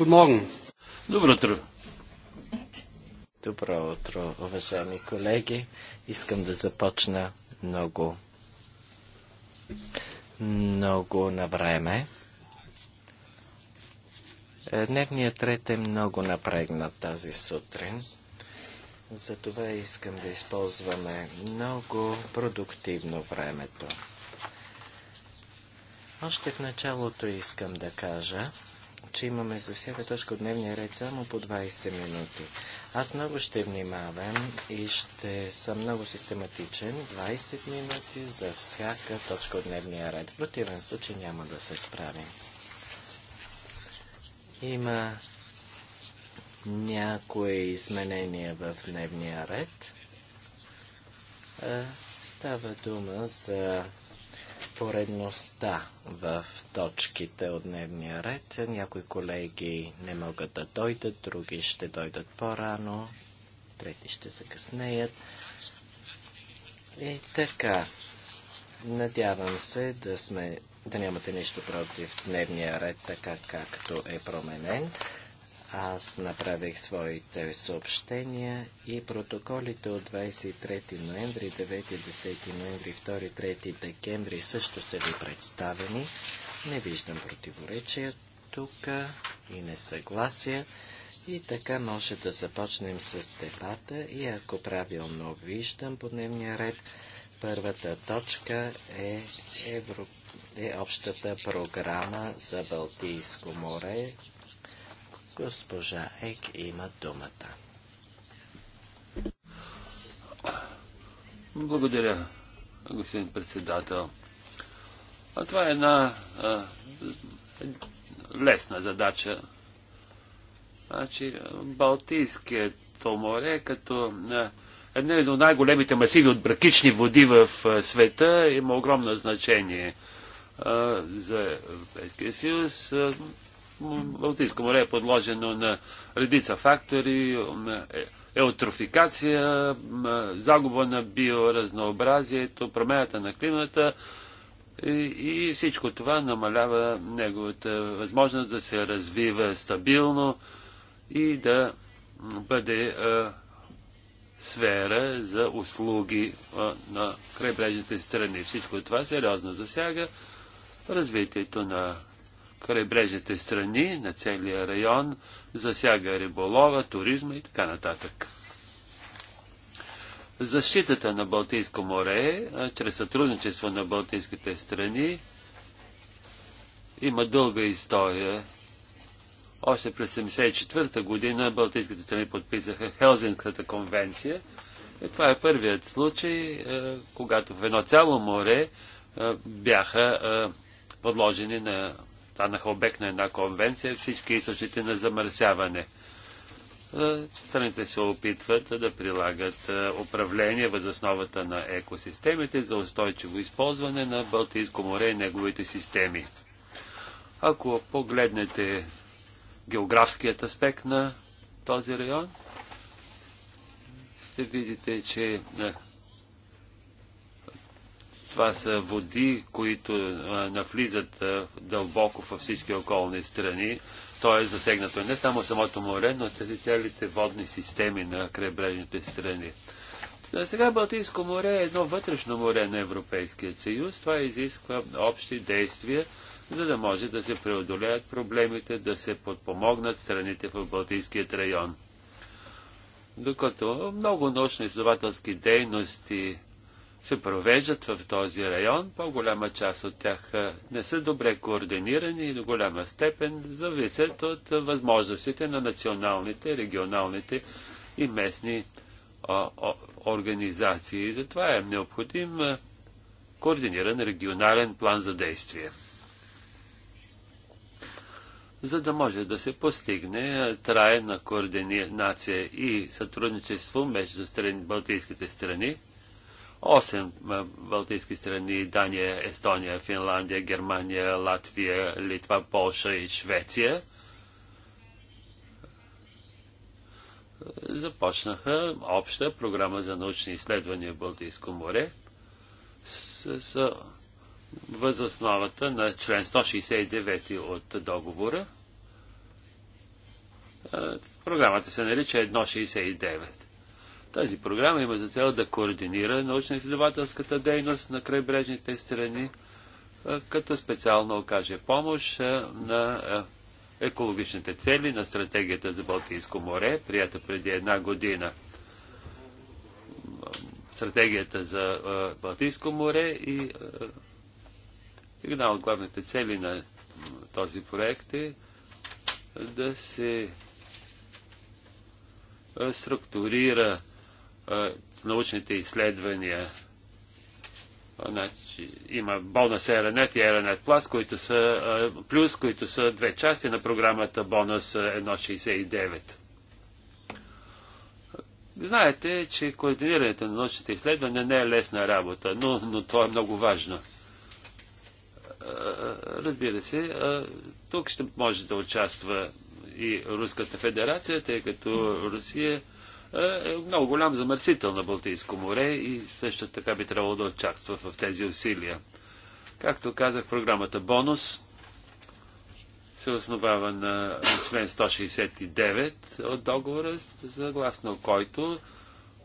Guten Morgen. Добро утро. Добро утро, уважаеми колеги. Искам да започна много, много на време. Е, дневният ред е много напрегнат тази сутрин. Затова искам да използваме много продуктивно времето. Още в началото искам да кажа, че имаме за всяка точка от дневния ред само по 20 минути. Аз много ще внимавам и ще съм много систематичен. 20 минути за всяка точка от дневния ред. В противен случай няма да се справим. Има някои изменения в дневния ред. Става дума за Поредността в точките от дневния ред. Някои колеги не могат да дойдат, други ще дойдат по-рано, трети ще закъснеят. И така, надявам се да, сме, да нямате нищо против дневния ред, така както е променен. Аз направих своите съобщения и протоколите от 23 ноември, 9, 10 ноември, 2, 3 декември също са ви представени. Не виждам противоречия тук и несъгласия. И така може да започнем с дебата и ако правилно виждам по дневния ред, първата точка е, Евро... е общата програма за Балтийско море Госпожа Ек има думата. Благодаря, господин председател. А това е една а, лесна задача. Значи, Балтийското море като една едно от най-големите масиви от бракични води в света има огромно значение а, за Европейския съюз. А, Балтийско море е подложено на редица фактори, е, еутрофикация, загуба на биоразнообразието, промената на климата и, и всичко това намалява неговата възможност да се развива стабилно и да бъде а, е, сфера за услуги а, е, на крайбрежните страни. Всичко това сериозно засяга развитието на крайбрежните страни, на целия район, засяга риболова, туризма и така нататък. Защитата на Балтийско море, чрез сътрудничество на Балтийските страни, има дълга история. Още през 1974 година Балтийските страни подписаха Хелзинската конвенция. И е, това е първият случай, е, когато в едно цяло море е, бяха подложени на станаха обект на една конвенция, всички изсъщите на замърсяване. Страните се опитват да прилагат управление въз основата на екосистемите за устойчиво използване на Балтийско море и неговите системи. Ако погледнете географският аспект на този район, ще видите, че това са води, които навлизат дълбоко във всички околни страни. То е засегнато не само самото море, но и целите водни системи на крайбрежните страни. Сега Балтийско море е едно вътрешно море на Европейския съюз. Това изисква общи действия, за да може да се преодолеят проблемите, да се подпомогнат страните в Балтийският район. Докато много научно-изследователски дейности се провеждат в този район, по-голяма част от тях не са добре координирани и до голяма степен зависят от възможностите на националните, регионалните и местни организации. И затова е необходим координиран регионален план за действие. За да може да се постигне трайна координация и сътрудничество между страни, балтийските страни, Осем балтийски страни Дания, Естония, Финландия, Германия, Латвия, Литва, Полша и Швеция започнаха обща програма за научни изследвания в Балтийско море с, с възосновата на член 169 от договора. Програмата се нарича 169. Тази програма има за цел да координира научно-изследователската дейност на крайбрежните страни, като специално окаже помощ на екологичните цели на стратегията за Балтийско море, прията преди една година. Стратегията за Балтийско море и една от главните цели на този проект е да се структурира научните изследвания. Значи, има бонус Еранет и Еранет Плас, които са плюс, които са две части на програмата бонус 169. Знаете, че координирането на научните изследвания не е лесна работа, но, но това е много важно. Разбира се, тук ще може да участва и Руската федерация, тъй като Русия е много голям замърсител на Балтийско море и също така би трябвало да участва в тези усилия. Както казах, програмата Бонус се основава на член 169 от договора, съгласно който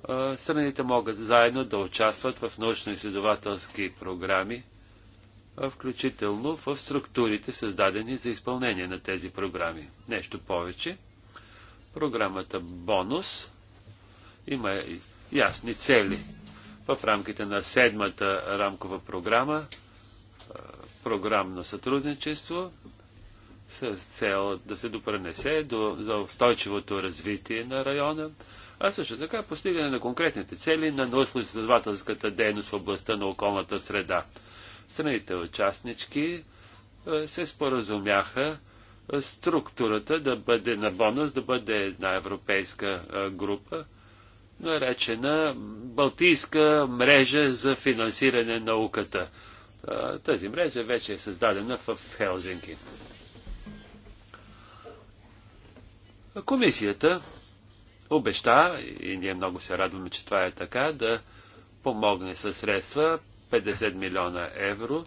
е, страните могат заедно да участват в научно-изследователски програми, включително в структурите, създадени за изпълнение на тези програми. Нещо повече. Програмата Бонус има ясни цели. В рамките на седмата рамкова програма, програмно сътрудничество, с цел да се допренесе до, за устойчивото развитие на района, а също така постигане на конкретните цели на научно-изследователската дейност в областта на околната среда. Страните участнички се споразумяха структурата да бъде на бонус, да бъде една европейска група, наречена Балтийска мрежа за финансиране на науката. Тази мрежа вече е създадена в Хелзинки. Комисията обеща, и ние много се радваме, че това е така, да помогне със средства 50 милиона евро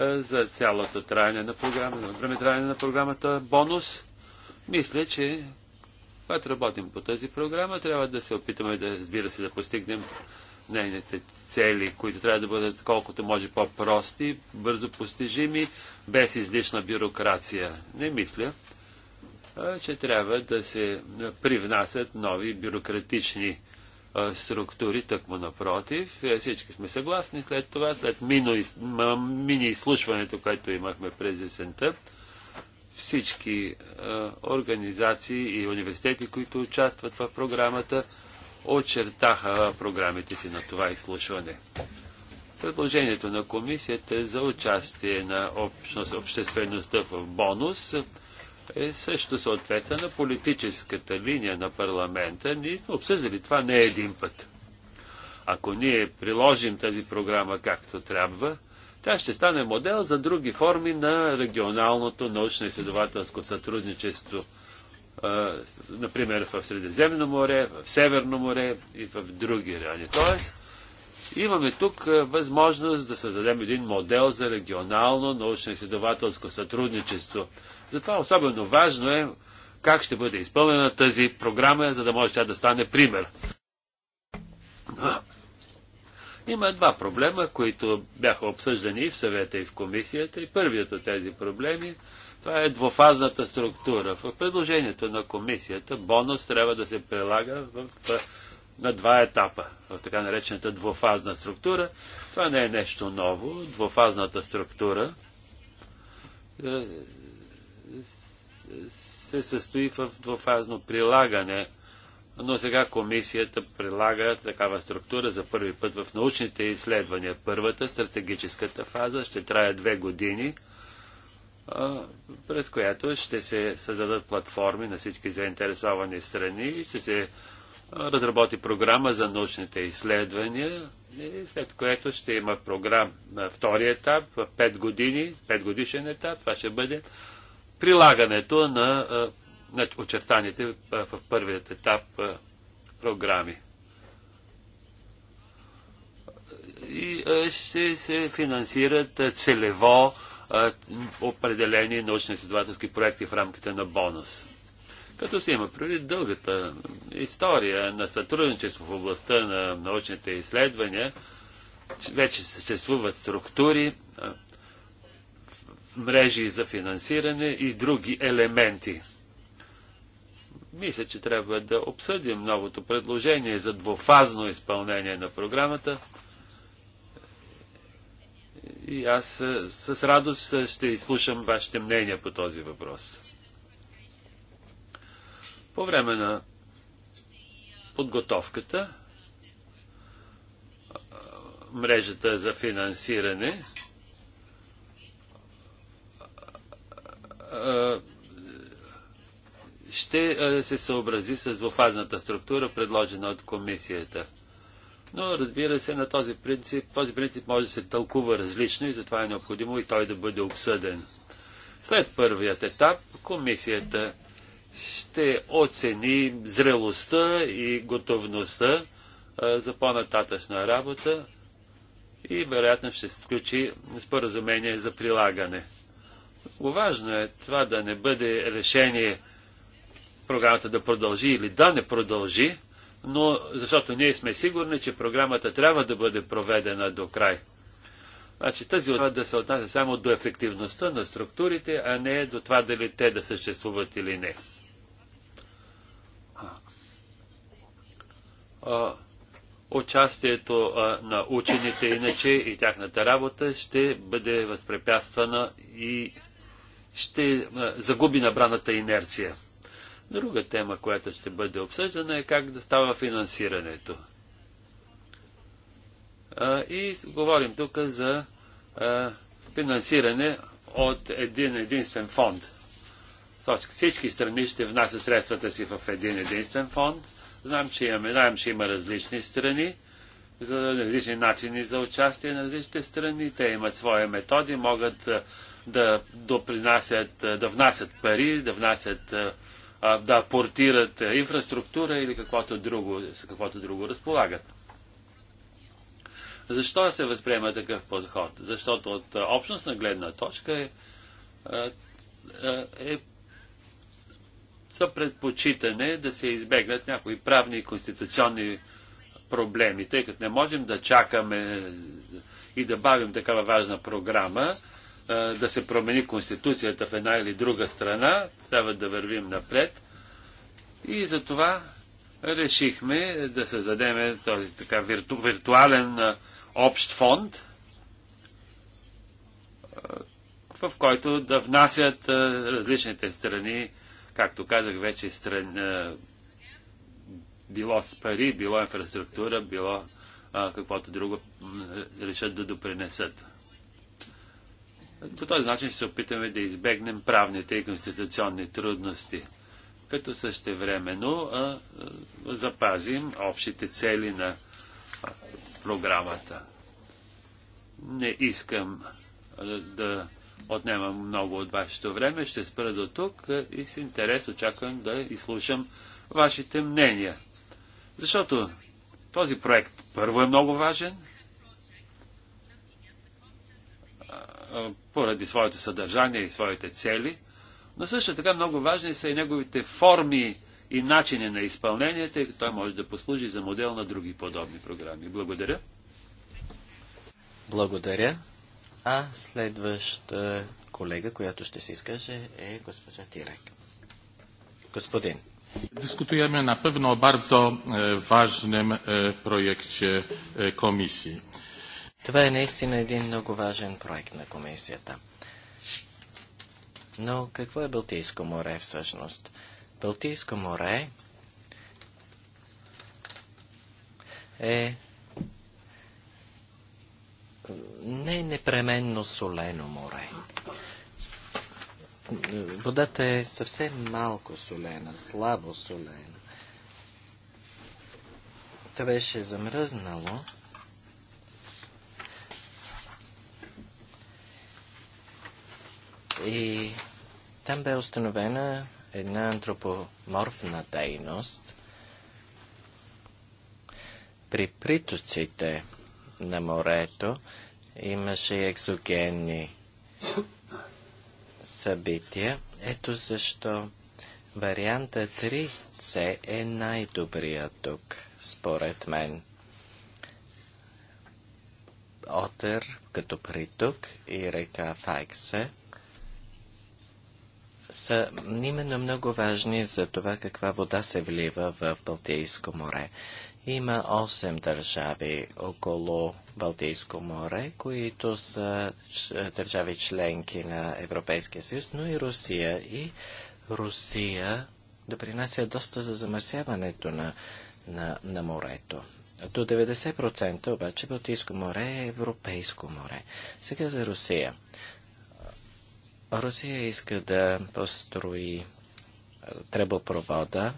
за цялото траяне на програмата, време траяне на програмата бонус. Мисля, че когато работим по тази програма, трябва да се опитаме да, разбира се, да постигнем нейните цели, които трябва да бъдат колкото може по-прости, бързо постижими, без излишна бюрокрация. Не мисля, че трябва да се привнасят нови бюрократични структури, тъкмо напротив. Е, всички сме съгласни след това, след мини-изслушването, което имахме през есента всички е, организации и университети, които участват в програмата, очертаха програмите си на това изслушване. Предложението на комисията за участие на общност, обществеността в бонус е също съответства на политическата линия на парламента. Ние обсъждали това не един път. Ако ние приложим тази програма както трябва, тя ще стане модел за други форми на регионалното научно-изследователско сътрудничество. Например, в Средиземно море, в Северно море и в други райони. Тоест, имаме тук възможност да създадем един модел за регионално научно-изследователско сътрудничество. Затова особено важно е как ще бъде изпълнена тази програма, за да може тя да стане пример. Има два проблема, които бяха обсъждани и в съвета и в комисията. И първият от тези проблеми, това е двуфазната структура. В предложението на комисията бонус трябва да се прилага в, на два етапа, в така наречената двуфазна структура. Това не е нещо ново. Двофазната структура е, се състои в двуфазно прилагане но сега комисията прилага такава структура за първи път в научните изследвания. Първата, стратегическата фаза, ще трае две години, през която ще се създадат платформи на всички заинтересовани страни и ще се разработи програма за научните изследвания, след което ще има програм на втори етап, 5 години, 5 годишен етап, това ще бъде прилагането на Значи, очертаните в първият етап програми. И ще се финансират целево определени научно-изследователски проекти в рамките на бонус. Като се има преди дългата история на сътрудничество в областта на научните изследвания, вече съществуват структури, мрежи за финансиране и други елементи. Мисля, че трябва да обсъдим новото предложение за двуфазно изпълнение на програмата. И аз е, с радост е, ще изслушам вашите мнения по този въпрос. По време на подготовката, мрежата за финансиране, е, ще се съобрази с двуфазната структура, предложена от комисията. Но разбира се, на този принцип, този принцип може да се тълкува различно и затова е необходимо и той да бъде обсъден. След първият етап комисията ще оцени зрелостта и готовността за по-нататъчна работа и вероятно ще сключи споразумение за прилагане. Важно е това да не бъде решение програмата да продължи или да не продължи, но защото ние сме сигурни, че програмата трябва да бъде проведена до край. Значи тази трябва да се отнася само до ефективността на структурите, а не до това дали те да съществуват или не. Участието на учените иначе и тяхната работа ще бъде възпрепятствана и ще загуби набраната инерция. Друга тема, която ще бъде обсъждана е как да става финансирането. И говорим тук за финансиране от един единствен фонд. Всички страни ще внасят средствата си в един единствен фонд. Знам, че, имаме, знам, че има различни страни, за различни начини за участие на различните страни. Те имат свои методи, могат да допринасят, да внасят пари, да внасят а, да портират инфраструктура или каквото друго, с каквото друго разполагат. Защо се възприема такъв подход? Защото от общностна гледна точка е, е, е са предпочитане да се избегнат някои правни и конституционни проблеми, тъй като не можем да чакаме и да бавим такава важна програма, да се промени конституцията в една или друга страна, трябва да вървим напред. И затова решихме да създадем този така вирту, виртуален общ фонд, в който да внасят различните страни, както казах вече, стран, било с пари, било инфраструктура, било каквото друго решат да допринесат. По този начин ще се опитаме да избегнем правните и конституционни трудности, като същевременно а, а, запазим общите цели на а, програмата. Не искам а, да отнемам много от вашето време, ще спра до тук а, и с интерес очаквам да изслушам вашите мнения. Защото този проект първо е много важен, поради своето съдържание и своите цели, но също така много важни са и неговите форми и начини на изпълнение, тъй като той може да послужи за модел на други подобни програми. Благодаря. Благодаря. А следващата колега, която ще се изкаже, е госпожа Тирек. Господин. Dyskutujemy na pewno o bardzo ważnym projekcie komisji. Това е наистина един много важен проект на комисията. Но какво е Балтийско море всъщност? Балтийско море е не непременно солено море. Водата е съвсем малко солена, слабо солена. Това беше замръзнало И там бе установена една антропоморфна дейност при притоците на морето имаше екзогенни събития. Ето защо варианта 3C е най добрия тук, според мен. Отер като приток и река Файксе са именно много важни за това каква вода се влива в Балтийско море. Има 8 държави около Балтийско море, които са е, държави членки на Европейския съюз, но и Русия. И Русия допринася доста за замърсяването на, на, на морето. До 90% обаче Балтийско море е Европейско море. Сега за Русия – Русия иска да построи е, тръбопровода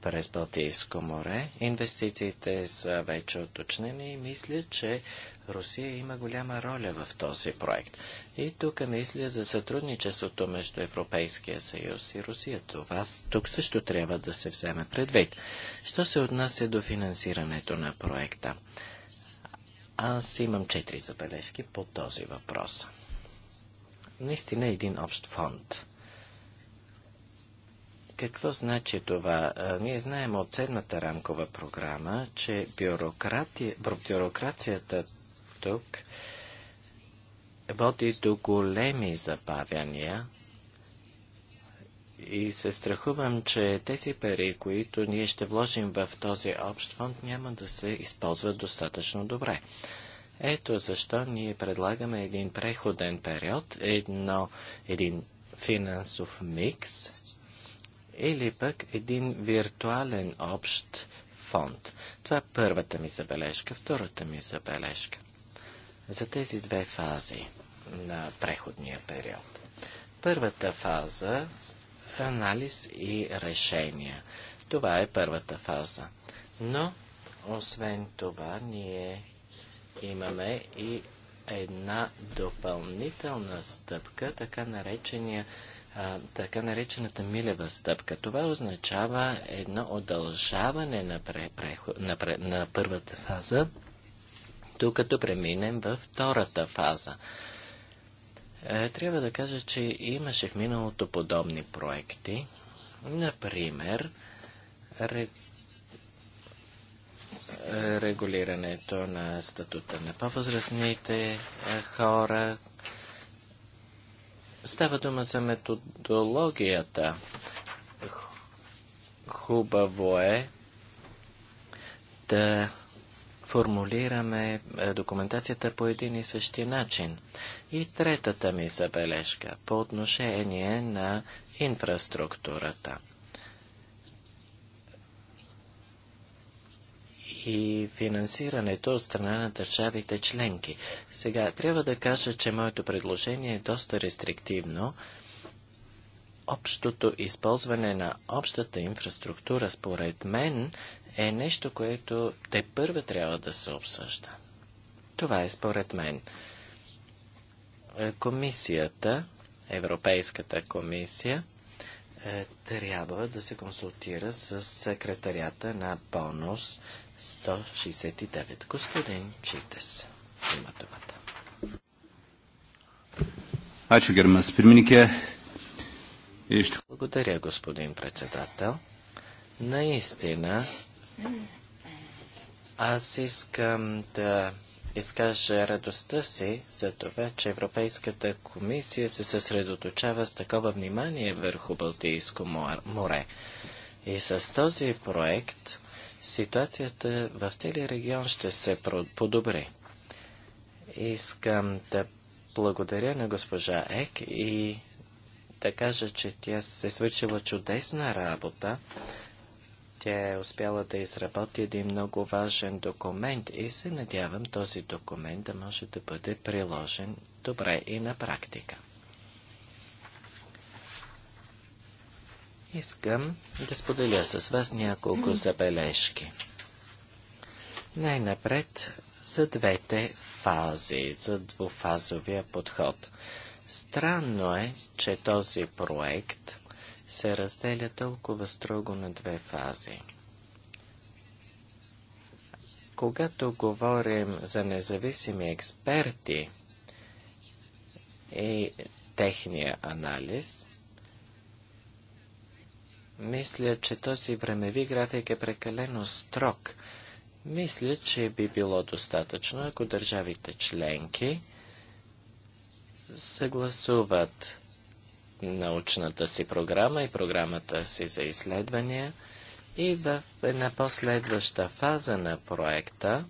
през Балтийско море. Инвестициите са вече оточнени и мисля, че Русия има голяма роля в този проект. И тук мисля за сътрудничеството между Европейския съюз и Русия. Това тук също трябва да се вземе предвид. Що се отнася до финансирането на проекта? Аз имам четири забележки по този въпрос наистина един общ фонд. Какво значи това? Ние знаем от седмата рамкова програма, че бюрократи... бюрокрацията тук води до големи забавяния и се страхувам, че тези пари, които ние ще вложим в този общ фонд, няма да се използват достатъчно добре. Ето защо ние предлагаме един преходен период, едно, един финансов микс или пък един виртуален общ фонд. Това е първата ми забележка. Втората ми забележка. За тези две фази на преходния период. Първата фаза анализ и решения. Това е първата фаза. Но, освен това, ние имаме и една допълнителна стъпка, така, наречения, така наречената милева стъпка. Това означава едно удължаване на, пре, на, пре, на първата фаза, докато преминем във втората фаза. Е, трябва да кажа, че имаше в миналото подобни проекти. Например, регулирането на статута на по-възрастните е, хора. Става дума за методологията. Хубаво е да формулираме е, документацията по един и същи начин. И третата ми забележка по отношение на инфраструктурата. и финансирането от страна на държавите членки. Сега, трябва да кажа, че моето предложение е доста рестриктивно. Общото използване на общата инфраструктура, според мен, е нещо, което те първа трябва да се обсъжда. Това е според мен. Е, комисията, Европейската комисия, е, трябва да се консултира с секретарията на бонус 169. Господин Читес има думата. Ачу Германс, pirmininkė. Благодаря, господин председател. Наистина, аз искам да изкажа радостта си за това, че Европейската комисия се съсредоточава с такова внимание върху Балтийско море. И с този проект ситуацията в целия регион ще се подобри. Искам да благодаря на госпожа Ек и да кажа, че тя се е свършила чудесна работа. Тя е успяла да изработи един много важен документ и се надявам този документ да може да бъде приложен добре и на практика. Искам да споделя с вас няколко забележки. Най-напред за двете фази, за двуфазовия подход. Странно е, че този проект се разделя толкова строго на две фази. Когато говорим за независими експерти и техния анализ, мисля, че този времеви график е прекалено строг. Мисля, че би било достатъчно, ако държавите членки съгласуват научната си програма и програмата си за изследвания и в една последваща фаза на проекта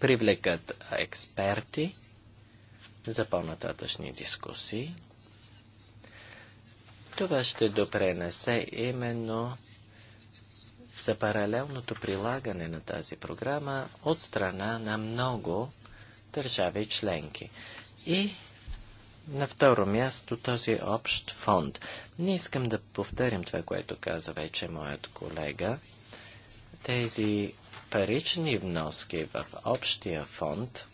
привлекат експерти за по-нататъчни дискусии. Това ще допренесе именно за паралелното прилагане на тази програма от страна на много държави членки. И на второ място този общ фонд. Не искам да повторям това, което каза вече моят колега. Тези парични вноски в общия фонд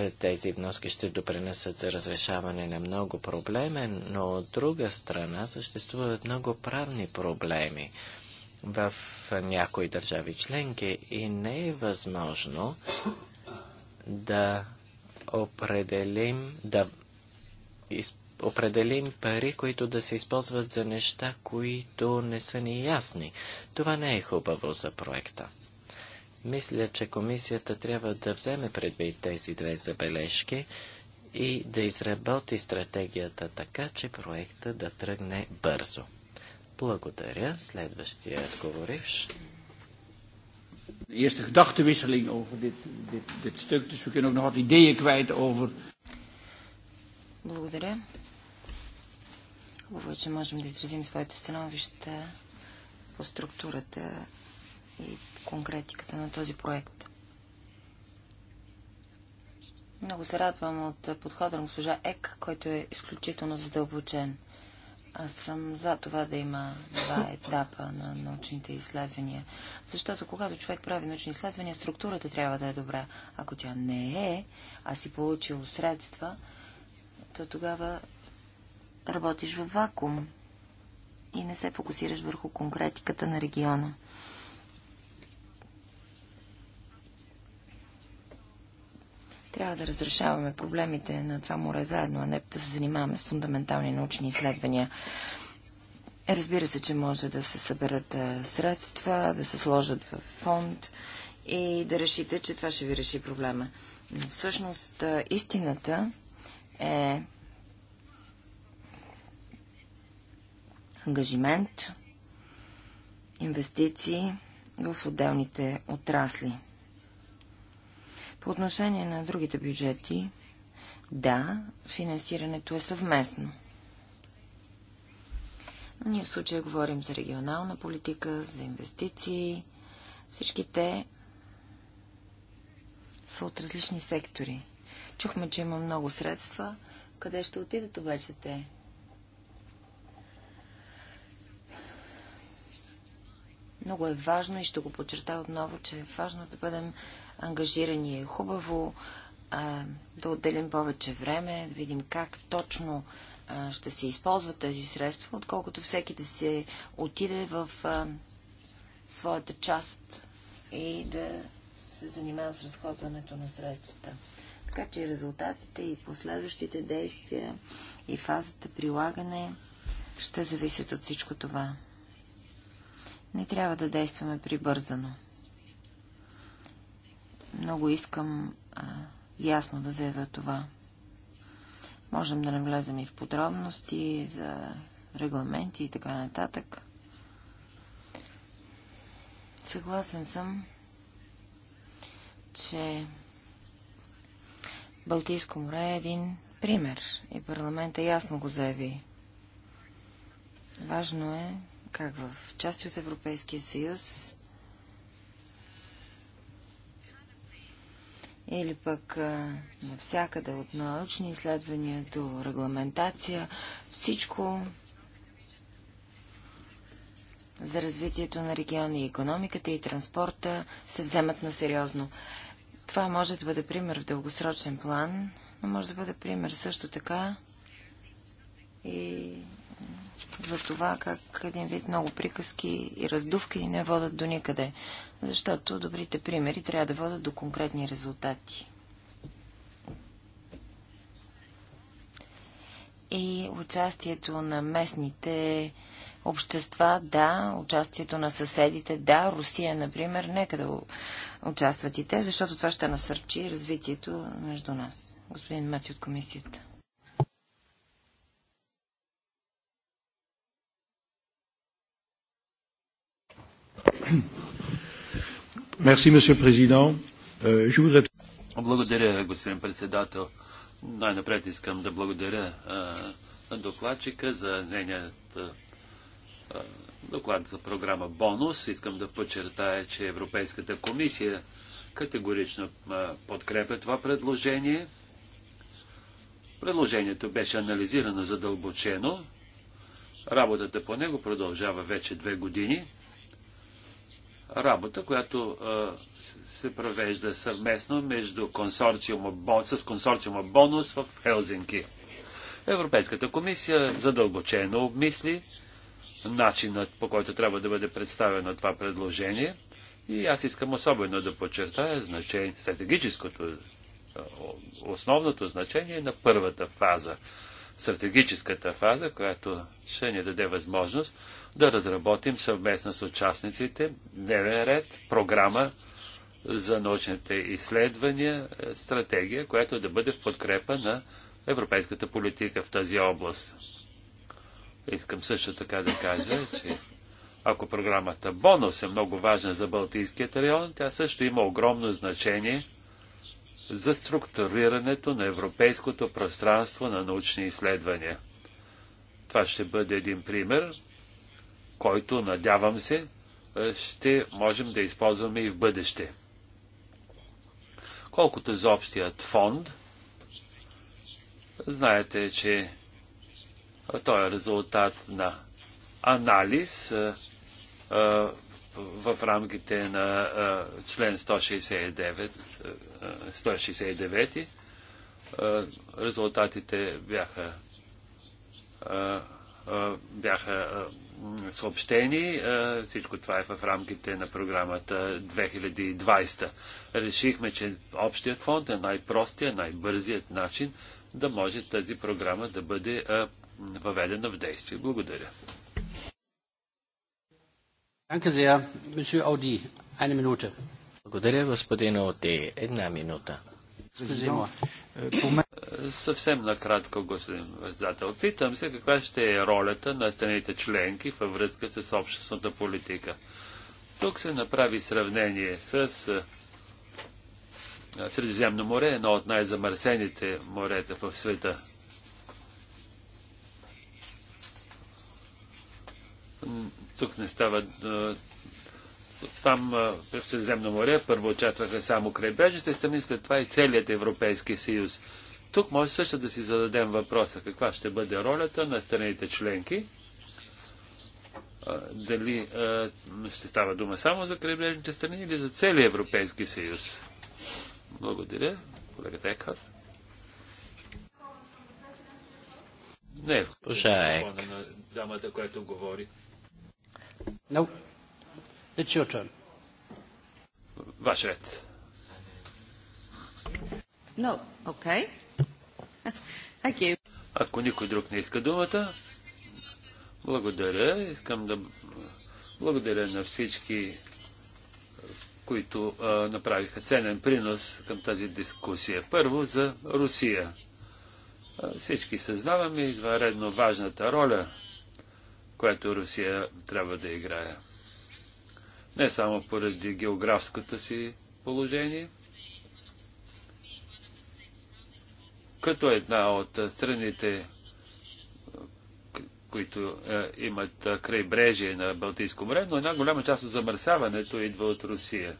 Е, тези вноски ще допринесат за разрешаване на много проблеми, но от друга страна съществуват много правни проблеми в някои държави членки и не е възможно да определим, да из, определим пари, които да се използват за неща, които не са ни ясни. Това не е хубаво за проекта. Мисля, че комисията трябва да вземе предвид тези две забележки и да изработи стратегията така, че проекта да тръгне бързо. Благодаря. Следващия говоривш. Eerste gedachtenwisseling over dit, dit, dit stuk, dus we kunnen ook nog wat ideeën kwijt over. Благодаря. Хубаво, е, че можем да изразим своето становище по структурата и конкретиката на този проект. Много се радвам от подхода на госпожа Ек, който е изключително задълбочен. Аз съм за това да има два етапа на научните изследвания. Защото когато човек прави научни изследвания, структурата трябва да е добра. Ако тя не е, а си получил средства, то тогава работиш в вакуум и не се фокусираш върху конкретиката на региона. Трябва да разрешаваме проблемите на това море заедно, а не да се занимаваме с фундаментални научни изследвания. Разбира се, че може да се съберат средства, да се сложат в фонд и да решите, че това ще ви реши проблема. Но всъщност истината е ангажимент, инвестиции в отделните отрасли. По отношение на другите бюджети, да, финансирането е съвместно. Но ние в случая говорим за регионална политика, за инвестиции. Всички те са от различни сектори. Чухме, че има много средства. Къде ще отидат обаче те? Много е важно и ще го подчертава отново, че е важно да бъдем ангажирани. Е хубаво а, да отделим повече време, да видим как точно а, ще се използват тези средства, отколкото всеки да се отиде в а, своята част и да се занимава с разходването на средствата. Така че резултатите и последващите действия и фазата прилагане ще зависят от всичко това. Не трябва да действаме прибързано. Много искам а, ясно да заявя това. Можем да навлезем и в подробности за регламенти и така нататък. Съгласен съм, че Балтийско море е един пример и парламента ясно го заяви. Важно е как в части от Европейския съюз или пък навсякъде от научни изследвания до регламентация, всичко за развитието на региона и економиката и транспорта се вземат на сериозно. Това може да бъде пример в дългосрочен план, но може да бъде пример също така и за това как един вид много приказки и раздувки не водат до никъде, защото добрите примери трябва да водят до конкретни резултати. И участието на местните общества, да, участието на съседите, да, Русия, например, нека да участват и те, защото това ще насърчи развитието между нас. Господин Мати от комисията. Euh, благодаря, господин председател. Най-напред искам да благодаря на докладчика за нейният доклад за програма Бонус. Искам да подчертая, че Европейската комисия категорично подкрепя това предложение. Предложението беше анализирано задълбочено. Работата по него продължава вече две години работа, която се провежда съвместно между консорциума, с консорциума Бонус в Хелзинки. Европейската комисия задълбочено обмисли начинът по който трябва да бъде представено това предложение и аз искам особено да подчертая значение, стратегическото, основното значение на първата фаза стратегическата фаза, която ще ни даде възможност да разработим съвместно с участниците дневен ред, програма за научните изследвания, е, стратегия, която да бъде в подкрепа на европейската политика в тази област. Искам също така да кажа, че ако програмата Бонус е много важна за Балтийският район, тя също има огромно значение – за структурирането на европейското пространство на научни изследвания. Това ще бъде един пример, който, надявам се, е, ще можем да използваме и в бъдеще. Колкото за общият фонд, знаете, че той е резултат на анализ а, е, а, е, в рамките на а, член 169 169. Е, резултатите бяха, е, е, бяха съобщени. Всичко това е в рамките на програмата 2020. Решихме, че общият фонд е най-простият, най-бързият начин да може тази програма да бъде въведена в действие. Благодаря. Danke sehr, Monsieur Audi. Eine Minute. Благодаря, господин Оти. Една минута. Е, е, съвсем накратко, господин председател. Питам се каква ще е ролята на страните членки във връзка с общностната политика. Тук се направи сравнение с е, Средиземно море, едно от най-замърсените морета в света. Тук не става там в Средиземно море първо очакваха само крайбрежните страни, след това и целият Европейски съюз. Тук може също да си зададем въпроса каква ще бъде ролята на страните членки. Дали ще става дума само за крайбрежните страни или за целият Европейски съюз? Благодаря. Колегата Екар. Не, е дамата, която говори. Nope. It's your turn. Vaš red. No, okay. Thank you. Ако никой друг не иска думата, благодаря. Искам да благодаря на всички, които а, направиха ценен принос към тази дискусия. Първо за Русия. А, всички съзнаваме е редно важната роля, която Русия трябва да играе не само поради географското си положение, като една от страните, които е, имат е, крайбрежие на Балтийско море, но една голяма част от замърсяването идва от Русия.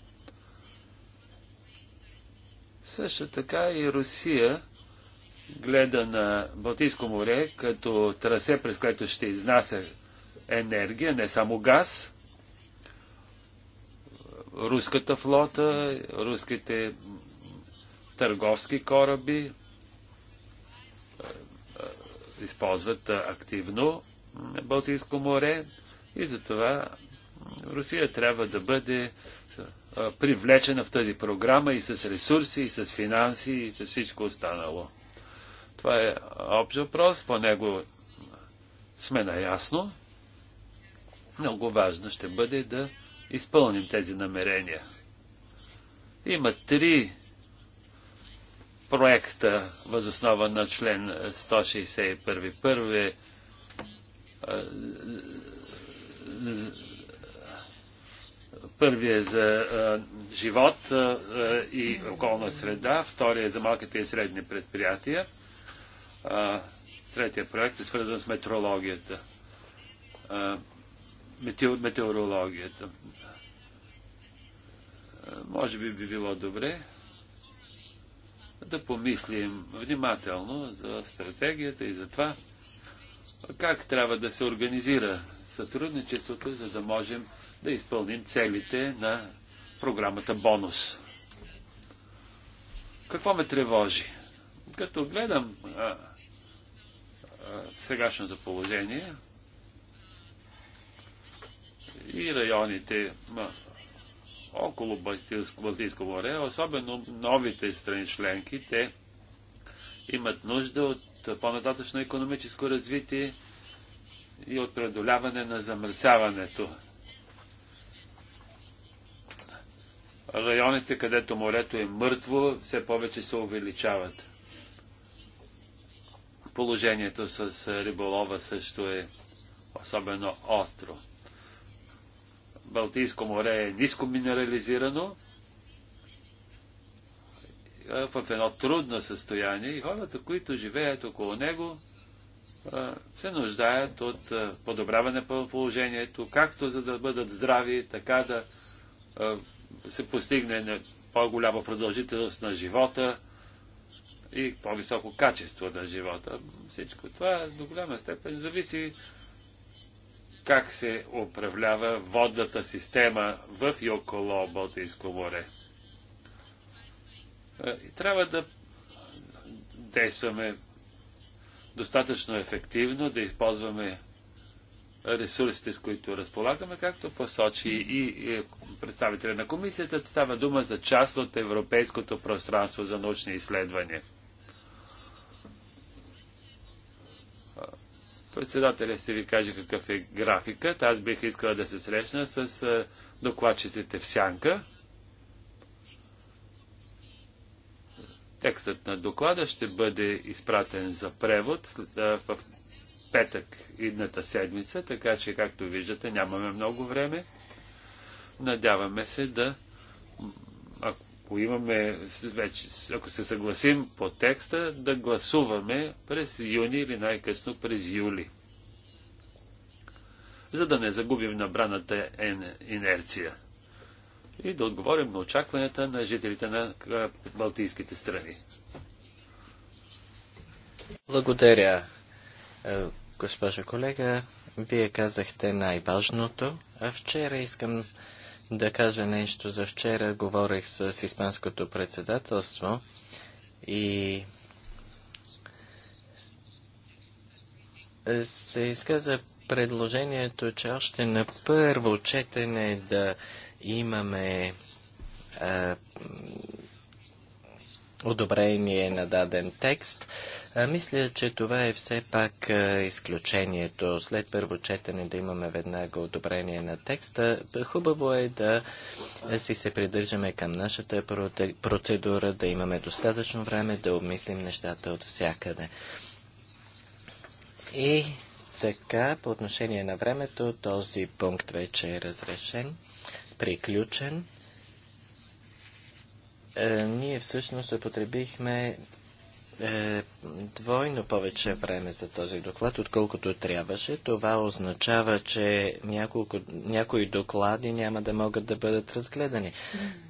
Също така и Русия гледа на Балтийско море като трасе, през което ще изнася енергия, не само газ, руската флота, руските търговски кораби е, е, използват активно Балтийско море и затова Русия трябва да бъде е, привлечена в тази програма и с ресурси, и с финанси, и с всичко останало. Това е общ въпрос, по него сме наясно. Много важно ще бъде да изпълним тези намерения. Има три проекта възоснова на член 161. Първи е Първият е за а, живот а, и околна среда, втория е за малките и средни предприятия, а, третия проект е свързан с метрологията. А, метео, метеорологията. Може би би било добре да помислим внимателно за стратегията и за това, как трябва да се организира сътрудничеството, за да можем да изпълним целите на програмата Бонус. Какво ме тревожи? Като гледам а, а, сегашното положение, и районите около Балтийско, море, особено новите страни членки, те имат нужда от по-нататъчно економическо развитие и от преодоляване на замърсяването. Районите, където морето е мъртво, все повече се увеличават. Положението с риболова също е особено остро. Балтийско море е ниско минерализирано, в едно трудно състояние и хората, които живеят около него, се нуждаят от подобряване на положението, както за да бъдат здрави, така да се постигне по-голяма продължителност на живота и по-високо качество на живота. Всичко това до голяма степен зависи как се управлява водната система в и около Балтийско море. И е, трябва да действаме достатъчно ефективно, да използваме ресурсите, с които разполагаме, както посочи и представителя на комисията, става дума за част от европейското пространство за научни изследвания. Председателя ще ви каже какъв е графикът. Аз бих искала да се срещна с докладчиците в сянка. Текстът на доклада ще бъде изпратен за превод в петък идната седмица, така че, както виждате, нямаме много време. Надяваме се да ако имаме, вече, ако се съгласим по текста, да гласуваме през юни или най-късно през юли. За да не загубим набраната инерция и да отговорим на очакванията на жителите на Балтийските страни. Благодаря, е, госпожо колега. Вие казахте най-важното. А вчера искам да кажа нещо за вчера. Говорих с Испанското председателство и се изказа предложението, че още на първо четене да имаме а, одобрение на даден текст. А, мисля, че това е все пак а, изключението. След първо четене да имаме веднага одобрение на текста. Хубаво е да си се придържаме към нашата процедура, да имаме достатъчно време да обмислим нещата от всякъде. И така, по отношение на времето, този пункт вече е разрешен, приключен. Е, ние всъщност употребихме е, двойно повече време за този доклад, отколкото трябваше. Това означава, че няколко, някои доклади няма да могат да бъдат разгледани.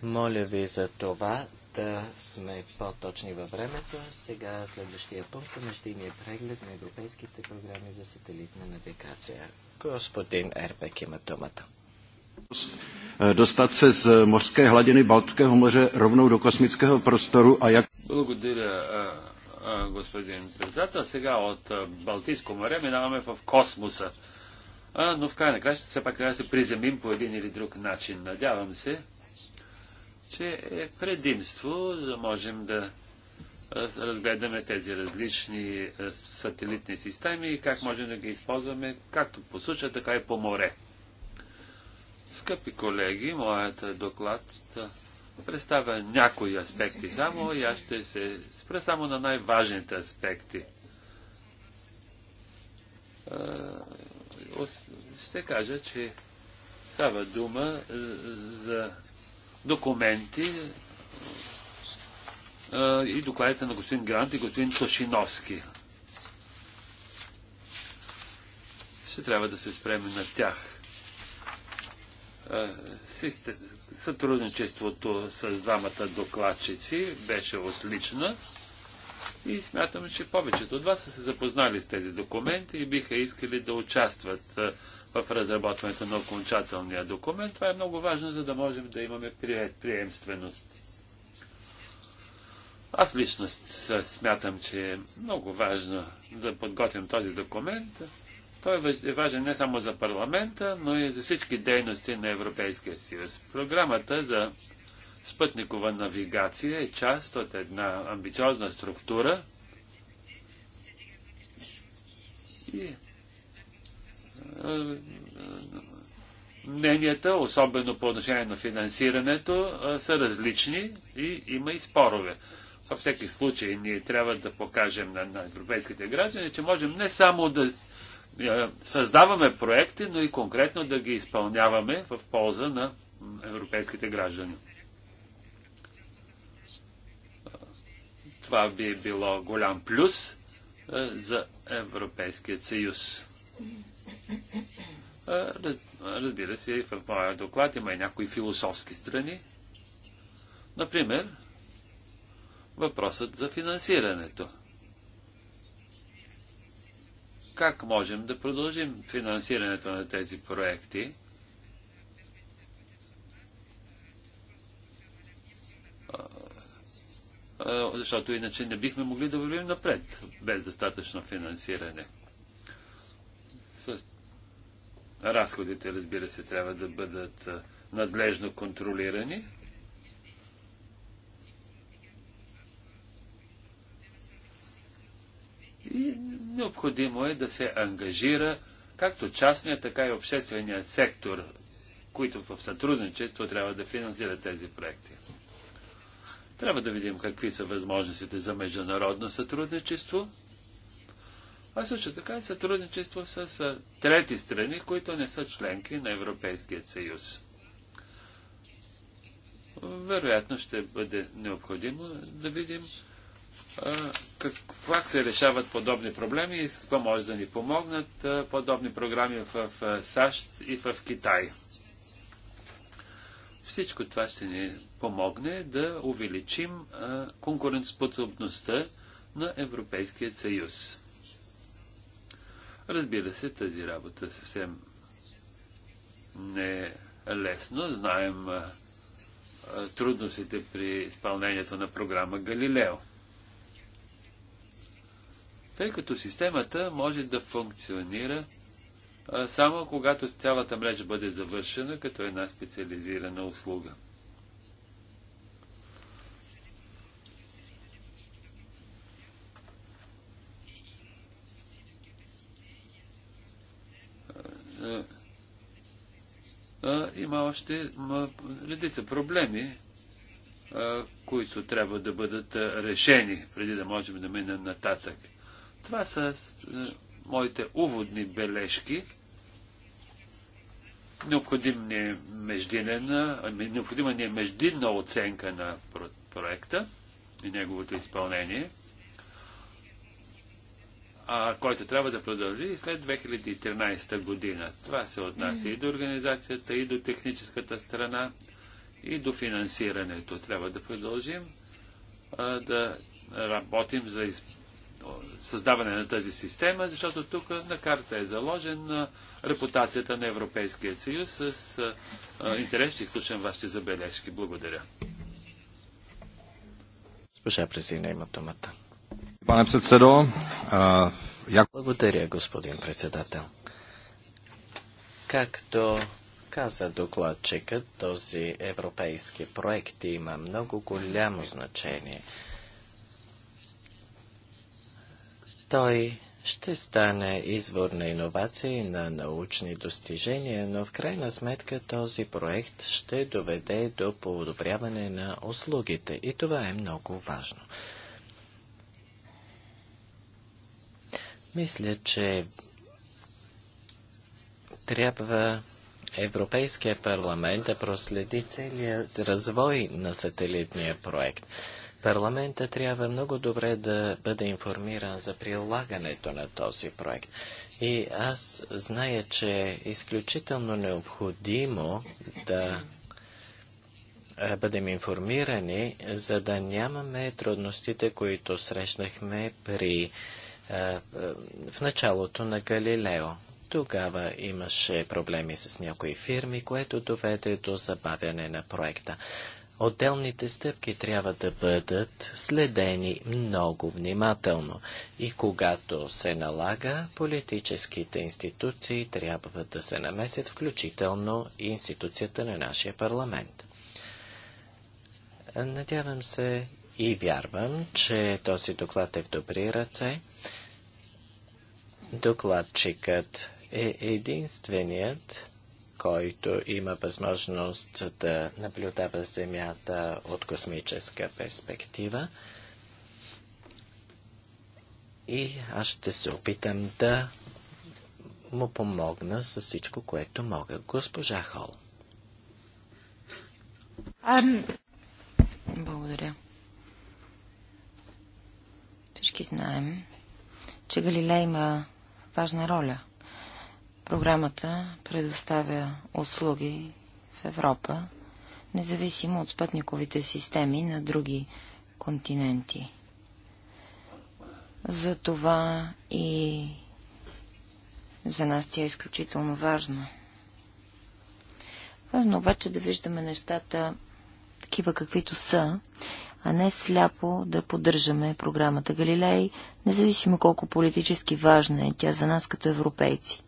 Моля ви за това да сме по-точни във времето. Сега следващия пункт е междинния преглед на европейските програми за сателитна навигация. Господин Ербек има думата. Достат се с морské hladiny Балтскého moře rovnou до космическého prostoru a jak... Благодаря господин председател. Сега от Балтийско море минаваме в космоса. А, но в крайна краща все пак трябва да се приземим по един или друг начин. Надявам се, че е предимство да можем да разгледаме тези различни сателитни системи и как можем да ги използваме както по суша, така и по море. Скъпи колеги, моят доклад представя някои аспекти само и аз ще се спра само на най-важните аспекти. Ще кажа, че става дума е, за документи е, и докладите на господин Грант и господин Тошиновски. Ще трябва да се спреме на тях е, Сътрудничеството с двамата докладчици беше отлично. и смятам, че повечето от вас са се запознали с тези документи и биха искали да участват е, в разработването на окончателния документ. Това е много важно, за да можем да имаме приемственост. Аз лично смятам, че е много важно да подготвим този документ, той е, е важен не само за парламента, но и за всички дейности на Европейския съюз. Програмата за спътникова навигация е част от една амбициозна структура и е, е, мненията, особено по отношение на финансирането, са различни и има и спорове. Във всеки случай ние трябва да покажем на, на европейските граждани, че можем не само да е, създаваме проекти, но и конкретно да ги изпълняваме в полза на европейските граждани. Това би било голям плюс е, за Европейския съюз. Е, разбира се, в моя доклад има и някои философски страни. Например, въпросът за финансирането как можем да продължим финансирането на тези проекти. Защото иначе не бихме могли да вървим напред без достатъчно финансиране. разходите, разбира се, трябва да бъдат надлежно контролирани. И необходимо е да се ангажира както частния, така и общественият сектор, които в сътрудничество трябва да финансират тези проекти. Трябва да видим какви са възможностите за международно сътрудничество, а също така и сътрудничество с трети страни, които не са членки на Европейския съюз. Вероятно ще бъде необходимо да видим как се решават подобни проблеми и какво може да ни помогнат подобни програми в САЩ и в Китай. Всичко това ще ни помогне да увеличим конкурентоспособността на Европейския съюз. Разбира се, тази работа съвсем не е лесно. Знаем трудностите при изпълнението на програма Галилео тъй като системата може да функционира а, само когато цялата мрежа бъде завършена като една специализирана услуга. А, а, има още редица проблеми, които трябва да бъдат решени, преди да можем да минем нататък. Това са е, моите уводни бележки. Е необходима ни е междинна оценка на проекта и неговото изпълнение, а, който трябва да продължи след 2013 година. Това се отнася и до организацията, и до техническата страна, и до финансирането. Трябва да продължим а, да работим за изпълнението създаване на тази система, защото тук на карта е заложен репутацията на Европейския съюз. С интерес ще изслушам вашите забележки. Благодаря. Госпожа Презина има думата. Пане председател, я... Благодаря, господин председател. Както каза докладчикът, този европейски проект има много голямо значение – Той ще стане извор на иновации, на научни достижения, но в крайна сметка този проект ще доведе до подобряване на услугите и това е много важно. Мисля, че трябва Европейския парламент да проследи целият развой на сателитния проект. Парламента трябва много добре да бъде информиран за прилагането на този проект. И аз зная, че е изключително необходимо да е, бъдем информирани, за да нямаме трудностите, които срещнахме при, е, е, в началото на Галилео. Тогава имаше проблеми с някои фирми, което доведе до забавяне на проекта. Отделните стъпки трябва да бъдат следени много внимателно и когато се налага, политическите институции трябва да се намесят, включително и институцията на нашия парламент. Надявам се и вярвам, че този доклад е в добри ръце. Докладчикът е единственият, който има възможност да наблюдава Земята от космическа перспектива. И аз ще се опитам да му помогна с всичко, което мога. Госпожа Хол. Ам... Благодаря. Всички знаем, че Галилей има важна роля – Програмата предоставя услуги в Европа, независимо от спътниковите системи на други континенти. Затова и за нас тя е изключително важна. Важно обаче да виждаме нещата такива каквито са, а не сляпо да поддържаме програмата Галилей, независимо колко политически важна е тя за нас като европейци.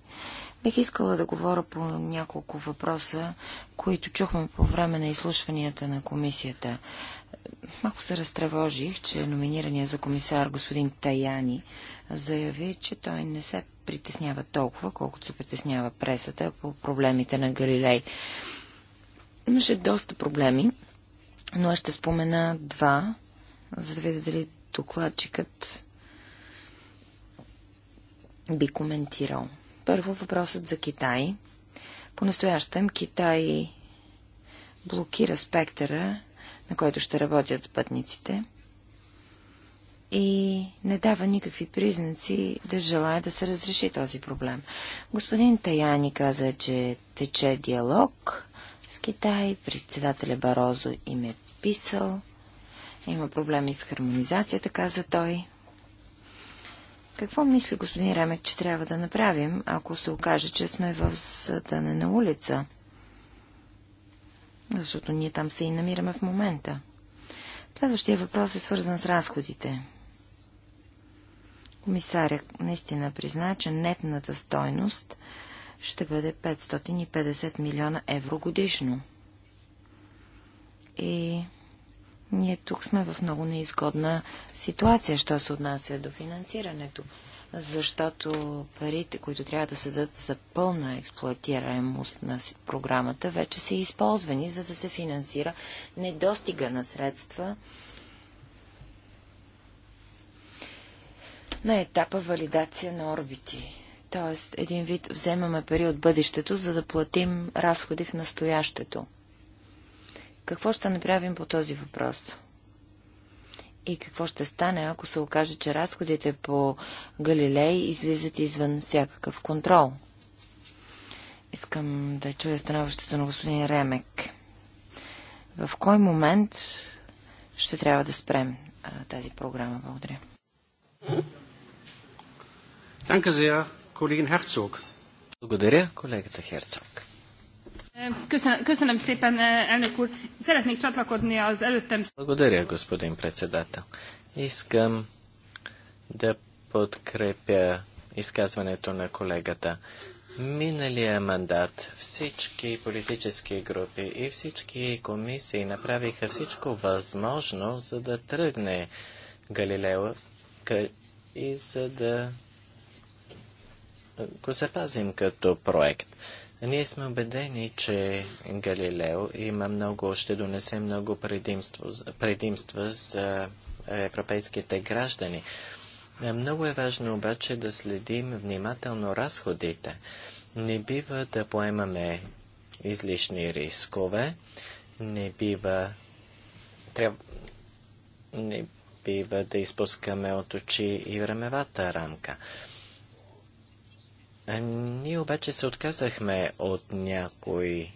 Бих искала да говоря по няколко въпроса, които чухме по време на изслушванията на комисията. Малко се разтревожих, че номинирания за комисар господин Таяни заяви, че той не се притеснява толкова, колкото се притеснява пресата по проблемите на Галилей. Имаше доста проблеми, но аз ще спомена два, за да видя дали докладчикът би коментирал. Първо въпросът за Китай. По-настоящем Китай блокира спектъра, на който ще работят спътниците и не дава никакви признаци да желая да се разреши този проблем. Господин Таяни каза, че тече диалог с Китай, председателя Барозо им е писал, има проблеми с хармонизацията, каза той. Какво мисли господин Ремек, че трябва да направим, ако се окаже, че сме в съдане на улица? Защото ние там се и намираме в момента. Следващия въпрос е свързан с разходите. Комисаря наистина призна, че нетната стойност ще бъде 550 милиона евро годишно. И ние тук сме в много неизгодна ситуация, що се отнася до финансирането, защото парите, които трябва да се дадат за пълна експлуатираемост на програмата, вече са използвани, за да се финансира недостига на средства на етапа валидация на орбити. Тоест, един вид вземаме пари от бъдещето, за да платим разходи в настоящето. Какво ще направим по този въпрос? И какво ще стане, ако се окаже, че разходите по Галилей излизат извън всякакъв контрол? Искам да чуя становището на господин Ремек. В кой момент ще трябва да спрем а, тази програма? Благодаря. Благодаря, колегата Херцог. Благодаря, господин председател. Искам да подкрепя изказването на колегата. Миналия мандат всички политически групи и всички комисии направиха всичко възможно, за да тръгне Галилео и за да го запазим като проект. Ние сме убедени, че Галилео има много, ще донесе много предимства, предимства за европейските граждани. Много е важно обаче да следим внимателно разходите. Не бива да поемаме излишни рискове, не бива, тряб... не бива да изпускаме от очи и времевата рамка обаче се отказахме от някои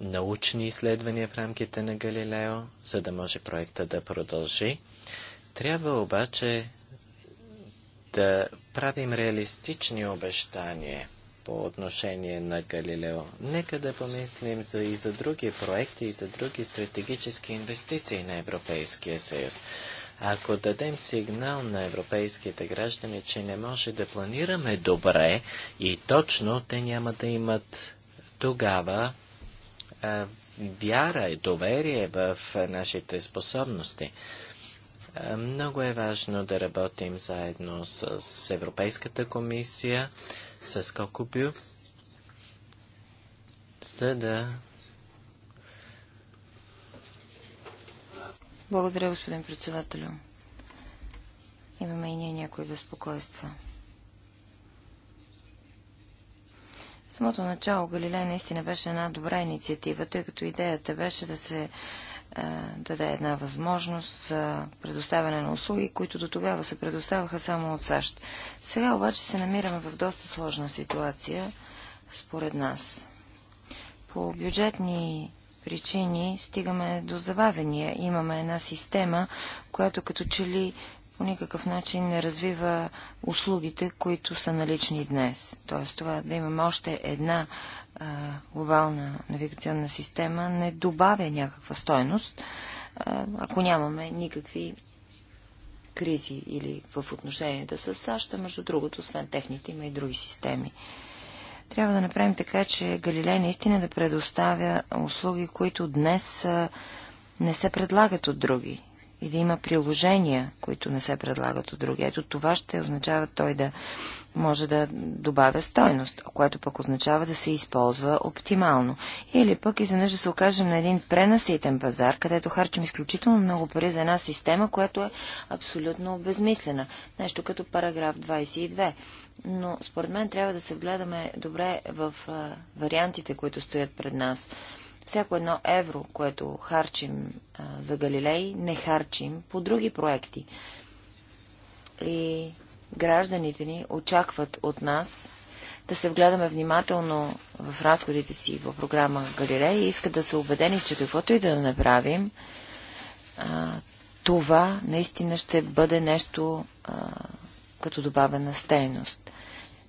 научни изследвания в рамките на Галилео, за да може проекта да продължи. Трябва обаче да правим реалистични обещания по отношение на Галилео. Нека да помислим за и за други проекти, и за други стратегически инвестиции на Европейския съюз. Ако дадем сигнал на европейските граждани, че не може да планираме добре и точно, те няма да имат тогава а, вяра и доверие в нашите способности. Много е важно да работим заедно с, Европейската комисия, с Кокупю, за да Благодаря, господин председателю. Имаме и ние някои безпокойства. В самото начало Галилея наистина беше една добра инициатива, тъй като идеята беше да се е, даде една възможност за предоставяне на услуги, които до тогава се предоставяха само от САЩ. Сега обаче се намираме в доста сложна ситуация, според нас. По бюджетни причини стигаме до забавения. Имаме една система, която като че ли по никакъв начин не развива услугите, които са налични днес. Тоест това да имаме още една а, глобална навигационна система не добавя някаква стойност, а, ако нямаме никакви кризи или в отношенията с САЩ, между другото, освен техните, има и други системи. Трябва да направим така, че Галилей наистина да предоставя услуги, които днес не се предлагат от други и да има приложения, които не се предлагат от други. Ето това ще означава той да може да добавя стойност, което пък означава да се използва оптимално. Или пък изведнъж да се окажем на един пренаситен пазар, където харчим изключително много пари за една система, която е абсолютно обезмислена. Нещо като параграф 22 но според мен трябва да се вгледаме добре в а, вариантите, които стоят пред нас. Всяко едно евро, което харчим а, за Галилей, не харчим по други проекти. И гражданите ни очакват от нас да се вгледаме внимателно в разходите си по програма Галилей и искат да са убедени, че каквото и да направим, а, това наистина ще бъде нещо а, като добавена стейност.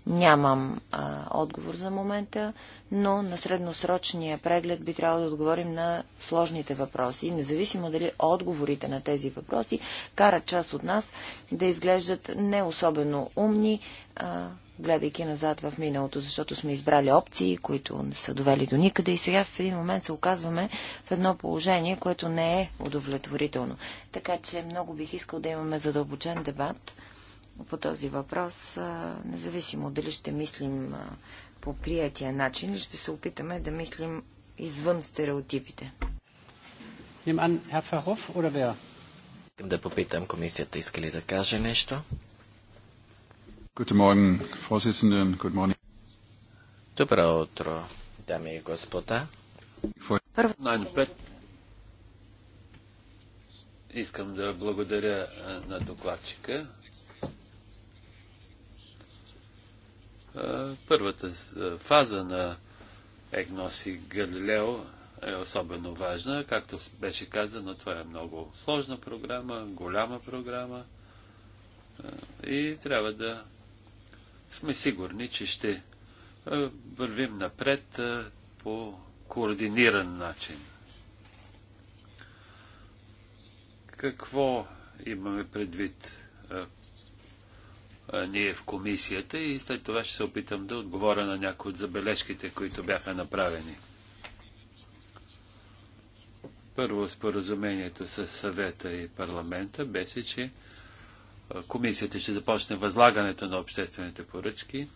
Нямам а, отговор за момента, но на средносрочния преглед би трябвало да отговорим на сложните въпроси, независимо дали отговорите на тези въпроси карат част от нас да изглеждат не особено умни, а, гледайки назад в миналото, защото сме избрали опции, които не са довели до никъде и сега в един момент се оказваме в едно положение, което не е удовлетворително. Така че много бих искал да имаме задълбочен дебат по този въпрос, независимо дали ще мислим по приятия начин, ще се опитаме да мислим извън стереотипите. Искам да попитам комисията, иска ли да каже нещо? Добро утро, дами и господа. Най-напред искам да благодаря на докладчика Първата фаза на Егнос и Галилео е особено важна. Както беше казано, това е много сложна програма, голяма програма и трябва да сме сигурни, че ще вървим напред по координиран начин. Какво имаме предвид? ние в комисията и след това ще се опитам да отговоря на някои от забележките, които бяха направени. Първо споразумението с съвета и парламента беше, че комисията ще започне възлагането на обществените поръчки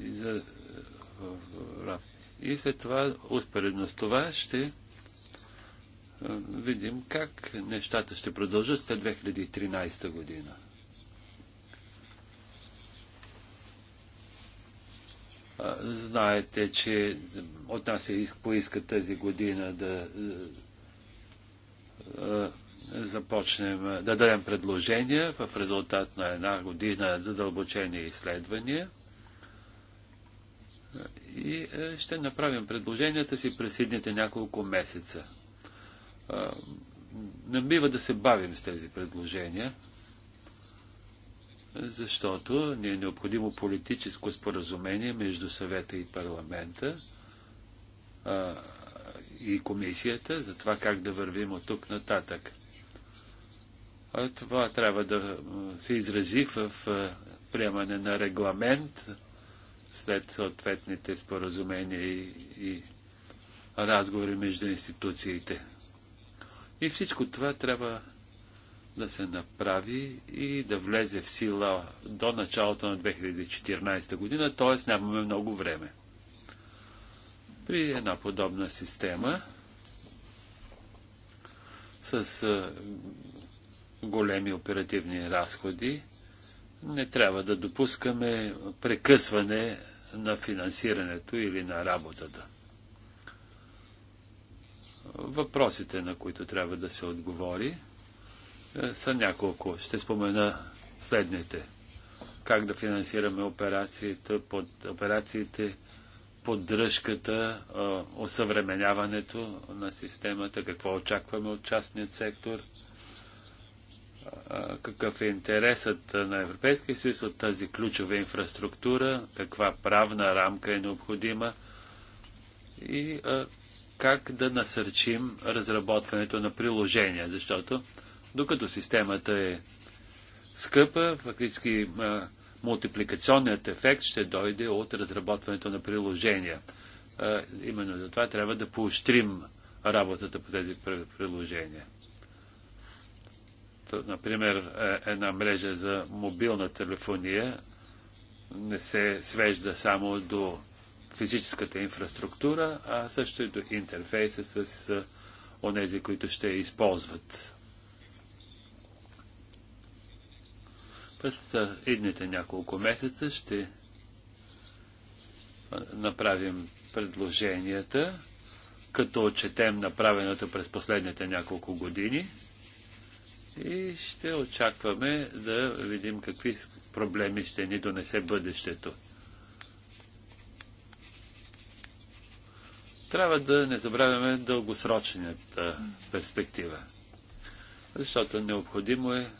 и, и след това, успоредно с това, ще е, видим как нещата ще продължат след 2013 година. Е, знаете, че от нас се поиска тази година да е, започнем да дадем предложения в резултат на една година задълбочени изследвания и ще направим предложенията си през следните няколко месеца не бива да се бавим с тези предложения, защото ни е необходимо политическо споразумение между съвета и парламента а, и комисията за това как да вървим от тук нататък. А това трябва да се изрази в приемане на регламент след съответните споразумения и, и разговори между институциите. И всичко това трябва да се направи и да влезе в сила до началото на 2014 година, т.е. нямаме много време. При една подобна система с големи оперативни разходи не трябва да допускаме прекъсване на финансирането или на работата. Въпросите, на които трябва да се отговори, е, са няколко. Ще спомена следните. Как да финансираме операциите, под, операциите поддръжката, е, осъвременяването на системата, какво очакваме от частният сектор, е, какъв е интересът на Европейския съюз от тази ключова инфраструктура, каква правна рамка е необходима и как да насърчим разработването на приложения, защото докато системата е скъпа, фактически мултипликационният ефект ще дойде от разработването на приложения. Именно за това трябва да поощрим работата по тези приложения. Например, е, една мрежа за мобилна телефония не се свежда само до физическата инфраструктура, а също и до интерфейса с онези, които ще я използват. През едните няколко месеца ще направим предложенията, като отчетем направеното през последните няколко години и ще очакваме да видим какви проблеми ще ни донесе бъдещето. трябва да не забравяме дългосрочната перспектива. Защото необходимо е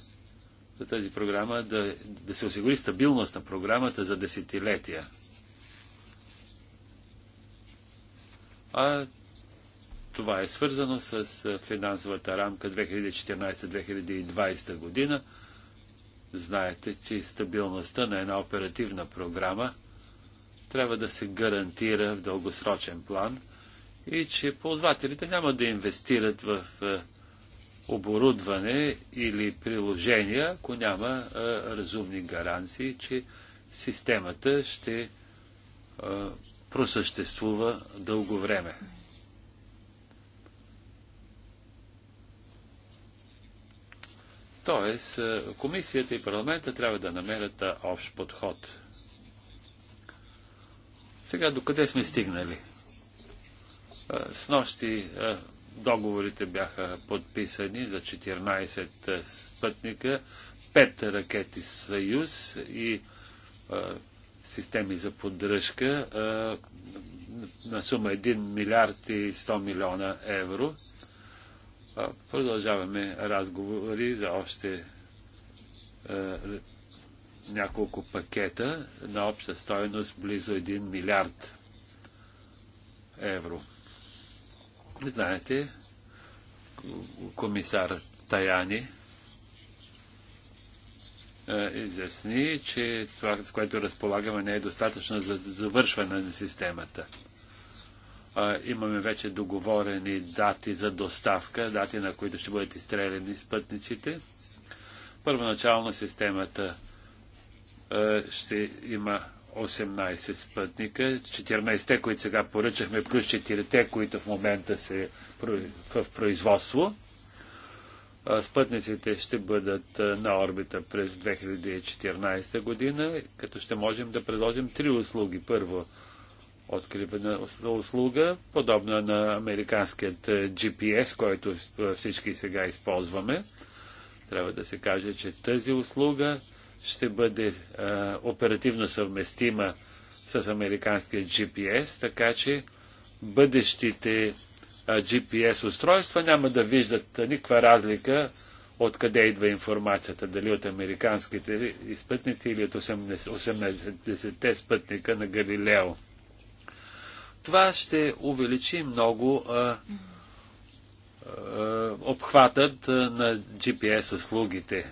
за тази програма да, да се осигури стабилност на програмата за десетилетия. А това е свързано с финансовата рамка 2014-2020 година. Знаете, че стабилността на една оперативна програма трябва да се гарантира в дългосрочен план – и че ползвателите няма да инвестират в е, оборудване или приложения, ако няма е, разумни гаранции, че системата ще е, просъществува дълго време. Тоест, комисията и парламента трябва да намерят общ подход. Сега, докъде сме стигнали? Е, с нощи е, договорите бяха подписани за 14 пътника, 5 ракети Съюз и е, системи за поддръжка на сума 1 милиард и 100 милиона евро. Продължаваме разговори за още няколко пакета на обща стоеност близо 1 милиард евро. Знаете, комисар Таяни е, изясни, че това, с което разполагаме, не е достатъчно за завършване на системата. Имаме вече договорени дати за доставка, дати на които ще бъдат изстреляни спътниците. Първоначално системата е, ще има 18 спътника, 14-те, които сега поръчахме, плюс 4-те, които в момента са в производство. Спътниците ще бъдат на орбита през 2014 година, като ще можем да предложим три услуги. Първо, откривана услуга, подобна на американският GPS, който всички сега използваме. Трябва да се каже, че тази услуга ще бъде а, оперативно съвместима с американския GPS, така че бъдещите а, GPS устройства няма да виждат никаква разлика откъде идва информацията, дали от американските спътници или от 18-те спътника на Галилео. Това ще увеличи много а, а, обхватът на GPS услугите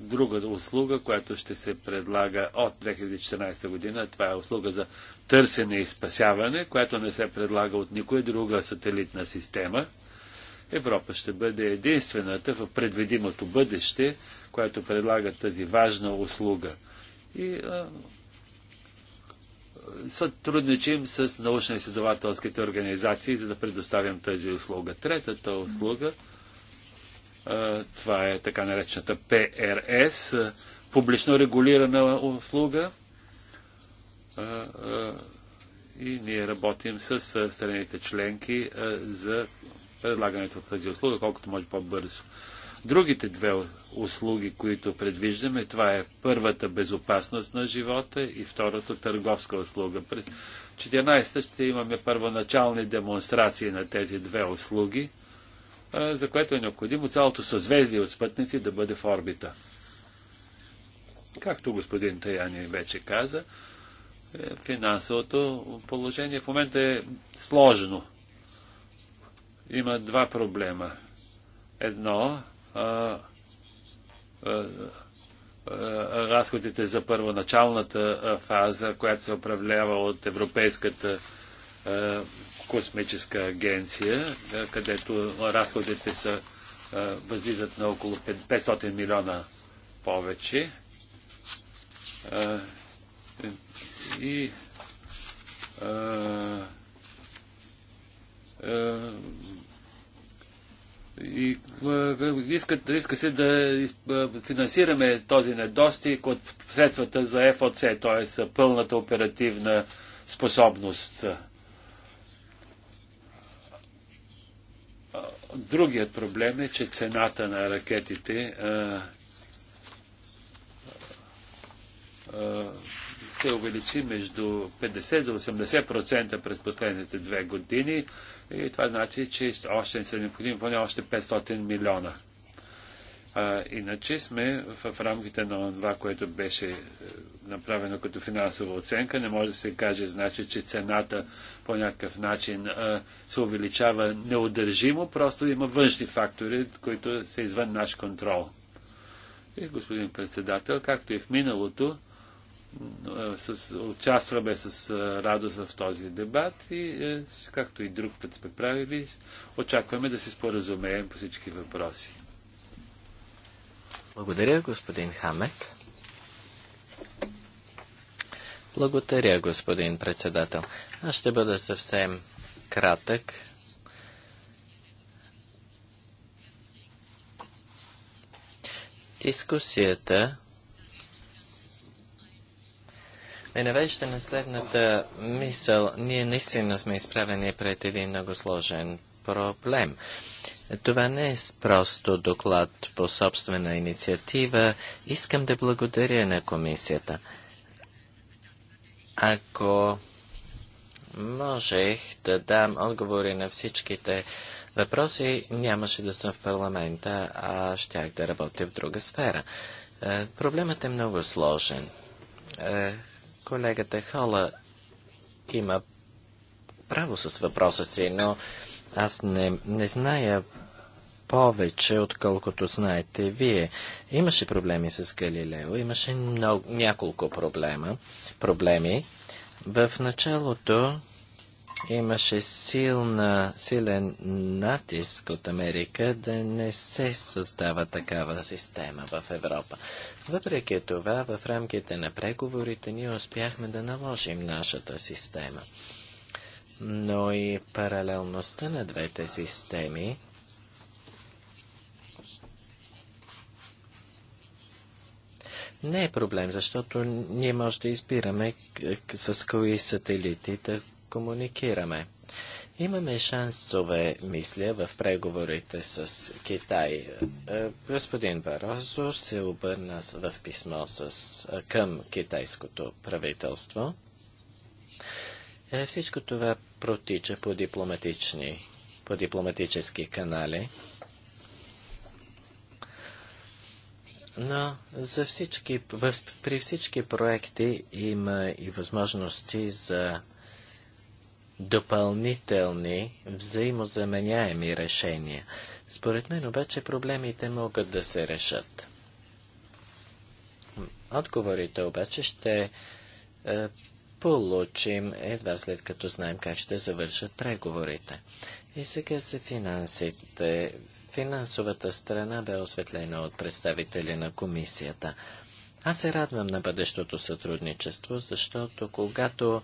друга услуга, която ще се предлага от 2014 година. Това е услуга за търсене и спасяване, която не се предлага от никоя друга сателитна система. Европа ще бъде единствената в предвидимото бъдеще, която предлага тази важна услуга. И а, сътрудничим с научно-изследователските организации, за да предоставим тази услуга. Третата услуга – това е така наречената ПРС, публично регулирана услуга. И ние работим с страните членки за предлагането на тази услуга, колкото може по-бързо. Другите две услуги, които предвиждаме, това е първата безопасност на живота и втората търговска услуга. През 14 ще имаме първоначални демонстрации на тези две услуги – за което е необходимо цялото съзвездие от спътници да бъде в орбита. Както господин Таяни вече каза, е, финансовото положение в момента е сложно. Има два проблема. Едно, а, а, а, разходите за първоначалната фаза, която се управлява от Европейската космическа агенция, където разходите са възлизат на около 500 милиона повече. И и иска, иска се да финансираме този недостиг от средствата за ФОЦ, т.е. пълната оперативна способност Другият проблем е, че цената на ракетите а, а, се увеличи между 50 до 80% през последните две години и това значи, че още са необходими поне още 500 милиона. А, иначе сме в рамките на това, което беше е, направено като финансова оценка. Не може да се каже, значи, че цената по някакъв начин а, се увеличава неудържимо, просто има външни фактори, които са извън наш контрол. И, господин председател, както и в миналото, с, участваме с радост в този дебат и, е, както и друг път сме правили, очакваме да се споразумеем по всички въпроси. Благодаря, господин Хамек. Благодаря, господин председател. Аз ще бъда съвсем кратък. Дискусията ме навежда на следната мисъл. Ние наистина сме изправени пред един много сложен проблем. Това не е просто доклад по собствена инициатива. Искам да благодаря на комисията. Ако можех да дам отговори на всичките въпроси, нямаше да съм в парламента, а щях да работя в друга сфера. Е, проблемът е много сложен. Е, колегата Хола има право с въпроса си, но аз не, не зная повече, отколкото знаете вие. Имаше проблеми с Галилео, имаше много, няколко проблема, проблеми. В началото имаше силна, силен натиск от Америка да не се създава такава система в Европа. Въпреки това, в рамките на преговорите ние успяхме да наложим нашата система но и паралелността на двете системи не е проблем, защото ние може да избираме с кои сателити да комуникираме. Имаме шансове, мисля, в преговорите с Китай. Е, господин Барозо се обърна в писмо с, към китайското правителство. Е, всичко това протича по, дипломатични, по дипломатически канали. Но за всички, при всички проекти има и възможности за допълнителни взаимозаменяеми решения. Според мен обаче проблемите могат да се решат. Отговорите обаче ще е, получим едва след като знаем как ще завършат преговорите. И сега се финансите. Финансовата страна бе осветлена от представители на комисията. Аз се радвам на бъдещото сътрудничество, защото когато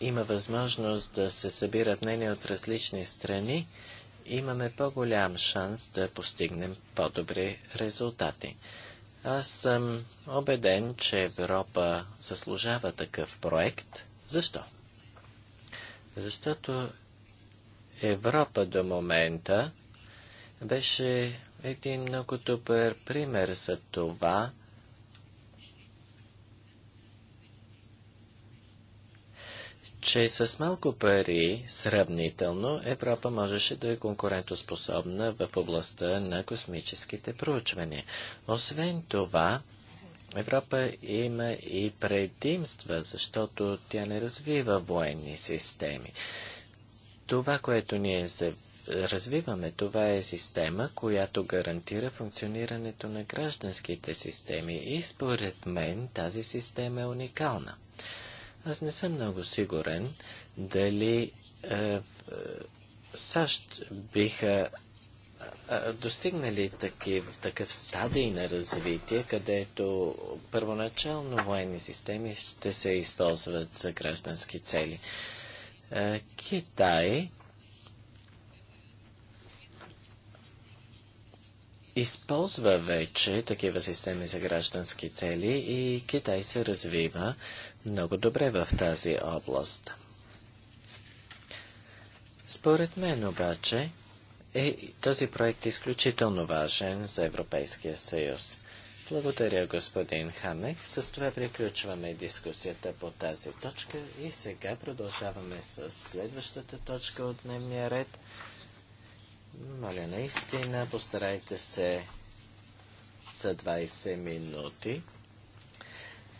има възможност да се събират мнения от различни страни, имаме по-голям шанс да постигнем по-добри резултати. Аз съм убеден, че Европа заслужава такъв проект. Защо? Защото Европа до момента беше един много добър пример за това, че с малко пари, сравнително, Европа можеше да е конкурентоспособна в областта на космическите проучвания. Освен това, Европа има и предимства, защото тя не развива военни системи. Това, което ние развиваме, това е система, която гарантира функционирането на гражданските системи и според мен тази система е уникална. Аз не съм много сигурен дали е, е САЩ биха е, достигнали такив, такъв стадий на развитие, където първоначално военни системи ще се използват за граждански цели. Е, Китай използва вече такива системи за граждански цели и Китай се развива много добре в тази област. Според мен обаче е, този проект е изключително важен за Европейския съюз. Благодаря, господин Хамек. С това приключваме дискусията по тази точка и сега продължаваме с следващата точка от дневния ред. Моля, наистина, постарайте се за 20 минути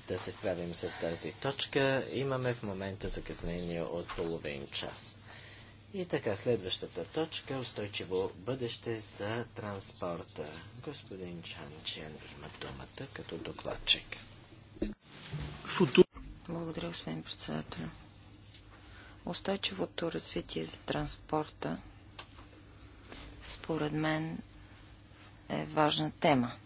да се справим с тази точка. Имаме в момента закъснение от половин час. И така, следващата точка – устойчиво бъдеще за транспорта. Господин Чанчен има думата като докладчик. Благодаря, господин председател. Устойчивото развитие за транспорта, според мен, е важна тема –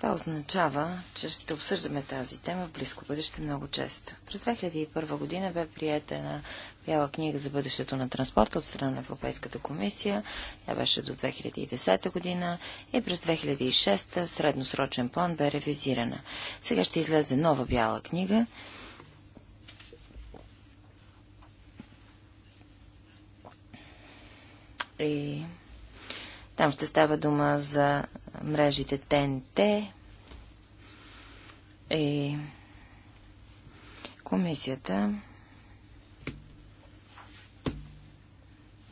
Това означава, че ще обсъждаме тази тема в близко бъдеще много често. През 2001 година бе приета една бяла книга за бъдещето на транспорта от страна на Европейската комисия. Тя беше до 2010 година и през 2006 в средносрочен план бе ревизирана. Сега ще излезе нова бяла книга. И там ще става дума за мрежите ТНТ и комисията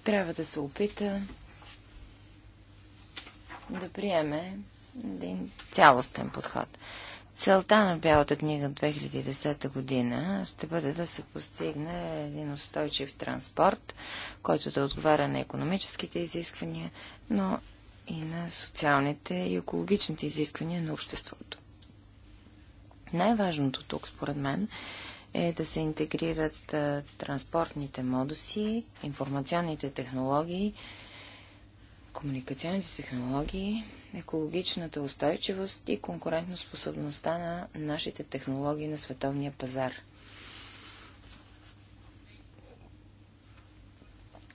трябва да се опита да приеме един цялостен подход. Целта на Бялата книга 2010 година ще бъде да се постигне един устойчив транспорт, който да отговаря на економическите изисквания, но и на социалните и екологичните изисквания на обществото. Най-важното тук, според мен, е да се интегрират а, транспортните модуси, информационните технологии, комуникационните технологии, екологичната устойчивост и конкурентоспособността на нашите технологии на световния пазар –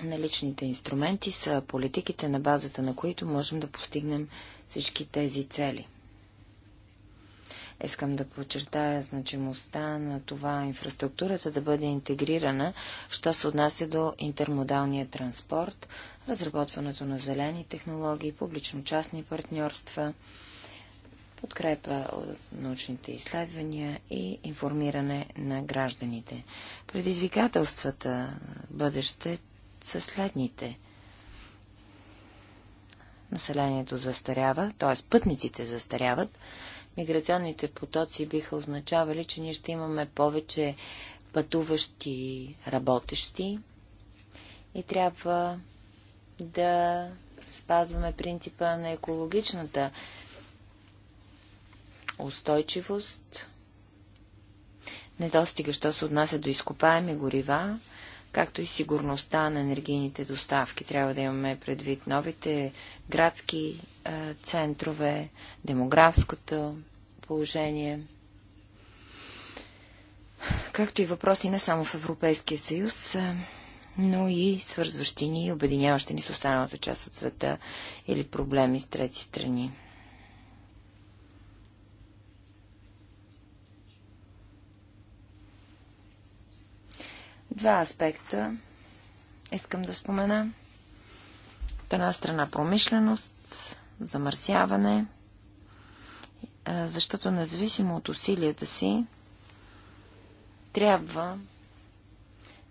Наличните инструменти са политиките, на базата на които можем да постигнем всички тези цели. Искам да подчертая значимостта на това инфраструктурата да бъде интегрирана, що се отнася до интермодалния транспорт, разработването на зелени технологии, публично-частни партньорства, подкрепа от научните изследвания и информиране на гражданите. Предизвикателствата бъдеще са следните. Населението застарява, т.е. пътниците застаряват. Миграционните потоци биха означавали, че ние ще имаме повече пътуващи, работещи и трябва да спазваме принципа на екологичната устойчивост, недостига, що се отнася до изкопаеми горива както и сигурността на енергийните доставки. Трябва да имаме предвид новите градски центрове, демографското положение, както и въпроси не само в Европейския съюз, но и свързващи ни и обединяващи ни с останалата част от света или проблеми с трети страни. Два аспекта искам да спомена. От една страна промишленост, замърсяване, защото независимо от усилията си, трябва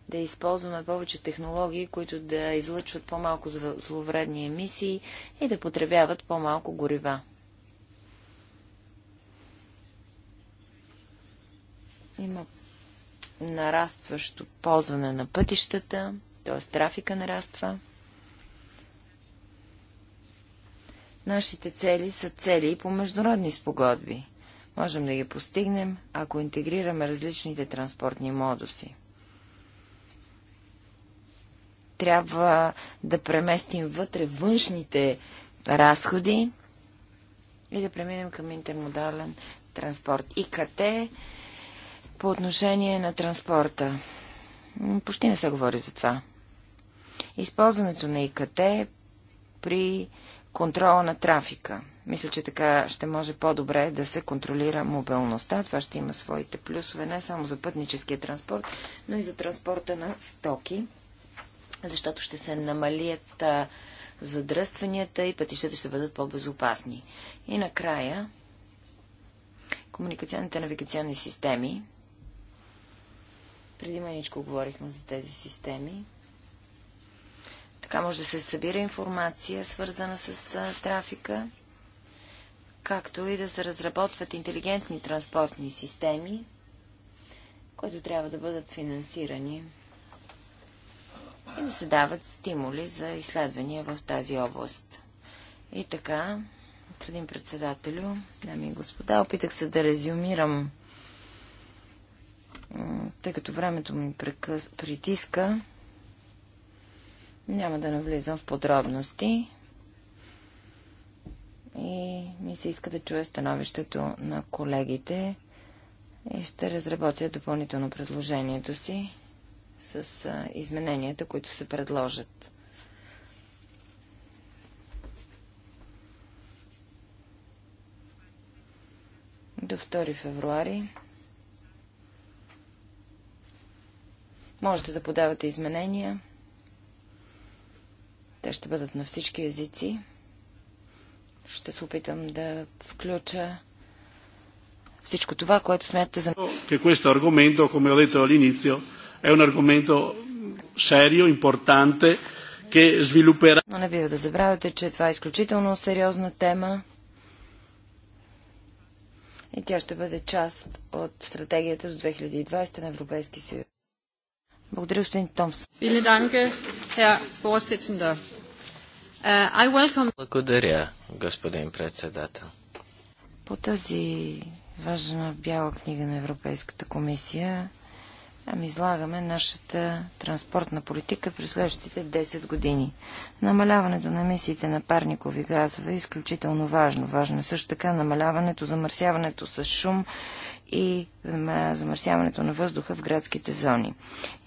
да използваме повече технологии, които да излъчват по-малко зловредни емисии и да потребяват по-малко горива. Има нарастващо ползване на пътищата, т.е. трафика нараства. Нашите цели са цели и по международни спогодби. Можем да ги постигнем, ако интегрираме различните транспортни модуси. Трябва да преместим вътре външните разходи и да преминем към интермодален транспорт. И къде по отношение на транспорта. Почти не се говори за това. Използването на ИКТ при контрола на трафика. Мисля, че така ще може по-добре да се контролира мобилността. Това ще има своите плюсове не само за пътническия транспорт, но и за транспорта на стоки, защото ще се намалият задръстванията и пътищата ще бъдат по-безопасни. И накрая, комуникационните навигационни системи преди маничко говорихме за тези системи. Така може да се събира информация, свързана с трафика, както и да се разработват интелигентни транспортни системи, които трябва да бъдат финансирани и да се дават стимули за изследвания в тази област. И така, господин председателю, дами и господа, опитах се да резюмирам тъй като времето ми прекъс... притиска, няма да навлизам в подробности. И ми се иска да чуя становището на колегите и ще разработя допълнително предложението си с измененията, които се предложат. До 2 февруари Можете да подавате изменения. Те ще бъдат на всички езици. Ще се опитам да включа всичко това, което смятате за... ...че questo argomento, come ho detto all'inizio, è un argomento serio, importante, che svilupperà... Но не бива да забравяте, че това е изключително сериозна тема и тя ще бъде част от стратегията до 2020 на Европейски съюз. Благодаря, господин Томс. Uh, Благодаря, господин председател. По тази важна бяла книга на Европейската комисия там излагаме нашата транспортна политика през следващите 10 години. Намаляването на емисиите на парникови газове е изключително важно. Важно е също така намаляването, замърсяването с шум и замърсяването на въздуха в градските зони.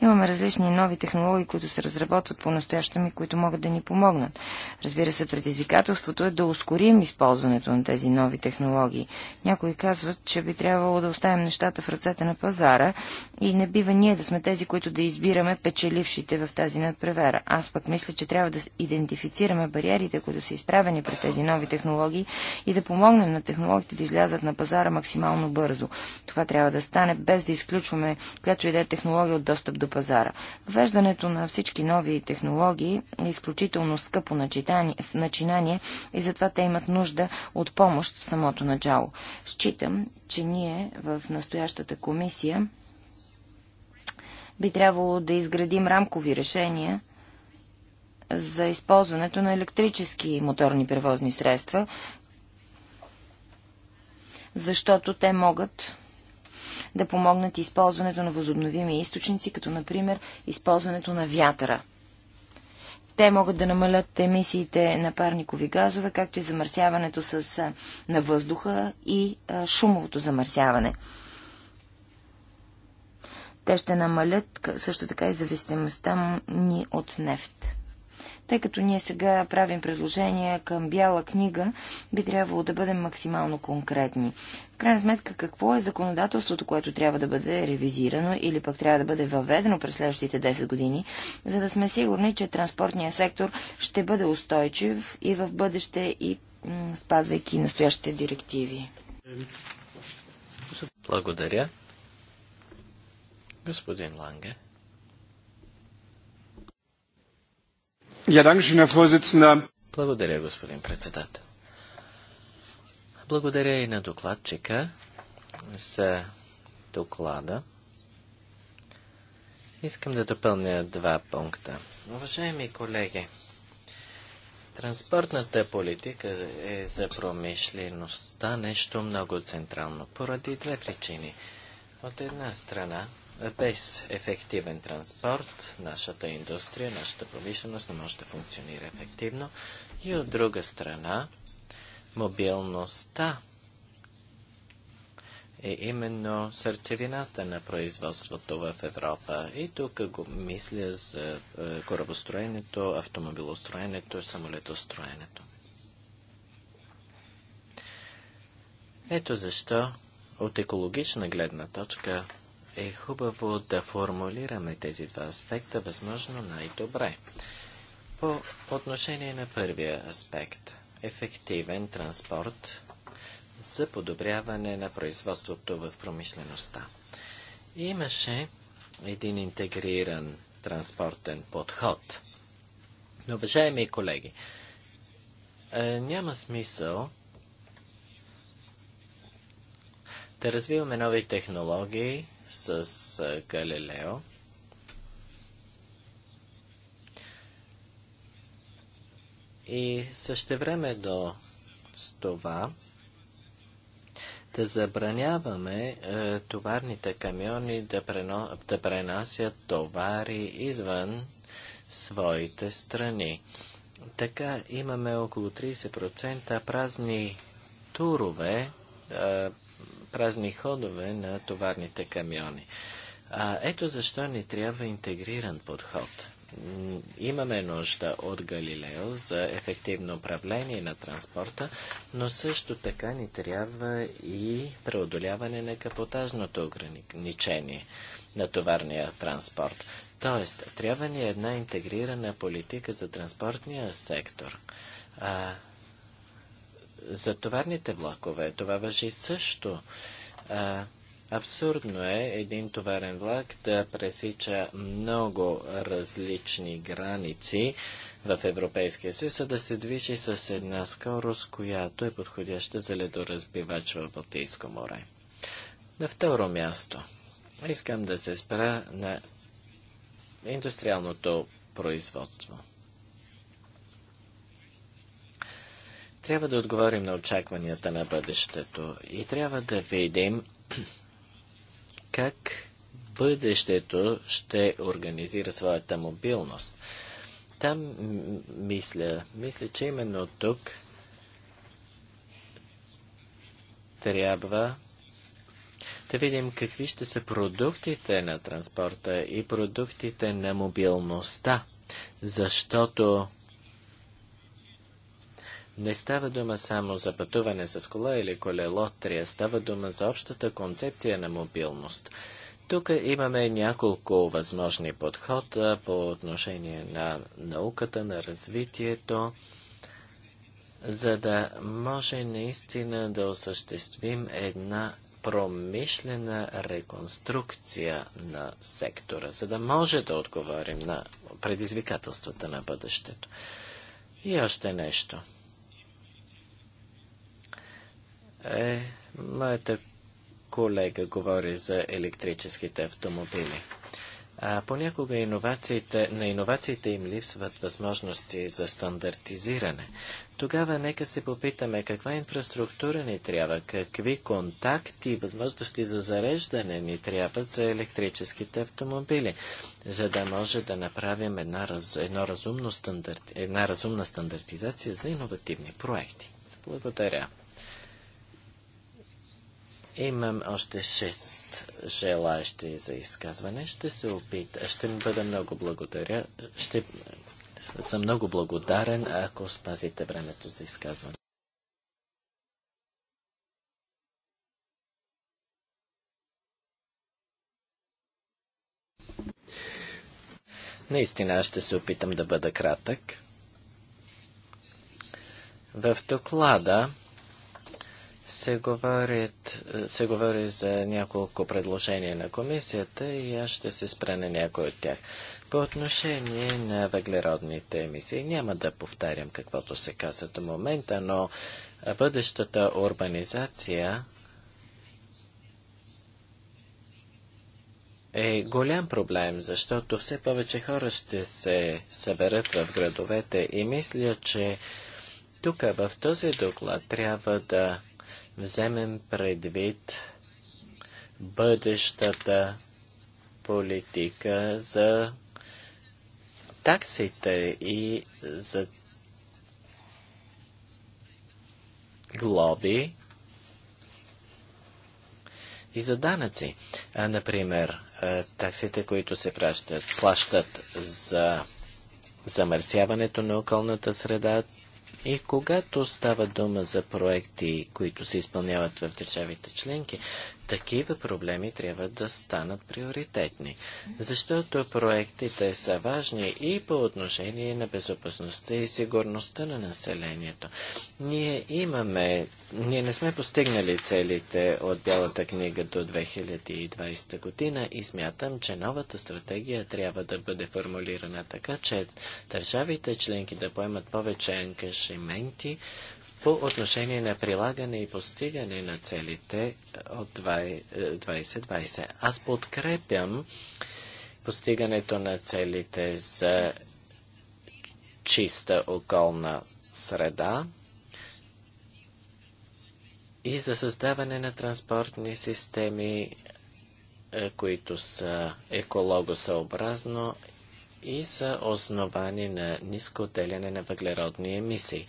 Имаме различни нови технологии, които се разработват по-настоящем и които могат да ни помогнат. Разбира се, предизвикателството е да ускорим използването на тези нови технологии. Някои казват, че би трябвало да оставим нещата в ръцете на пазара и не бива ние да сме тези, които да избираме печелившите в тази надпревера. Аз пък мисля, че трябва да идентифицираме бариерите, които са изправени пред тези нови технологии и да помогнем на технологиите да излязат на пазара максимално бързо. Това трябва трябва да стане, без да изключваме която и да е технология от достъп до пазара. Веждането на всички нови технологии е изключително скъпо начинание и затова те имат нужда от помощ в самото начало. Считам, че ние в настоящата комисия би трябвало да изградим рамкови решения за използването на електрически моторни превозни средства, защото те могат да помогнат използването на възобновими източници, като например използването на вятъра. Те могат да намалят емисиите на парникови газове, както и замърсяването с, на въздуха и а, шумовото замърсяване. Те ще намалят също така и зависимостта ни от нефт. Тъй като ние сега правим предложения към бяла книга, би трябвало да бъдем максимално конкретни. В крайна сметка, какво е законодателството, което трябва да бъде ревизирано или пък трябва да бъде въведено през следващите 10 години, за да сме сигурни, че транспортният сектор ще бъде устойчив и в бъдеще и спазвайки настоящите директиви. Благодаря. Господин Ланге. Благодаря, господин председател. Благодаря и на докладчика за доклада. Искам да допълня два пункта. Уважаеми колеги, транспортната политика е за промишлеността нещо много централно, поради две причини. От една страна, без ефективен транспорт нашата индустрия, нашата промишленост не може да функционира ефективно. И от друга страна, мобилността е именно сърцевината на производството в Европа. И тук го мисля за е, корабостроенето, автомобилостроенето, самолетостроенето. Ето защо от екологична гледна точка е хубаво да формулираме тези два аспекта възможно най-добре. По отношение на първия аспект – ефективен транспорт за подобряване на производството в промишлеността. Имаше един интегриран транспортен подход. Но, уважаеми колеги, е, няма смисъл да развиваме нови технологии, с Галилео. И също до с това да забраняваме е, товарните камиони да, прено, да пренасят товари извън своите страни. Така имаме около 30% празни турове, е, празни ходове на товарните камиони. А, ето защо ни трябва интегриран подход. Имаме нужда от Галилео за ефективно управление на транспорта, но също така ни трябва и преодоляване на капотажното ограничение на товарния транспорт. Тоест, трябва ни една интегрирана политика за транспортния сектор. А, за товарните влакове. Това въжи също. А, абсурдно е един товарен влак да пресича много различни граници в Европейския съюз, а да се движи с една скорост, която е подходяща за ледоразбивач в Балтийско море. На второ място искам да се спра на индустриалното производство – Трябва да отговорим на очакванията на бъдещето и трябва да видим как бъдещето ще организира своята мобилност. Там мисля, мисля, че именно тук трябва да видим какви ще са продуктите на транспорта и продуктите на мобилността, защото не става дума само за пътуване с кола или колелотрия, става дума за общата концепция на мобилност. Тук имаме няколко възможни подхода по отношение на науката, на развитието, за да може наистина да осъществим една промишлена реконструкция на сектора, за да може да отговорим на предизвикателствата на бъдещето. И още нещо – е моята колега говори за електрическите автомобили. А понякога иновациите, на иновациите им липсват възможности за стандартизиране. Тогава нека се попитаме каква инфраструктура ни трябва, какви контакти и възможности за зареждане ни трябват за електрическите автомобили, за да може да направим една, раз, едно разумно стандарт, една разумна стандартизация за иновативни проекти. Благодаря. Имам още 6 желаящи за изказване. Ще се опита. Ще ми бъда много благодаря. Ще съм много благодарен, ако спазите времето за изказване. Наистина ще се опитам да бъда кратък. В доклада се, говорят, се говори за няколко предложения на комисията и аз ще се спра на някои от тях. По отношение на въглеродните емисии, няма да повтарям каквото се каза до момента, но бъдещата урбанизация е голям проблем, защото все повече хора ще се съберат в градовете и мисля, че тук в този доклад трябва да вземем предвид бъдещата политика за таксите и за глоби и за данъци. А, например, таксите, които се пращат, плащат за замърсяването на околната среда, и когато става дума за проекти, които се изпълняват в държавите членки, такива проблеми трябва да станат приоритетни, защото проектите са важни и по отношение на безопасността и сигурността на населението. Ние имаме, ние не сме постигнали целите от Бялата книга до 2020 година и смятам, че новата стратегия трябва да бъде формулирана така, че държавите членки да поемат повече ангажименти по отношение на прилагане и постигане на целите от 2020. Е, Аз подкрепям постигането на целите за чиста околна среда и за създаване на транспортни системи, е, които са екологосъобразно и са основани на ниско отделяне на въглеродни емисии.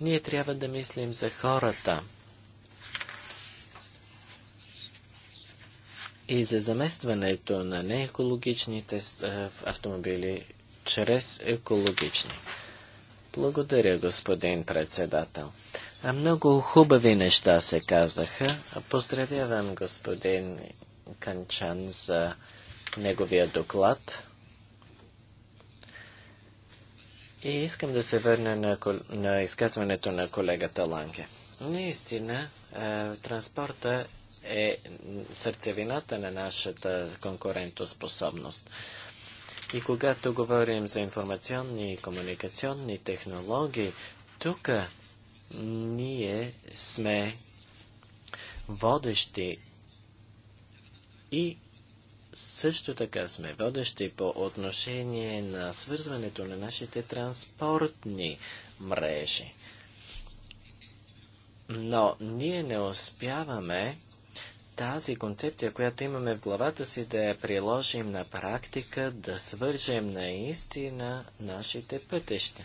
Ние трябва да мислим за хората и за заместването на неекологичните е, автомобили чрез екологични. Благодаря, господин председател. А много хубави неща се казаха. Поздравявам господин Канчан за неговия доклад. И искам да се върна на, на изказването на колегата Ланке. Наистина, е, транспорта е сърцевината на нашата конкурентоспособност. И когато говорим за информационни и комуникационни технологии, тук ние сме водещи и също така сме водещи по отношение на свързването на нашите транспортни мрежи. Но ние не успяваме тази концепция, която имаме в главата си, да я приложим на практика, да свържем наистина нашите пътища.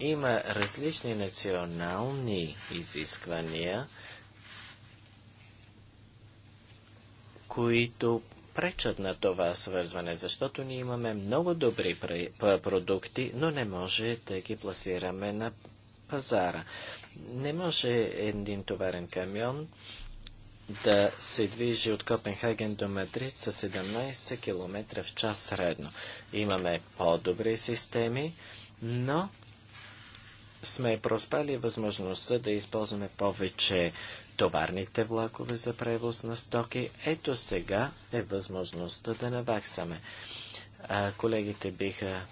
Има различни национални изисквания, които пречат на това свързване, защото ние имаме много добри продукти, но не може да ги пласираме на пазара. Не може един товарен камион да се движи от Копенхаген до Мадрид с 17 км в час средно. Имаме по-добри системи, но сме проспали възможността да използваме повече товарните влакове за превоз на стоки. Ето сега е възможността да наваксаме. А, колегите биха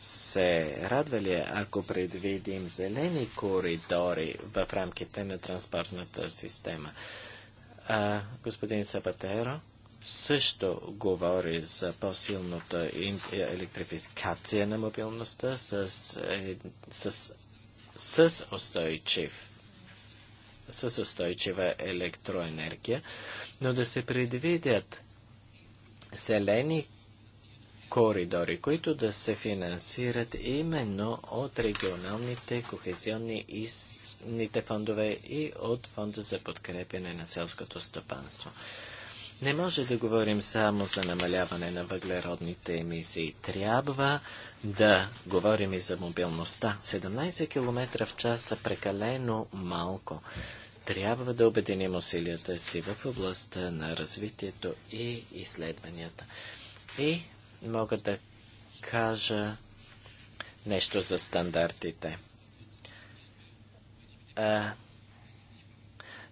се радвали, ако предвидим зелени коридори в рамките на транспортната система. А, господин Сапатеро също говори за по-силната електрификация на мобилността с, с, с устойчив с устойчива електроенергия, но да се предвидят зелени коридори, които да се финансират именно от регионалните кохезионни и фондове и от фонда за подкрепяне на селското стопанство. Не може да говорим само за намаляване на въглеродните емисии. Трябва да говорим и за мобилността. 17 км в час са прекалено малко. Трябва да обединим усилията си в областта на развитието и изследванията. И мога да кажа нещо за стандартите. А,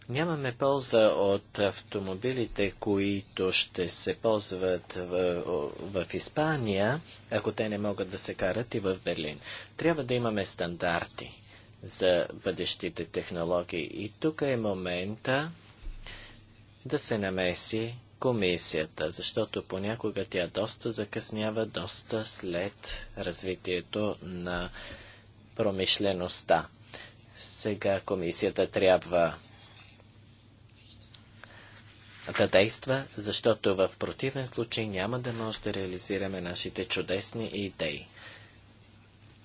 Нямаме полза от автомобилите, които ще се ползват в, в Испания, ако те не могат да се карат и в Берлин. Трябва да имаме стандарти за бъдещите технологии. И тук е момента да се намеси комисията, защото понякога тя доста закъснява, доста след развитието на промишлеността. Сега комисията трябва да действа, защото в противен случай няма да може да реализираме нашите чудесни идеи.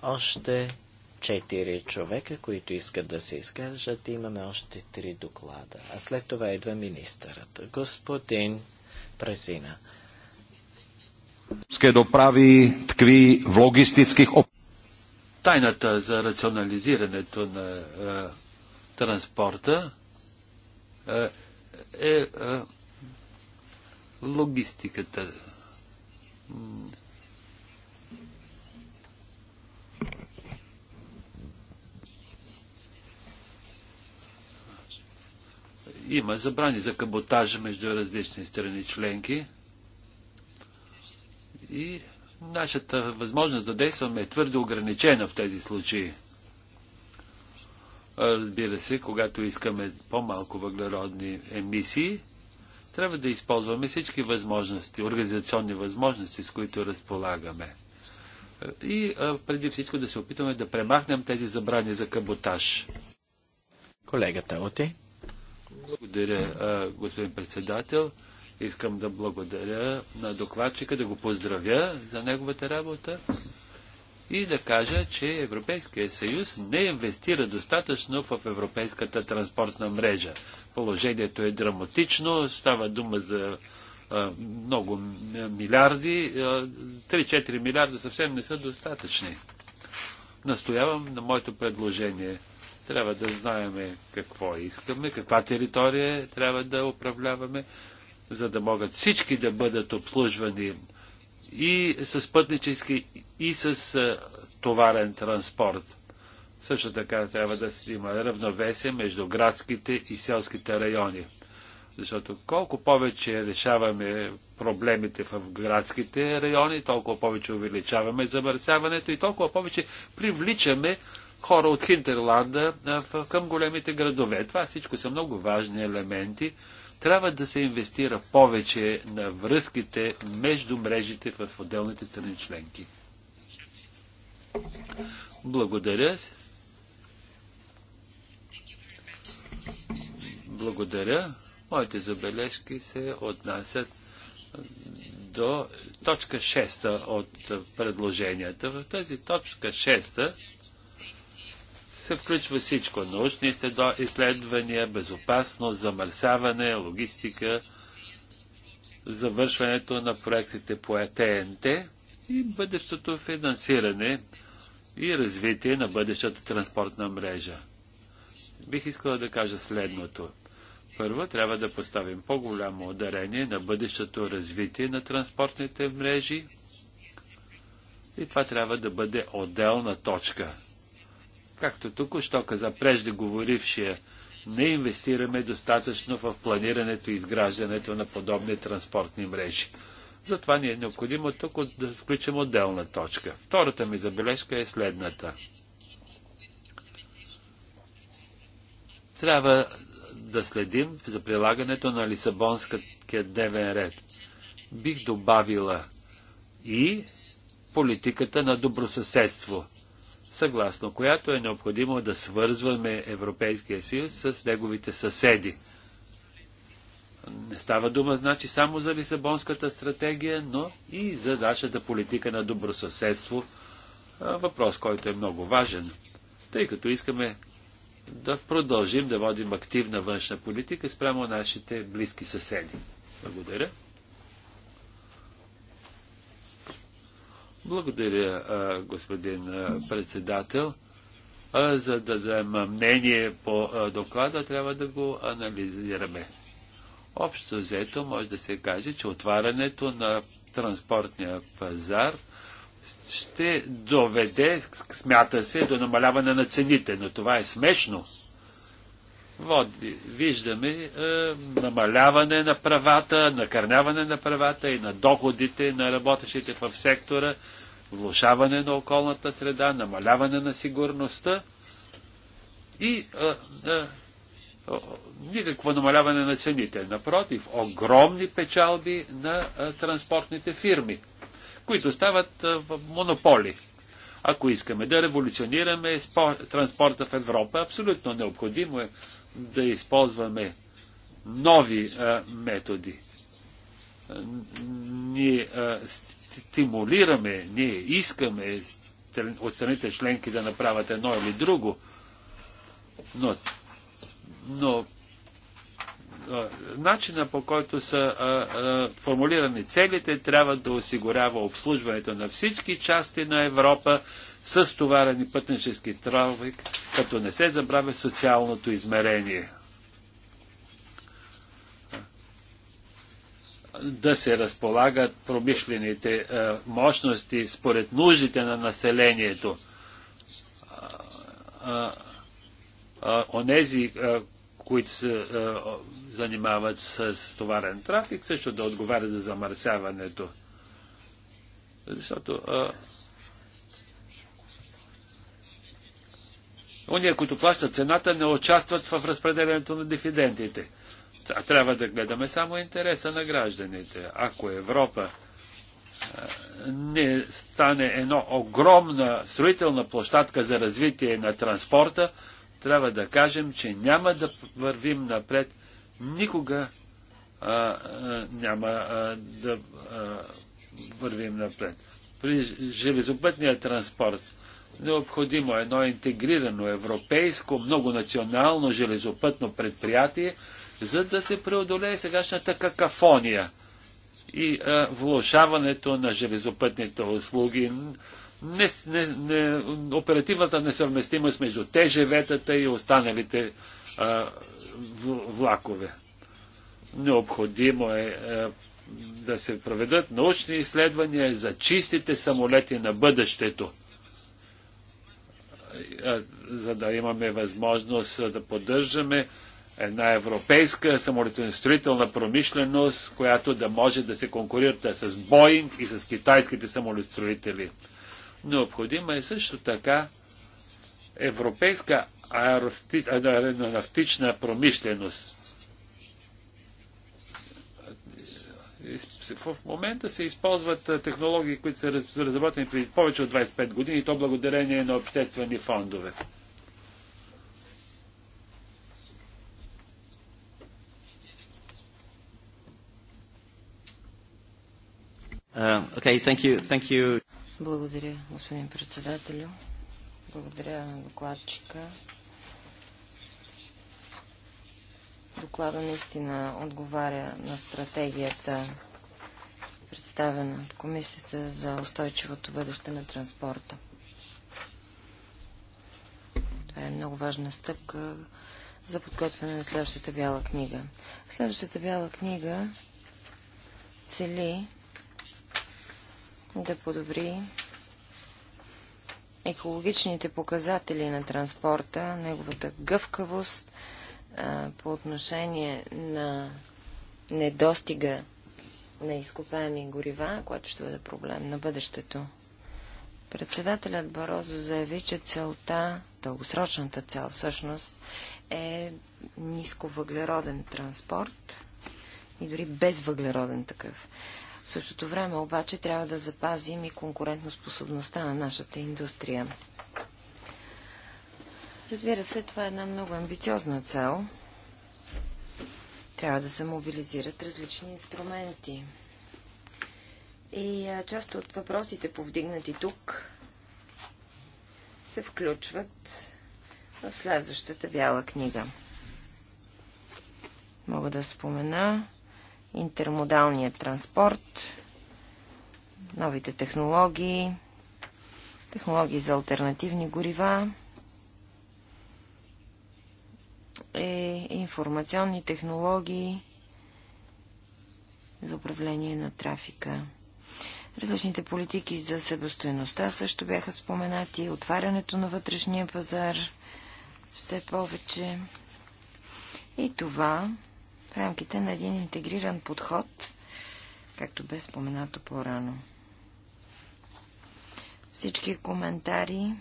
Още четири човека, които искат да се изкажат, имаме още три доклада. А след това идва министърът. Господин Презина. доправи ткви в логистических... Тайната за рационализирането на е, транспорта е, е, е логистиката. Има забрани за каботажа между различни страни членки и нашата възможност да действаме е твърде ограничена в тези случаи. Разбира се, когато искаме по-малко въглеродни емисии, трябва да използваме всички възможности, организационни възможности, с които разполагаме. И преди всичко да се опитаме да премахнем тези забрани за каботаж. Колегата Оте. Благодаря, господин председател. Искам да благодаря на докладчика, да го поздравя за неговата работа и да кажа, че Европейския съюз не инвестира достатъчно в европейската транспортна мрежа. Положението е драматично, става дума за а, много милиарди. 3-4 милиарда съвсем не са достатъчни. Настоявам на моето предложение. Трябва да знаем какво искаме, каква територия трябва да управляваме, за да могат всички да бъдат обслужвани и с пътнически, и с е, товарен транспорт. Също така трябва да се има равновесие между градските и селските райони. Защото колко повече решаваме проблемите в градските райони, толкова повече увеличаваме замърсяването и толкова повече привличаме хора от Хинтерланда към големите градове. Това всичко са много важни елементи. Трябва да се инвестира повече на връзките между мрежите в отделните страни членки. Благодаря. Благодаря. Моите забележки се отнасят до точка 6 от предложенията. В тази точка 6 се включва всичко. Научни изследвания, безопасност, замърсяване, логистика, завършването на проектите по ЕТНТ и бъдещото финансиране и развитие на бъдещата транспортна мрежа. Бих искала да кажа следното. Първо, трябва да поставим по-голямо ударение на бъдещото развитие на транспортните мрежи и това трябва да бъде отделна точка Както тук, що каза преждеговорившия, не инвестираме достатъчно в планирането и изграждането на подобни транспортни мрежи. Затова ни е необходимо тук да включим отделна точка. Втората ми забележка е следната. Трябва да следим за прилагането на Лисабонския дневен ред. Бих добавила и политиката на добросъседство – съгласно която е необходимо да свързваме Европейския съюз с неговите съседи. Не става дума, значи, само за Лисабонската стратегия, но и за нашата политика на добросъседство. Въпрос, който е много важен, тъй като искаме да продължим да водим активна външна политика спрямо нашите близки съседи. Благодаря. Благодаря, господин председател. За да дадем мнение по доклада, трябва да го анализираме. Общо взето може да се каже, че отварянето на транспортния пазар ще доведе, смята се, до намаляване на цените, но това е смешно води, виждаме е, намаляване на правата, накърняване на правата и на доходите на работещите в сектора, влушаване на околната среда, намаляване на сигурността и е, е, е никакво намаляване на цените. Напротив, огромни печалби на е, транспортните фирми, които стават е, монополи. Ако искаме да революционираме транспорта в Европа, абсолютно необходимо е да използваме нови а, е, методи. Ние а, е, стимулираме, ние искаме от страните членки да направят едно или друго, но, но начина по който са а, а, формулирани целите трябва да осигурява обслужването на всички части на Европа с товарени пътнически трафик, като не се забравя социалното измерение. Да се разполагат промишлените а, мощности според нуждите на населението. А, а, онези, които се е, занимават с товарен трафик, също да отговарят за замърсяването. Защото е, Ония, които плащат цената, не участват в разпределението на дифидентите. А трябва да гледаме само интереса на гражданите. Ако Европа е, не стане едно огромна строителна площадка за развитие на транспорта, трябва да кажем, че няма да вървим напред, никога а, а, няма а, да а, вървим напред. При железопътния транспорт необходимо е едно интегрирано европейско, многонационално железопътно предприятие, за да се преодолее сегашната какафония и а, влушаването на железопътните услуги, не, не, не, оперативната несъвместимост между ТЖВ-тата и останалите а, влакове. Необходимо е а, да се проведат научни изследвания за чистите самолети на бъдещето, а, за да имаме възможност да поддържаме една европейска самолетостроителна промишленост, която да може да се конкурира с Боинг и с китайските самолетостроители. Необходима е също така европейска аеронавтична промишленост. В момента се използват технологии, които са разработени преди повече от 25 години, и то благодарение на обществени фондове. Uh, okay, thank you, thank you. Благодаря, господин председателю. Благодаря на докладчика. Доклада наистина отговаря на стратегията, представена от Комисията за устойчивото бъдеще на транспорта. Това е много важна стъпка за подготвяне на следващата бяла книга. Следващата бяла книга цели да подобри екологичните показатели на транспорта, неговата гъвкавост а, по отношение на недостига на изкопаеми горива, което ще бъде проблем на бъдещето. Председателят Барозо заяви, че целта, дългосрочната цел всъщност, е нисковъглероден транспорт и дори безвъглероден такъв. В същото време обаче трябва да запазим и конкурентоспособността на нашата индустрия. Разбира се, това е една много амбициозна цел. Трябва да се мобилизират различни инструменти. И част от въпросите, повдигнати тук, се включват в следващата бяла книга. Мога да спомена интермодалният транспорт, новите технологии, технологии за альтернативни горива и е информационни технологии за управление на трафика. Различните политики за себестоеността също бяха споменати, отварянето на вътрешния пазар все повече. И това в рамките на един интегриран подход, както бе споменато по-рано. Всички коментари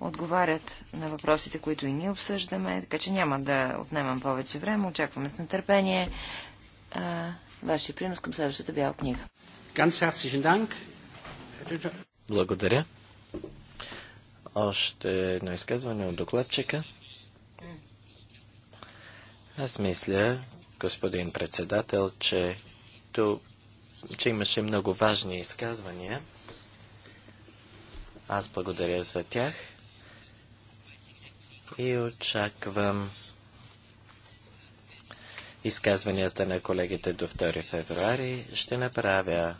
отговарят на въпросите, които и ние обсъждаме, така че няма да отнемам повече време. Очакваме с нетърпение а, вашия принос към следващата бяла книга. Благодаря. Още едно изказване от докладчика. Аз мисля, господин председател, че, то, че имаше много важни изказвания. Аз благодаря за тях и очаквам изказванията на колегите до 2 февруари. Ще направя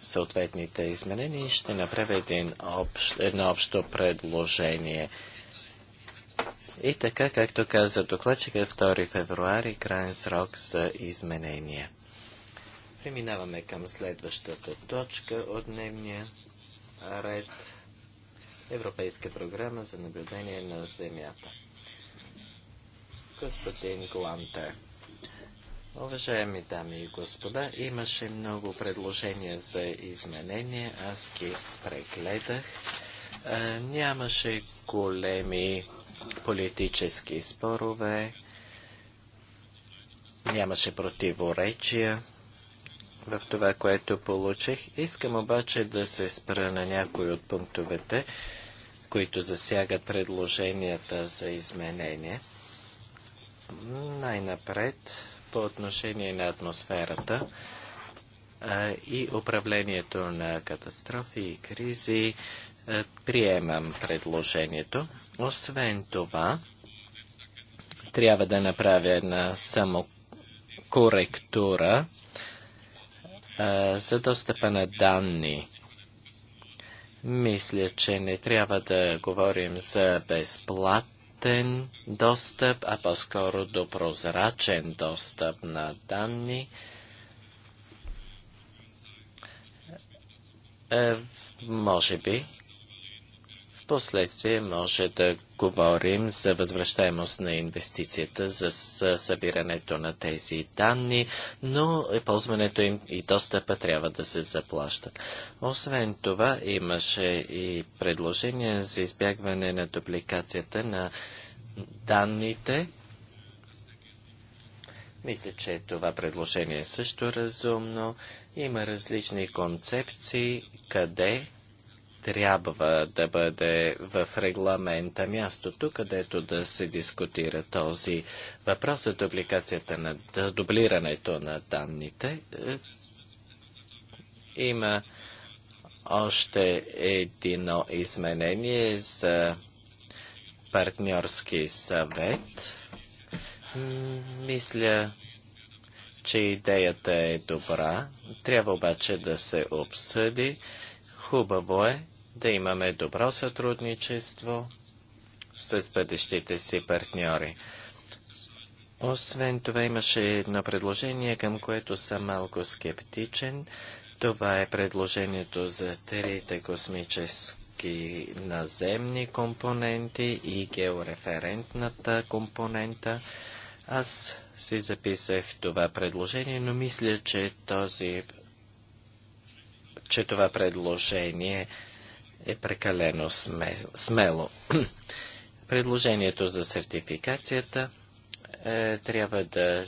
съответните изменения и ще направя един общ, едно общо предложение. И така, както каза докладчика, 2 е февруари, крайен срок за изменения. Преминаваме към следващата точка от дневния ред. Европейска програма за наблюдение на Земята. Господин Гланте, уважаеми дами и господа, имаше много предложения за изменения. Аз ги прегледах. А, е, нямаше големи политически спорове, нямаше противоречия в това, което получих. Искам обаче да се спра на някои от пунктовете, които засягат предложенията за изменение. Най-напред, по отношение на атмосферата а, и управлението на катастрофи и кризи, а, приемам предложението. Освен това, трябва да направя една самокоректура а, за достъпа на данни. Мисля, че не трябва да говорим за безплатен достъп, а по-скоро до прозрачен достъп на данни. Е, може би последствие може да говорим за възвръщаемост на инвестицията, за събирането на тези данни, но е, ползването им и достъпа трябва да се заплащат. Освен това, имаше и предложение за избягване на дупликацията на данните. Мисля, че това предложение е също разумно. Има различни концепции, къде трябва да бъде в регламента мястото, където да се дискутира този въпрос за дубликацията на дублирането на данните. Е, има още едно изменение за партньорски съвет. Мисля, че идеята е добра, трябва обаче да се обсъди. Хубаво е да имаме добро сътрудничество с бъдещите си партньори. Освен това имаше едно предложение, към което съм малко скептичен. Това е предложението за трите космически наземни компоненти и геореферентната компонента. Аз си записах това предложение, но мисля, че, този, че това предложение е прекалено смело. Предложението за сертификацията е, трябва да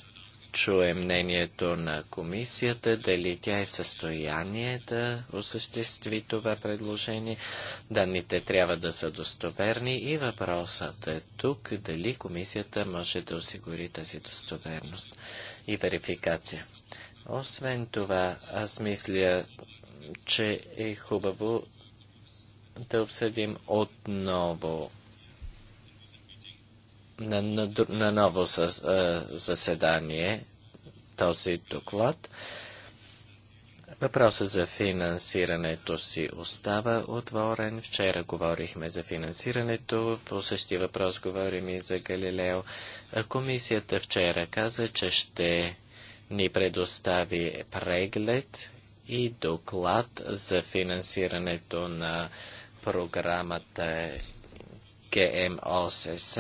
чуе мнението на комисията, дали тя е в състояние да осъществи това предложение. Данните трябва да са достоверни и въпросът е тук, дали комисията може да осигури тази достоверност и верификация. Освен това, аз мисля, че е хубаво да обсъдим отново на, на, на ново със, заседание този доклад. Въпросът за финансирането си остава отворен. Вчера говорихме за финансирането, по същия въпрос говорим и за Галилео. Комисията вчера каза, че ще ни предостави преглед и доклад за финансирането на програмата е ГМОСС.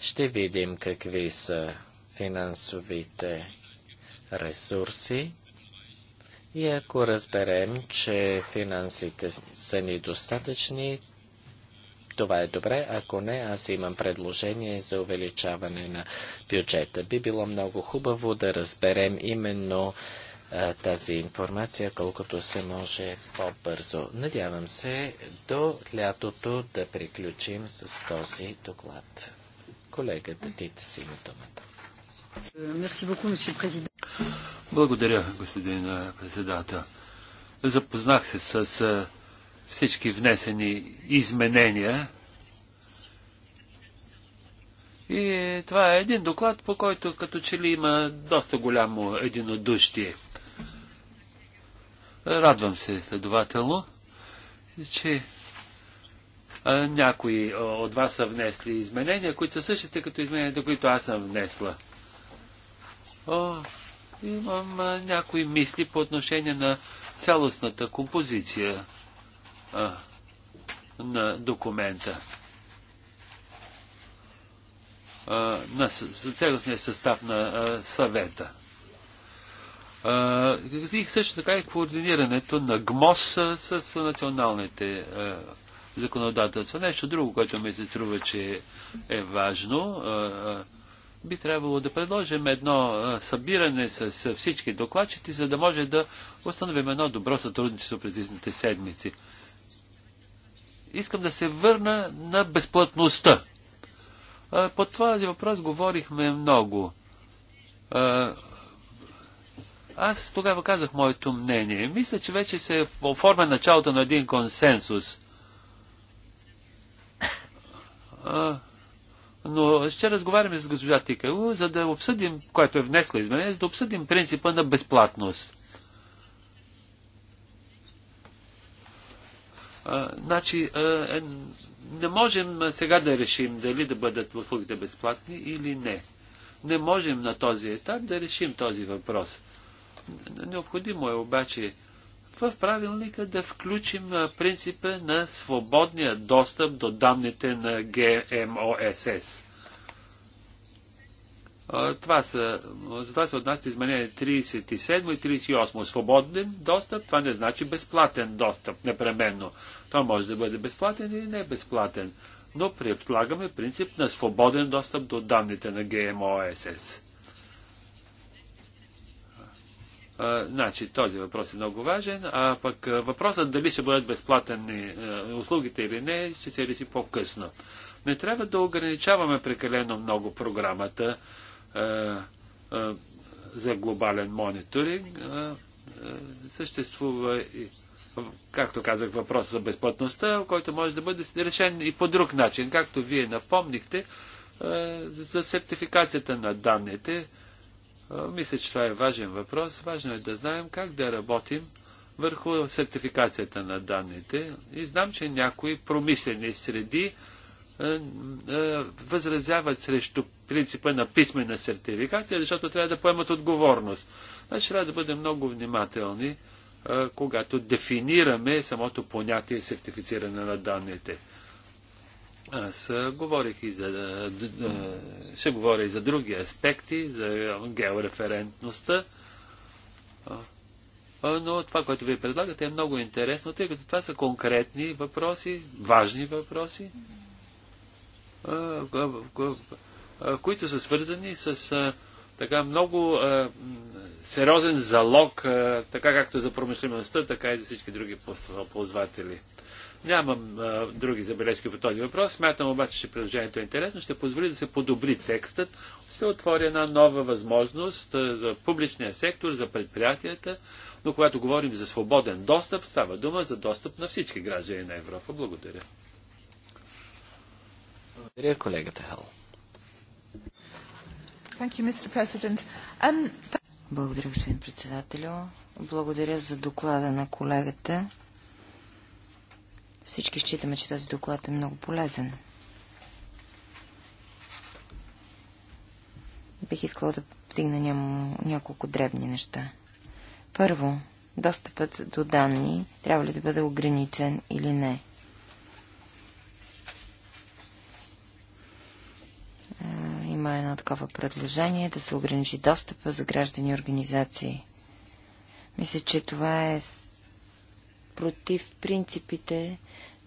Ще видим какви са финансовите ресурси. И ако разберем, че финансите са ни достатъчни, това е добре. Ако не, аз имам предложение за увеличаване на бюджета. Би било много хубаво да разберем именно тази информация колкото се може по-бързо. Надявам се до лятото да приключим с този доклад. Колегата Тита си на думата. Благодаря, господин председател. Запознах се с всички внесени изменения. И това е един доклад, по който като че ли има доста голямо единодушие. Радвам се, следователно, че някои от вас са внесли изменения, които са същите като измененията, които аз съм внесла. О, имам някои мисли по отношение на цялостната композиция а, на документа. А, на цялостния състав на а, съвета. И също така и координирането на ГМОС с, с националните законодателства. Нещо друго, което ми се струва, че е важно. Би трябвало да предложим едно събиране с всички докладчици, за да може да установим едно добро сътрудничество през изните седмици. Искам да се върна на безплатността. По този въпрос говорихме много. Аз тогава казах моето мнение. Мисля, че вече се оформя началото на един консенсус. А, но ще разговаряме с госпожа Тикало, за да обсъдим, което е внесло изменение, за да обсъдим принципа на безплатност. А, значи, а, е, не можем сега да решим дали да бъдат услугите безплатни или не. Не можем на този етап да решим този въпрос. Необходимо е обаче в правилника да включим принципа на свободния достъп до данните на ГМОСС. Това са, за това се отнася изменения 37 и 38. Свободен достъп, това не значи безплатен достъп непременно. Това може да бъде безплатен или не безплатен. Но предлагаме принцип на свободен достъп до данните на ГМОСС. значи този въпрос е много важен, а пък въпросът дали ще бъдат безплатни услугите или не, ще се реши по-късно. Не трябва да ограничаваме прекалено много програмата а, а, за глобален мониторинг. Съществува и както казах, въпрос за безплатността, който може да бъде решен и по друг начин. Както вие напомнихте, за сертификацията на данните, мисля, че това е важен въпрос. Важно е да знаем как да работим върху сертификацията на данните. И знам, че някои промислени среди възразяват срещу принципа на писмена сертификация, защото трябва да поемат отговорност. Значи трябва да бъдем много внимателни, когато дефинираме самото понятие сертифициране на данните. Аз говорих и за... Ще говоря и за други аспекти, за геореферентността. Но това, което ви предлагате, е много интересно, тъй като това са конкретни въпроси, важни въпроси, които са свързани с така много сериозен залог, така както за промишлеността, така и за всички други ползватели. Нямам а, други забележки по този въпрос. Смятам обаче, че предложението е интересно. Ще позволи да се подобри текстът. Ще отвори една нова възможност а, за публичния сектор, за предприятията. Но когато говорим за свободен достъп, става дума за достъп на всички граждани на Европа. Благодаря. Благодаря, колегата Хел. Um, Благодаря, господин председателю. Благодаря за доклада на колегата. Всички считаме, че този доклад е много полезен. Бих искала да вдигна няколко дребни неща. Първо, достъпът до данни трябва ли да бъде ограничен или не? Е, има едно такова предложение да се ограничи достъпа за граждани и организации. Мисля, че това е против принципите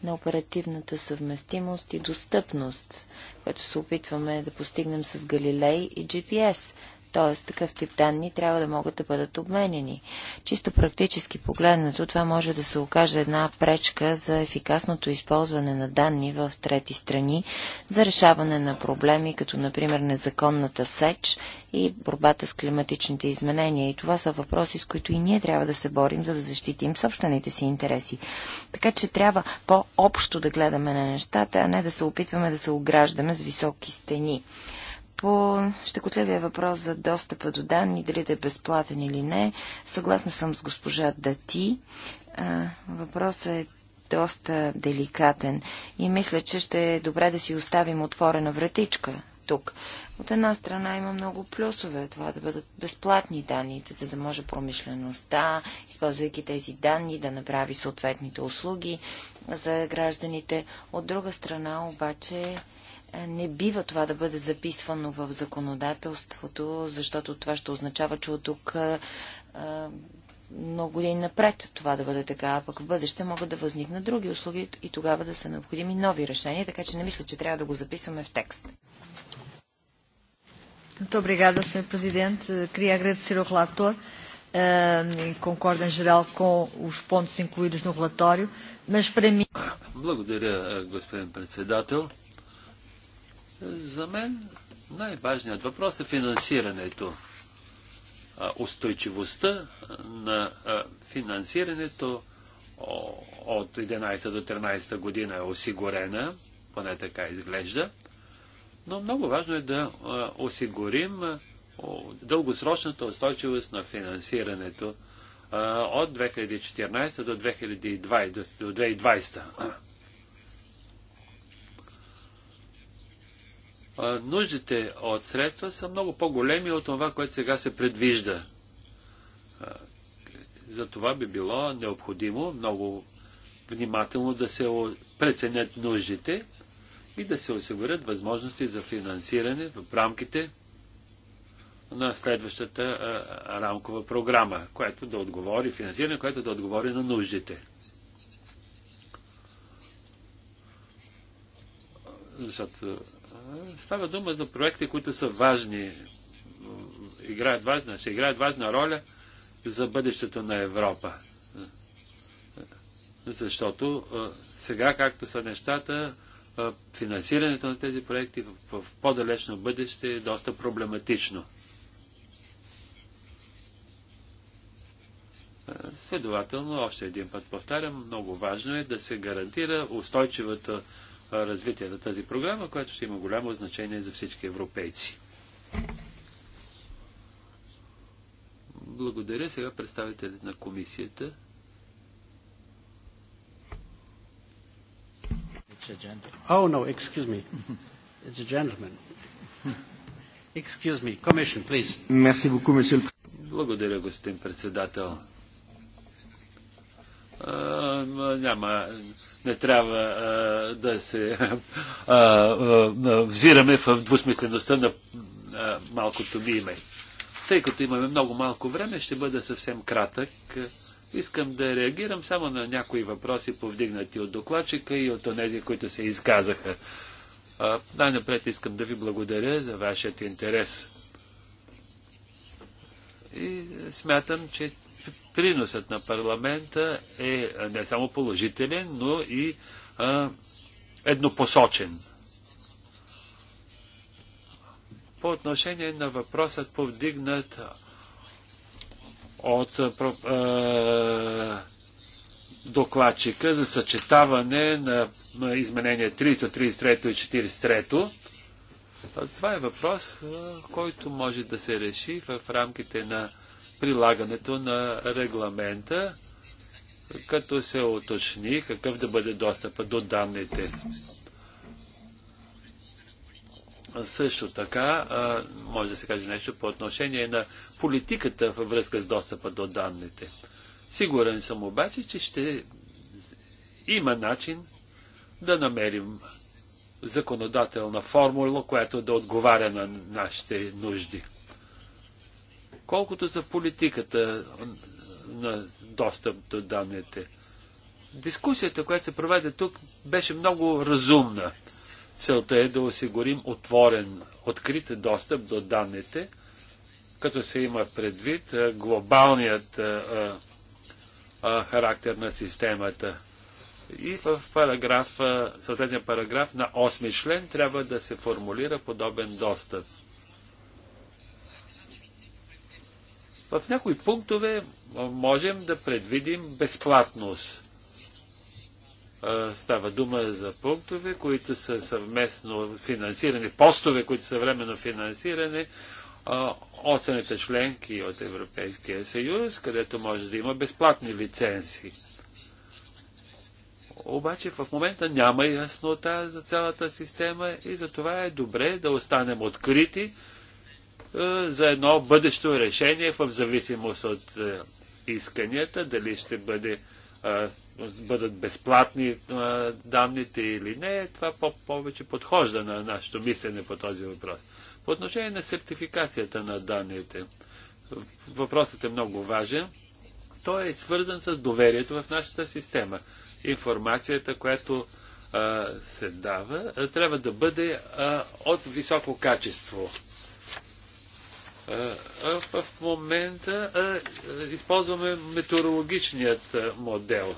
на оперативната съвместимост и достъпност, което се опитваме да постигнем с Галилей и GPS. Т.е. такъв тип данни трябва да могат да бъдат обменени. Чисто практически погледнато, това може да се окаже една пречка за ефикасното използване на данни в трети страни за решаване на проблеми, като например незаконната сеч и борбата с климатичните изменения. И това са въпроси, с които и ние трябва да се борим, за да защитим собствените си интереси. Така че трябва по-общо да гледаме на нещата, а не да се опитваме да се ограждаме с високи стени. По щекотливия въпрос за достъпа до данни, дали да е безплатен или не, съгласна съм с госпожа Дати. Въпросът е доста деликатен и мисля, че ще е добре да си оставим отворена вратичка тук. От една страна има много плюсове това да бъдат безплатни данните, за да може промишлеността, използвайки тези данни, да направи съответните услуги за гражданите. От друга страна обаче не бива това да бъде записвано в законодателството, защото това ще означава, че от тук много години напред това да бъде така, а пък в бъдеще могат да възникнат други услуги и тогава да са необходими нови решения, така че не мисля, че трябва да го записваме в текст. Muito obrigada, Sr. Presidente. Queria agradecer ao relator e ehm, concordo em geral com os pontos incluídos no relatório, mas para mim... Благодаря, господин председател. За мен най-важният въпрос е финансирането. Устойчивостта на финансирането от 11 до 13 година е осигурена, поне така изглежда, но много важно е да осигурим дългосрочната устойчивост на финансирането от 2014 до 2020. нуждите от средства са много по-големи от това, което сега се предвижда. За това би било необходимо много внимателно да се преценят нуждите и да се осигурят възможности за финансиране в рамките на следващата рамкова програма, която да отговори, финансиране, което да отговори на нуждите. Защото Става дума за проекти, които са важни, играят важна, ще играят важна роля за бъдещето на Европа. Защото сега, както са нещата, финансирането на тези проекти в по-далечно бъдеще е доста проблематично. Следователно, още един път повтарям, много важно е да се гарантира устойчивата развитие на тази програма, която ще има голямо значение за всички европейци. Благодаря сега представителите на комисията. Oh, no, excuse me. It's a gentleman. Excuse me, commission, please. Merci beaucoup, monsieur. Благодаря, господин председател няма, не трябва да се взираме в двусмислеността на малкото ми име. Тъй като имаме много малко време, ще бъда съвсем кратък. Искам да реагирам само на някои въпроси, повдигнати от докладчика и от онези, които се изказаха. Най-напред искам да ви благодаря за вашият интерес. И смятам, че приносът на парламента е не само положителен, но и а, еднопосочен. По отношение на въпросът повдигнат от а, докладчика за съчетаване на изменения 30, 33 и 43. Това е въпрос, който може да се реши в рамките на прилагането на регламента, като се уточни какъв да бъде достъпа до данните. Също така, може да се каже нещо по отношение на политиката във връзка с достъпа до данните. Сигурен съм обаче, че ще има начин да намерим законодателна формула, която да отговаря на нашите нужди. Колкото за политиката на достъп до данните. Дискусията, която се проведе тук, беше много разумна. Целта е да осигурим отворен, открит достъп до данните, като се има предвид глобалният а, а, характер на системата. И в параграф, съответния параграф на 8 член трябва да се формулира подобен достъп. В някои пунктове можем да предвидим безплатност. Става дума за пунктове, които са съвместно финансирани, постове, които са временно финансирани от членки от Европейския съюз, където може да има безплатни лицензии. Обаче в момента няма яснота за цялата система и за това е добре да останем открити, е, за едно бъдещо решение в зависимост от е, исканията, дали ще бъде, е, бъдат безплатни данните или не, това по повече подхожда на нашето мислене по този въпрос. По отношение на сертификацията на данните, въпросът е много важен. Той е свързан с доверието в нашата система. Информацията, която се дава, трябва да бъде от високо качество в момента използваме метеорологичният модел.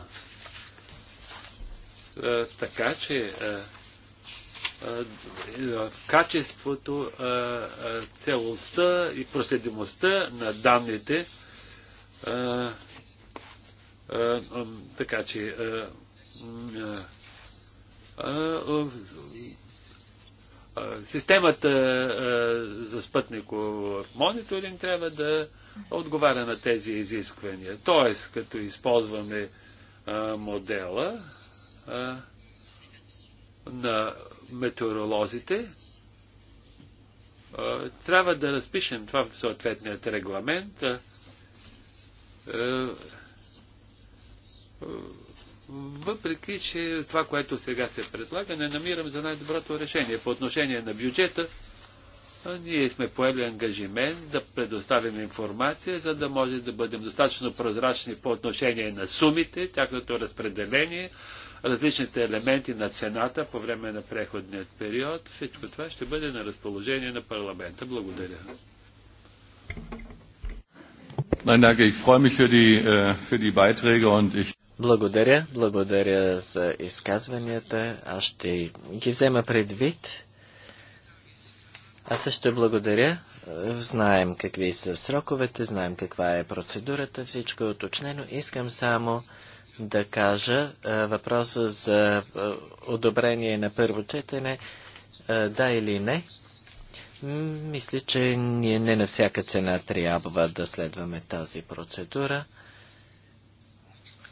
Така че качеството, целостта и проследимостта на данните, така че Системата за спътников мониторинг трябва да отговаря на тези изисквания. Тоест, като използваме модела на метеоролозите, трябва да разпишем това в съответният регламент въпреки че това, което сега се предлага, не намирам за най-доброто решение. По отношение на бюджета, ние сме поели ангажимент да предоставим информация, за да може да бъдем достатъчно прозрачни по отношение на сумите, тяхното разпределение, различните елементи на цената по време на преходният период. Всичко това ще бъде на разположение на парламента. Благодаря. Nein, danke. Ich freue mich für die, äh, für die Beiträge und ich благодаря, благодаря за изказванията. Аз ще ги взема предвид. Аз също благодаря. Знаем какви са сроковете, знаем каква е процедурата, всичко е уточнено. Искам само да кажа въпроса за одобрение на първо четене, да или не. Мисля, че ние не на всяка цена трябва да следваме тази процедура.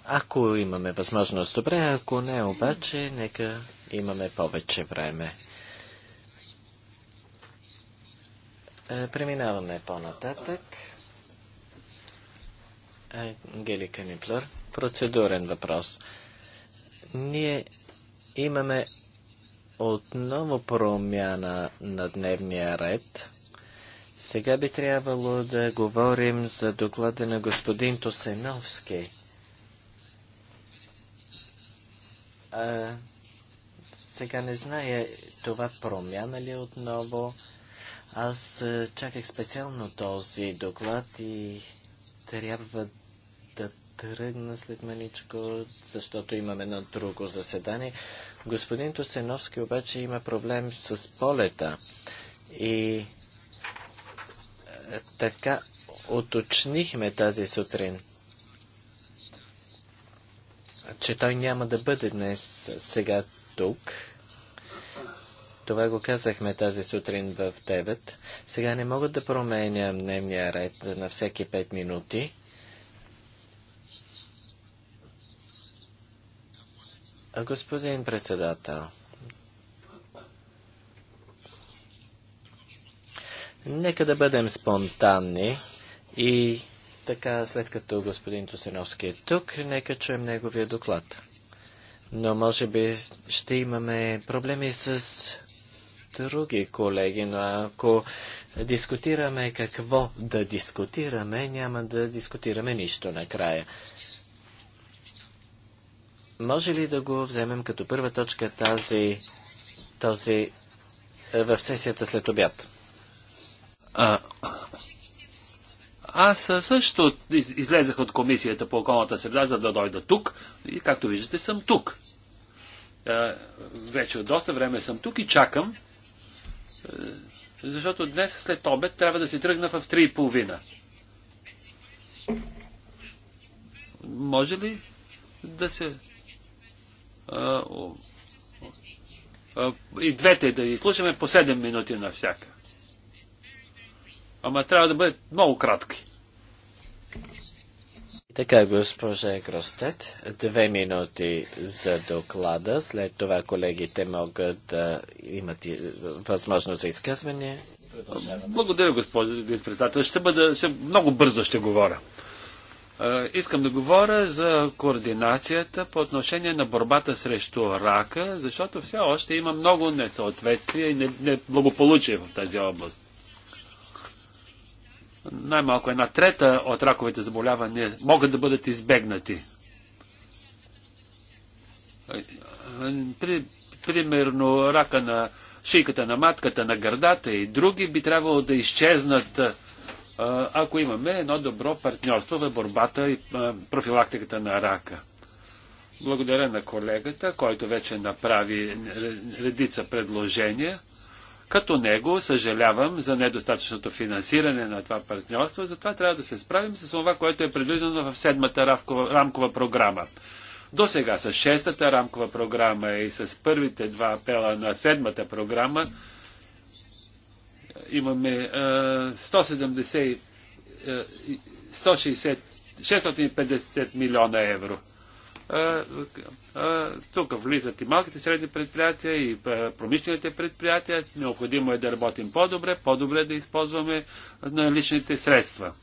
Ако имаме възможност, добре, ако не, обаче, нека имаме повече време. Е, преминаваме по-нататък. Ангелика Ниплер, процедурен въпрос. Ние имаме отново промяна на дневния ред. Сега би трябвало да говорим за доклада на господин Тосеновски. А, сега не зная това промяна ли отново. Аз чаках специално този доклад и трябва да тръгна след маничко, защото имам едно друго заседание. Господин Тосеновски обаче има проблем с полета и така уточнихме тази сутрин че той няма да бъде днес сега тук. Това го казахме тази сутрин в 9. Сега не мога да променя дневния ред на всеки 5 минути. Господин председател, нека да бъдем спонтанни и така, след като господин Тосиновски е тук, нека чуем неговия доклад. Но може би ще имаме проблеми с други колеги, но ако дискутираме какво да дискутираме, няма да дискутираме нищо накрая. Може ли да го вземем като първа точка тази, тази е, в сесията след обяд? А, аз също излезах от комисията по околната среда, за да дойда тук. И както виждате, съм тук. Вече от доста време съм тук и чакам, защото днес след обед трябва да си тръгна в 3.30. Може ли да се... И двете да изслушаме по 7 минути на всяка. Ама трябва да бъде много кратки. Така, госпожа Гростет, две минути за доклада. След това колегите могат да имат възможност за изказване. Благодаря, госпожо председател. Ще бъда, ще, много бързо ще говоря. Искам да говоря за координацията по отношение на борбата срещу рака, защото все още има много несъответствия и неблагополучие в тази област най-малко една трета от раковите заболявания могат да бъдат избегнати. При, примерно рака на шийката на матката, на гърдата и други би трябвало да изчезнат, ако имаме едно добро партньорство в борбата и профилактиката на рака. Благодаря на колегата, който вече направи редица предложения. Като него съжалявам за недостатъчното финансиране на това партньорство, затова трябва да се справим с това, което е предвидено в седмата рамкова, програма. До сега с шестата рамкова програма и с първите два апела на седмата програма е, имаме 170, 160, 650 милиона евро тук влизат и малките средни предприятия, и промишлените предприятия. Необходимо е да работим по-добре, по-добре да използваме наличните средства.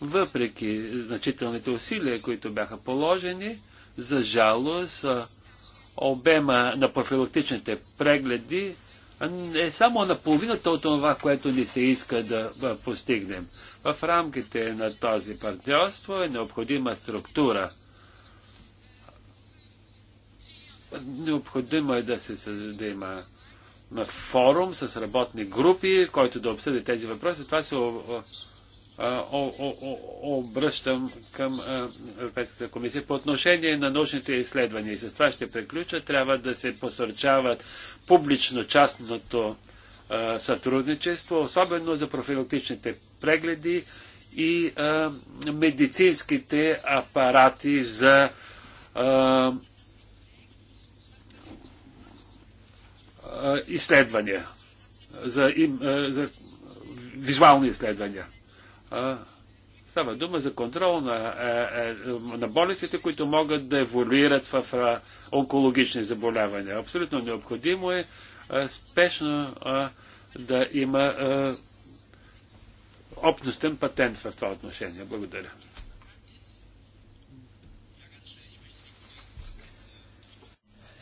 Въпреки значителните усилия, които бяха положени, за жалост, обема на профилактичните прегледи е само на половината от това, което ни се иска да постигнем. В рамките на този партньорство е необходима структура, Необходимо е да, се, да има на форум с работни групи, който да обсъди тези въпроси. Това се обръщам към Европейската комисия. По отношение на научните изследвания, и с това ще приключа, трябва да се посърчават публично-частното сътрудничество, особено за профилактичните прегледи и медицинските апарати за Е, изследвания, за, им, е, за визуални изследвания. Е, става дума за контрол на, на болестите, които могат да еволюират в онкологични заболявания. Абсолютно необходимо е спешно да има общностен патент в това отношение. Благодаря.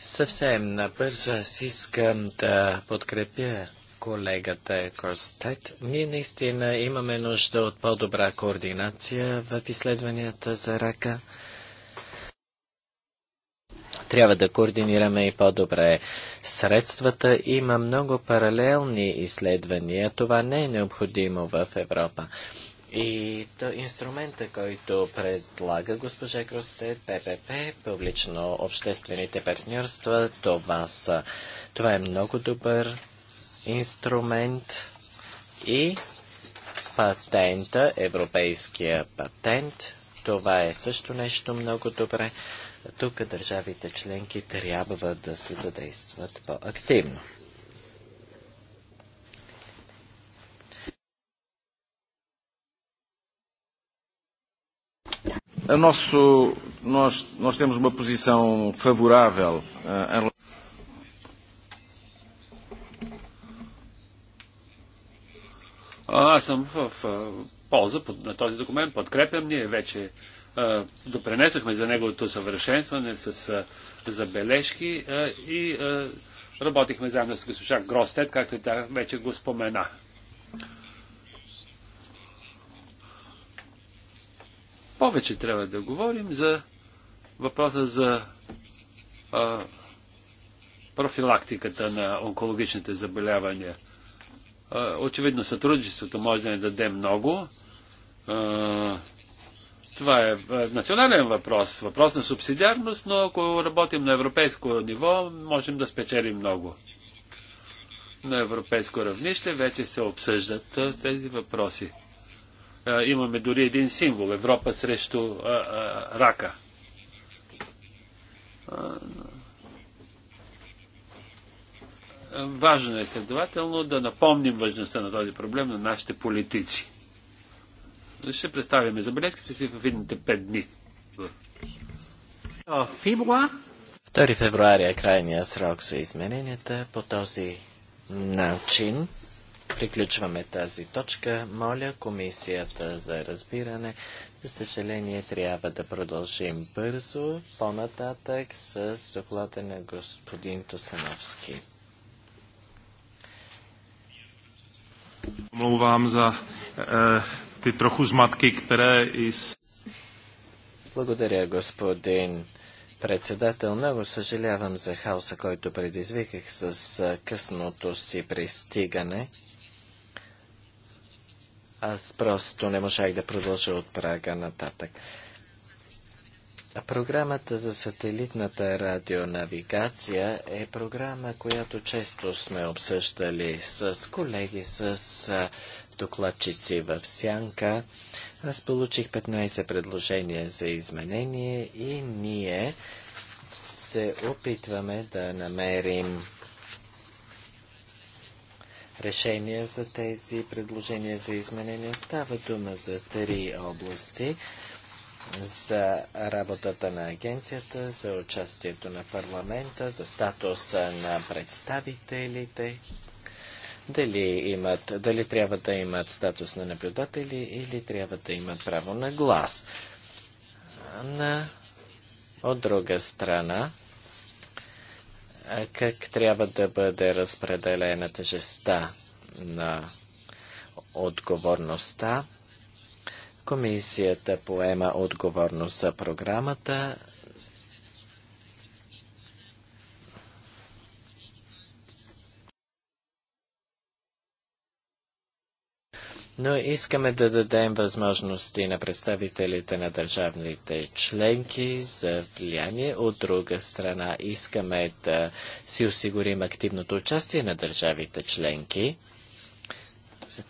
Съвсем набързо аз искам да подкрепя колегата Корстет. Ние наистина имаме нужда от по-добра координация в изследванията за рака. Трябва да координираме и по-добре средствата. Има много паралелни изследвания. Това не е необходимо в Европа. И то инструмента, който предлага госпожа Кростет, ППП, публично-обществените партньорства, това, са, това е много добър инструмент и патента, европейския патент, това е също нещо много добре. Тук държавите членки трябва да се задействат по-активно. A nosso, nós, nós temos uma posição favorável uh, em relação. Аз съм в полза под, на този документ, подкрепям. Ние вече а, допренесахме за неговото съвършенстване с а, забележки а, и а, работихме заедно с госпожа Гростет, както и тя вече го спомена. Повече трябва да говорим за въпроса за а, профилактиката на онкологичните заболявания. А, очевидно, сътрудничеството може да ни даде много. А, това е, е национален въпрос, въпрос на субсидиарност, но ако работим на европейско ниво, можем да спечелим много. На европейско равнище вече се обсъждат тези въпроси имаме дори един символ Европа срещу а, а, рака. Важно е следователно да напомним важността на този проблем на нашите политици. Ще представяме забележките си в едните пет дни. 2 февруари е крайния срок за измененията. По този начин Приключваме тази точка. Моля комисията за разбиране. За съжаление трябва да продължим бързо по-нататък с доклада на господин Тосановски. Omlouvám за е, ти троху зматки, které i... Благодаря, господин председател. Много съжалявам за хаоса, който предизвиках с е, късното си пристигане. Аз просто не можах да продължа от прага нататък. Програмата за сателитната радионавигация е програма, която често сме обсъждали с колеги, с докладчици в Сянка. Аз получих 15 предложения за изменение и ние се опитваме да намерим решения за тези предложения за изменения. Става дума за три области за работата на агенцията, за участието на парламента, за статуса на представителите, дали, имат, дали трябва да имат статус на наблюдатели или трябва да имат право на глас. На, от друга страна, как трябва да бъде разпределена тежеста на отговорността. Комисията поема отговорност за програмата, но искаме да дадем възможности на представителите на държавните членки за влияние. От друга страна, искаме да си осигурим активното участие на държавите членки.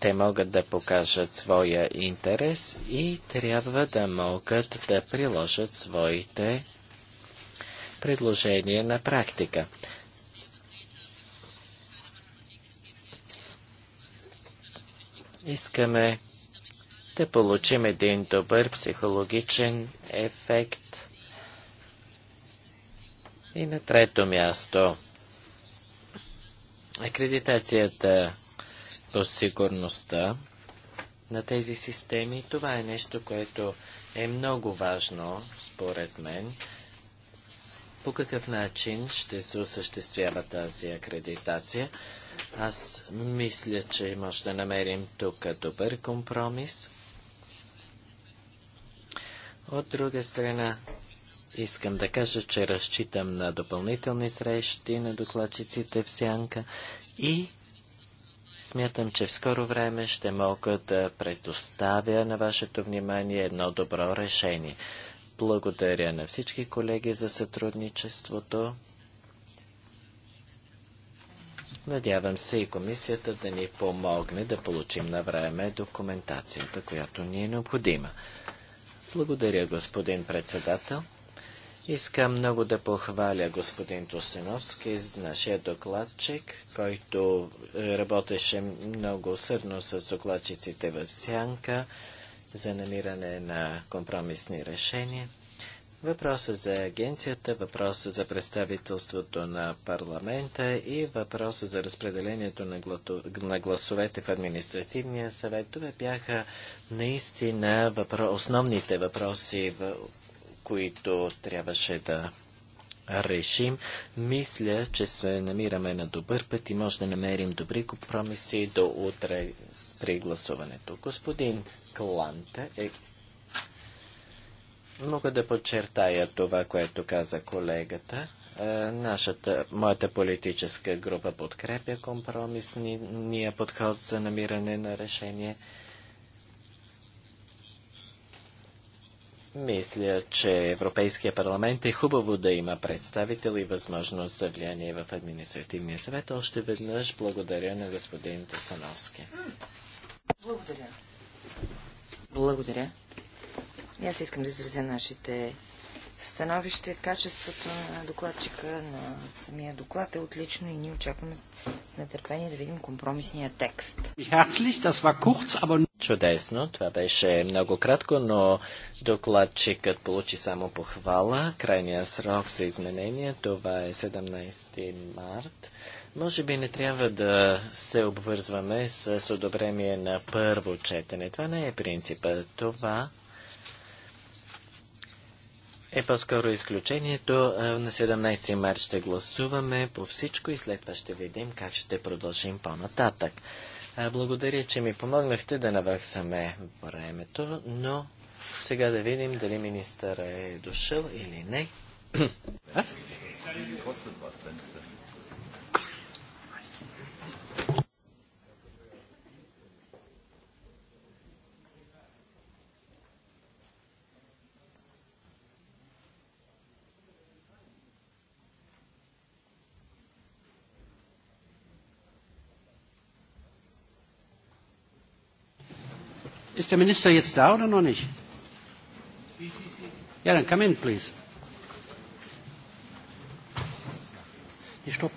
Те могат да покажат своя интерес и трябва да могат да приложат своите предложения на практика. Искаме да получим един добър психологичен ефект. И на трето място. Акредитацията по сигурността на тези системи. Това е нещо, което е много важно, според мен. По какъв начин ще се осъществява тази акредитация? Аз мисля, че може да намерим тук добър компромис. От друга страна, искам да кажа, че разчитам на допълнителни срещи на докладчиците в Сянка и смятам, че в скоро време ще мога да предоставя на вашето внимание едно добро решение. Благодаря на всички колеги за сътрудничеството. Надявам се и комисията да ни помогне да получим на време документацията, която ни е необходима. Благодаря, господин председател. Искам много да похваля господин Тосиновски, нашия докладчик, който е, работеше много усърдно с докладчиците в Сянка за намиране на компромисни решения. Въпроса за агенцията, въпроса за представителството на парламента и въпроса за разпределението на, на гласовете в административния съвет. Това бяха наистина въпро... основните въпроси, в... които трябваше да решим. Мисля, че се намираме на добър път и може да намерим добри компромиси до утре при гласуването. Господин Кланта е Мога да подчертая това, което каза колегата. Е, нашата, моята политическа група подкрепя компромисния подход за намиране на решение. Мисля, че Европейския парламент е хубаво да има представител и възможност за влияние в административния съвет. Още веднъж благодаря на господин Тосановски. Благодаря. Благодаря. И аз искам да изразя нашите становище. Качеството на докладчика на самия доклад е отлично и ние очакваме с нетърпение да видим компромисния текст. Чудесно, това беше много кратко, но докладчикът получи само похвала. Крайния срок за изменение, това е 17 март. Може би не трябва да се обвързваме с одобрение на първо четене. Това не е принципа. Това е по-скоро изключението. Е, на 17 марта ще гласуваме по всичко и след това ще видим как ще продължим по-нататък. Е, благодаря, че ми помогнахте да наваксаме времето, но сега да видим дали министър е дошъл или не. Аз? Ist der Minister jetzt da oder noch nicht? Ja, dann come in, please. Die Stopp.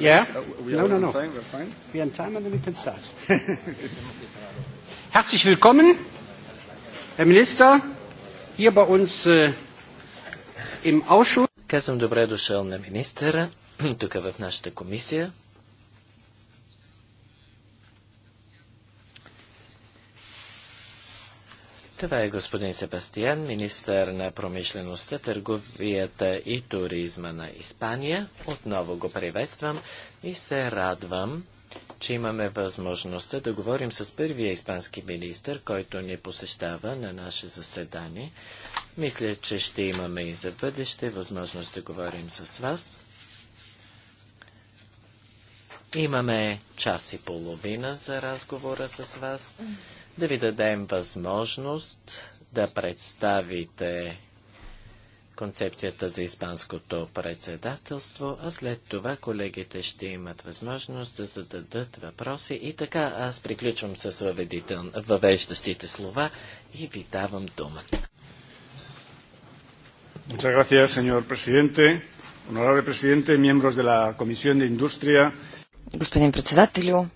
Yeah? We no, no, no. We are in time and then we can start. Herzlich willkommen, Herr Minister, hier bei uns äh, im Ausschuss. Казвам добре дошъл на министъра, тук в нашата комисия. Това е господин Себастиан, министър на промишлеността, търговията и туризма на Испания. Отново го приветствам и се радвам, че имаме възможността да говорим с първия испански министър, който ни посещава на наше заседание. Мисля, че ще имаме и за бъдеще възможност да говорим с вас. Имаме час и половина за разговора с вас да ви дадем възможност да представите концепцията за Испанското председателство, а след това колегите ще имат възможност да зададат въпроси. И така, аз приключвам с въвеждащите слова и ви давам думата. Muchas gracias, señor presidente. Honorable presidente, miembros de la Comisión de Industria. Господин председателю,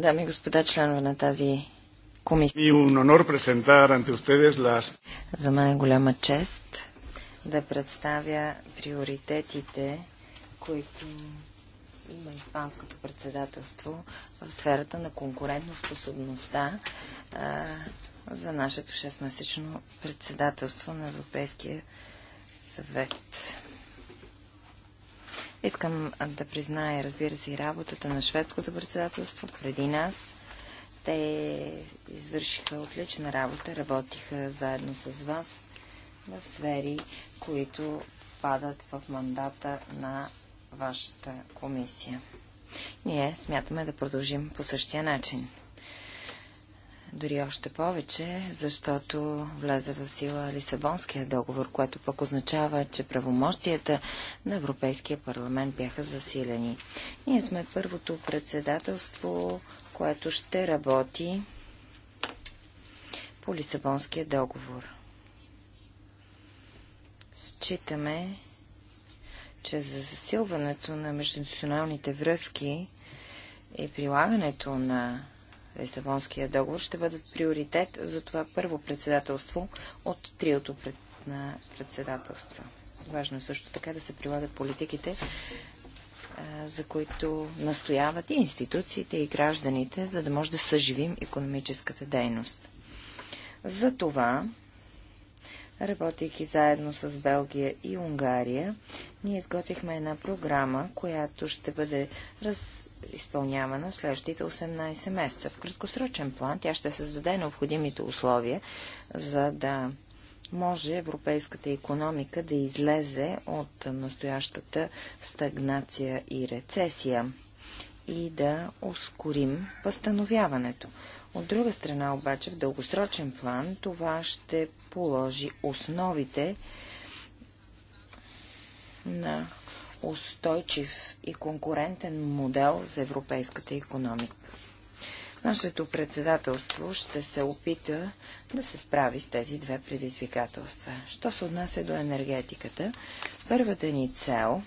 Дами и господа, членове на тази комисия. За мен е голяма чест да представя приоритетите, които има Испанското председателство в сферата на конкурентоспособността за нашето 6-месечно председателство на Европейския съвет. Искам да призная, разбира се, и работата на шведското председателство преди нас. Те извършиха отлична работа, работиха заедно с вас в сфери, които падат в мандата на вашата комисия. Ние смятаме да продължим по същия начин дори още повече, защото влезе в сила Лисабонския договор, което пък означава, че правомощията на Европейския парламент бяха засилени. Ние сме първото председателство, което ще работи по Лисабонския договор. Считаме, че за засилването на междунационалните връзки и прилагането на Лисабонския договор ще бъдат приоритет за това първо председателство от триото пред... на председателства. Важно е също така да се прилагат политиките, за които настояват и институциите, и гражданите, за да може да съживим економическата дейност. За това, работейки заедно с Белгия и Унгария, ние изготвихме една програма, която ще бъде раз... изпълнявана следващите 18 месеца. В краткосрочен план тя ще създаде необходимите условия, за да може европейската економика да излезе от настоящата стагнация и рецесия и да ускорим възстановяването. От друга страна обаче, в дългосрочен план, това ще положи основите на устойчив и конкурентен модел за европейската економика. Нашето председателство ще се опита да се справи с тези две предизвикателства. Що се отнася до енергетиката, първата ни цел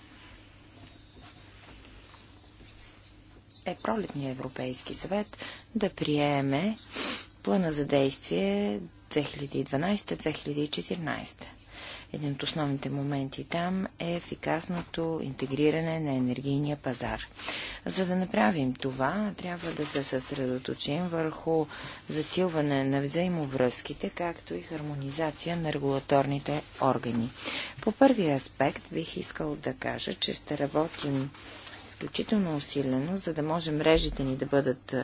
е пролетния Европейски съвет да приеме плана за действие 2012-2014. Един от основните моменти там е ефикасното интегриране на енергийния пазар. За да направим това, трябва да се съсредоточим върху засилване на взаимовръзките, както и хармонизация на регулаторните органи. По първия аспект бих искал да кажа, че ще работим изключително усилено, за да може мрежите ни да бъдат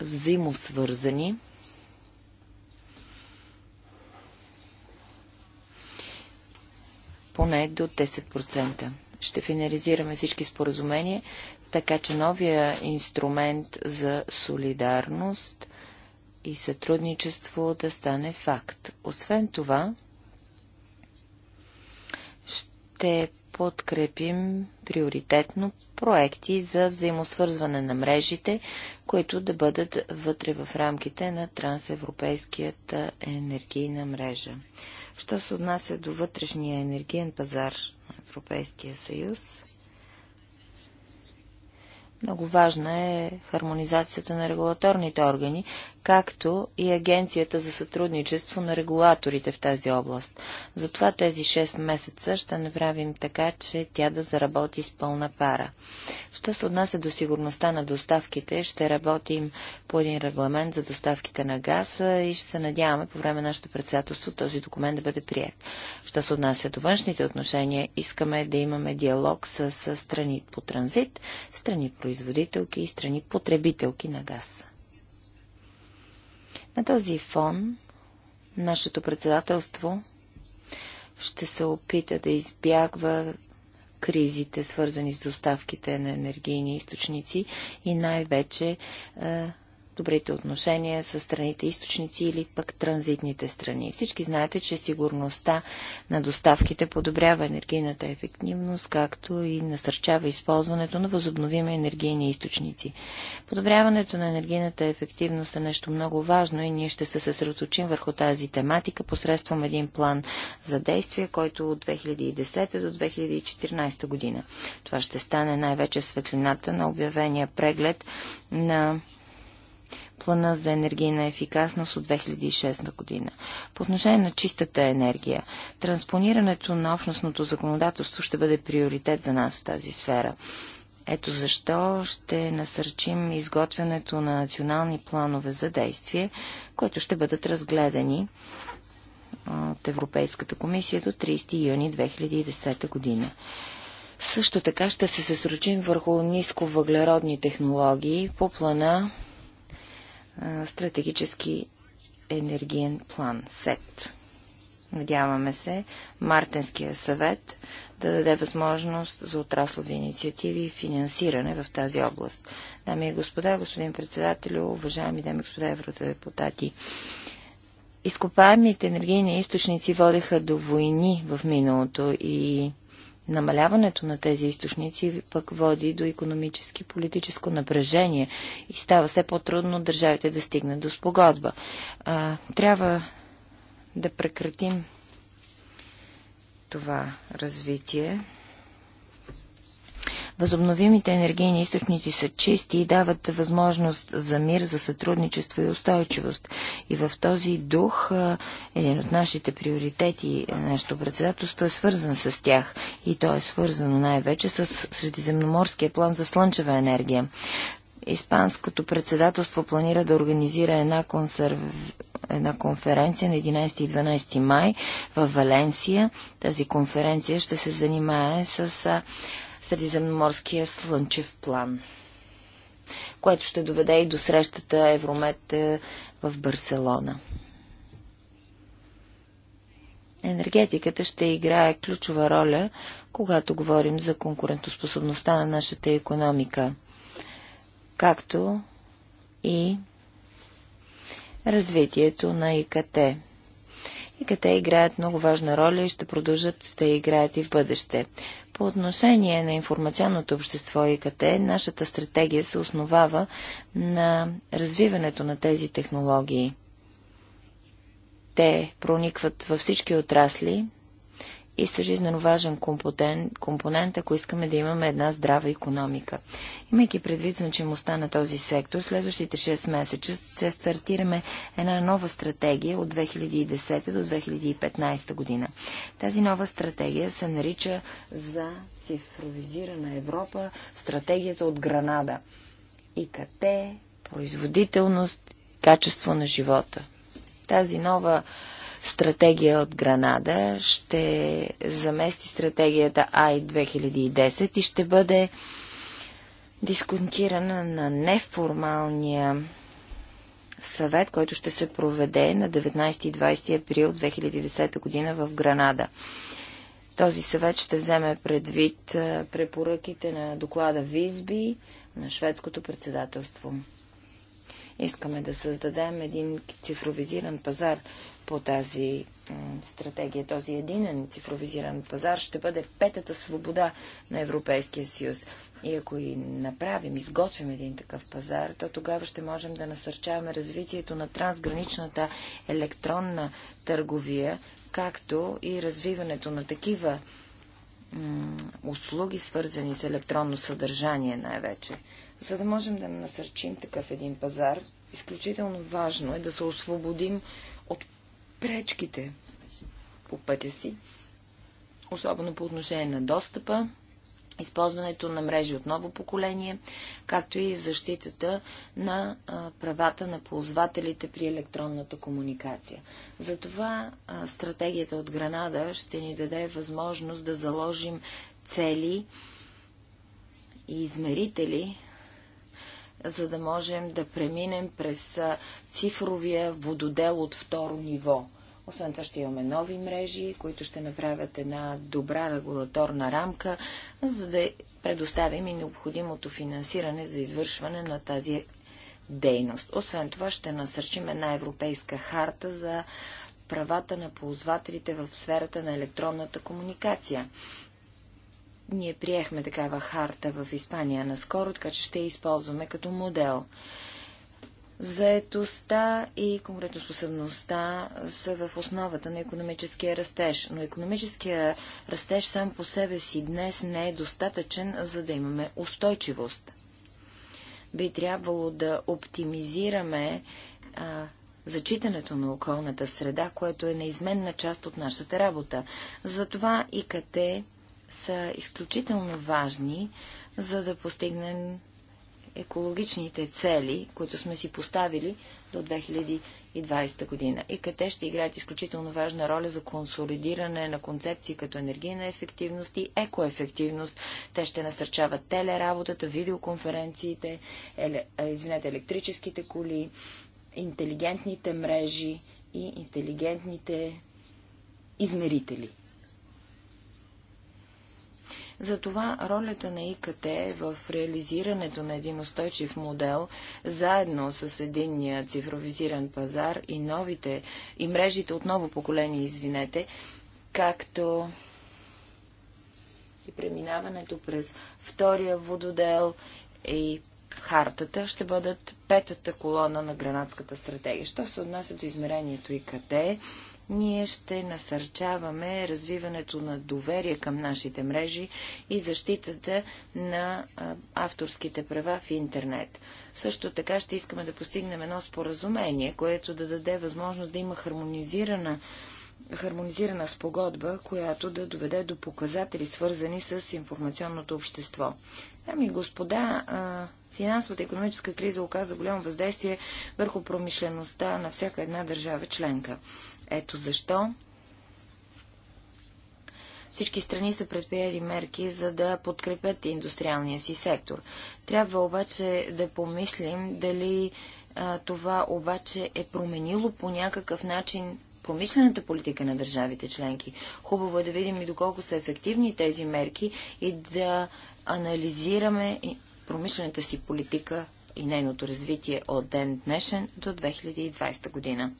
взаимосвързани поне до 10%. Ще финализираме всички споразумения, така че новия инструмент за солидарност и сътрудничество да стане факт. Освен това, ще подкрепим приоритетно проекти за взаимосвързване на мрежите, които да бъдат вътре в рамките на трансевропейската енергийна мрежа. Що се отнася до вътрешния енергиен пазар на Европейския съюз, много важна е хармонизацията на регулаторните органи, както и Агенцията за сътрудничество на регулаторите в тази област. Затова тези 6 месеца ще направим така, че тя да заработи с пълна пара. Що се отнася до сигурността на доставките, ще работим по един регламент за доставките на газа и ще се надяваме по време на нашето председателство този документ да бъде прият. Що се отнася до външните отношения, искаме да имаме диалог с, с страни по транзит, страни производителки и страни потребителки на газ. На този фон нашето председателство ще се опита да избягва кризите, свързани с доставките на енергийни източници и най-вече е, добрите отношения с страните източници или пък транзитните страни. Всички знаете, че сигурността на доставките подобрява енергийната ефективност, както и насърчава използването на възобновими енергийни източници. Подобряването на енергийната ефективност е нещо много важно и ние ще се съсредоточим върху тази тематика посредством един план за действие, който от 2010 до 2014 година. Това ще стане най-вече в светлината на обявения преглед на плана за енергийна ефикасност от 2006 година. По отношение на чистата енергия, транспонирането на общностното законодателство ще бъде приоритет за нас в тази сфера. Ето защо ще насърчим изготвянето на национални планове за действие, които ще бъдат разгледани от Европейската комисия до 30 юни 2010 година. Също така ще се съсрочим върху нисковъглеродни технологии по плана стратегически енергиен план СЕТ. Надяваме се Мартенския съвет да даде възможност за отраслови инициативи и финансиране в тази област. Дами и господа, господин председател, уважаеми дами и господа евродепутати, изкопаемите енергийни източници водеха до войни в миналото и Намаляването на тези източници пък води до економически политическо напрежение и става все по-трудно държавите да стигнат до спогодба. А, трябва да прекратим това развитие. Възобновимите енергийни източници са чисти и дават възможност за мир, за сътрудничество и устойчивост. И в този дух един от нашите приоритети, нашето председателство е свързан с тях. И то е свързано най-вече с Средиземноморския план за слънчева енергия. Испанското председателство планира да организира една, консерв... една конференция на 11 и 12 май в Валенсия. Тази конференция ще се занимае с Средиземноморския слънчев план, което ще доведе и до срещата Евромет е, в Барселона. Енергетиката ще играе ключова роля, когато говорим за конкурентоспособността на нашата економика, както и развитието на ИКТ. ИКТ играят много важна роля и ще продължат да играят и в бъдеще. По отношение на информационното общество и КТ, нашата стратегия се основава на развиването на тези технологии. Те проникват във всички отрасли, и са жизненно важен компонент, компонент, ако искаме да имаме една здрава економика. Имайки предвид значимостта на този сектор, следващите 6 месеца ще стартираме една нова стратегия от 2010 до 2015 година. Тази нова стратегия се нарича за цифровизирана Европа стратегията от Гранада. ИКТ, производителност, качество на живота. Тази нова стратегия от Гранада ще замести стратегията Ай 2010 и ще бъде дисконтирана на неформалния съвет, който ще се проведе на 19 и 20 април 2010 година в Гранада. Този съвет ще вземе предвид препоръките на доклада Визби на шведското председателство. Искаме да създадем един цифровизиран пазар, по тази стратегия, този единен цифровизиран пазар ще бъде петата свобода на Европейския съюз. И ако и направим, изготвим един такъв пазар, то тогава ще можем да насърчаваме развитието на трансграничната електронна търговия, както и развиването на такива услуги, свързани с електронно съдържание най-вече. За да можем да насърчим такъв един пазар, изключително важно е да се освободим пречките по пътя си, особено по отношение на достъпа, използването на мрежи от ново поколение, както и защитата на правата на ползвателите при електронната комуникация. Затова стратегията от Гранада ще ни даде възможност да заложим цели и измерители, за да можем да преминем през цифровия вододел от второ ниво. Освен това ще имаме нови мрежи, които ще направят една добра регулаторна рамка, за да предоставим и необходимото финансиране за извършване на тази дейност. Освен това ще насърчим една европейска харта за правата на ползвателите в сферата на електронната комуникация. Ние приехме такава харта в Испания наскоро, така че ще я използваме като модел. Заетостта и конкурентоспособността са в основата на економическия растеж, но економическия растеж сам по себе си днес не е достатъчен, за да имаме устойчивост. Би трябвало да оптимизираме а, зачитането на околната среда, което е неизменна част от нашата работа. Затова ИКТ са изключително важни, за да постигнем екологичните цели, които сме си поставили до 2020 година. И къде ще играят изключително важна роля за консолидиране на концепции като енергийна ефективност и екоефективност. Те ще насърчават телеработата, видеоконференциите, еле, извинете, електрическите коли, интелигентните мрежи и интелигентните измерители – затова ролята на ИКТ е в реализирането на един устойчив модел, заедно с единния цифровизиран пазар и новите, и мрежите от ново поколение, извинете, както и преминаването през втория вододел и хартата ще бъдат петата колона на гранатската стратегия. Що се отнася до измерението и къде, ние ще насърчаваме развиването на доверие към нашите мрежи и защитата на авторските права в интернет. Също така ще искаме да постигнем едно споразумение, което да даде възможност да има хармонизирана хармонизирана спогодба, която да доведе до показатели, свързани с информационното общество. Дами и господа, финансовата и економическа криза оказа голямо въздействие върху промишлеността на всяка една държава членка. Ето защо всички страни са предприели мерки, за да подкрепят индустриалния си сектор. Трябва обаче да помислим дали а, това обаче е променило по някакъв начин промишлената политика на държавите членки. Хубаво е да видим и доколко са ефективни тези мерки и да анализираме промишлената си политика и нейното развитие от ден днешен до 2020 година.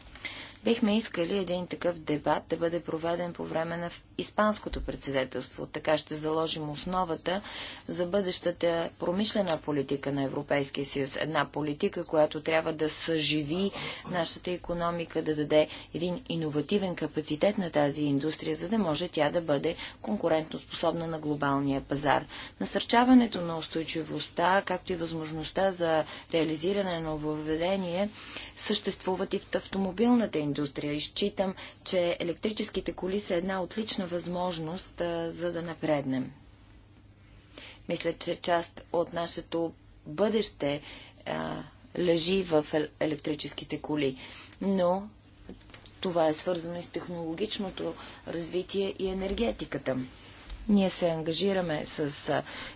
Бихме искали един такъв дебат да бъде проведен по време на Испанското председателство. Така ще заложим основата за бъдещата промишлена политика на Европейския съюз. Една политика, която трябва да съживи нашата економика, да даде един иновативен капацитет на тази индустрия, за да може тя да бъде способна на глобалния пазар. Насърчаването на устойчивостта, както и възможността за реализиране на нововведение, съществуват и в автомобилната индустрия индустрия. Изчитам, че електрическите коли са една отлична възможност а, за да напреднем. Мисля, че част от нашето бъдеще а, лежи в електрическите коли. Но това е свързано и с технологичното развитие и енергетиката. Ние се ангажираме с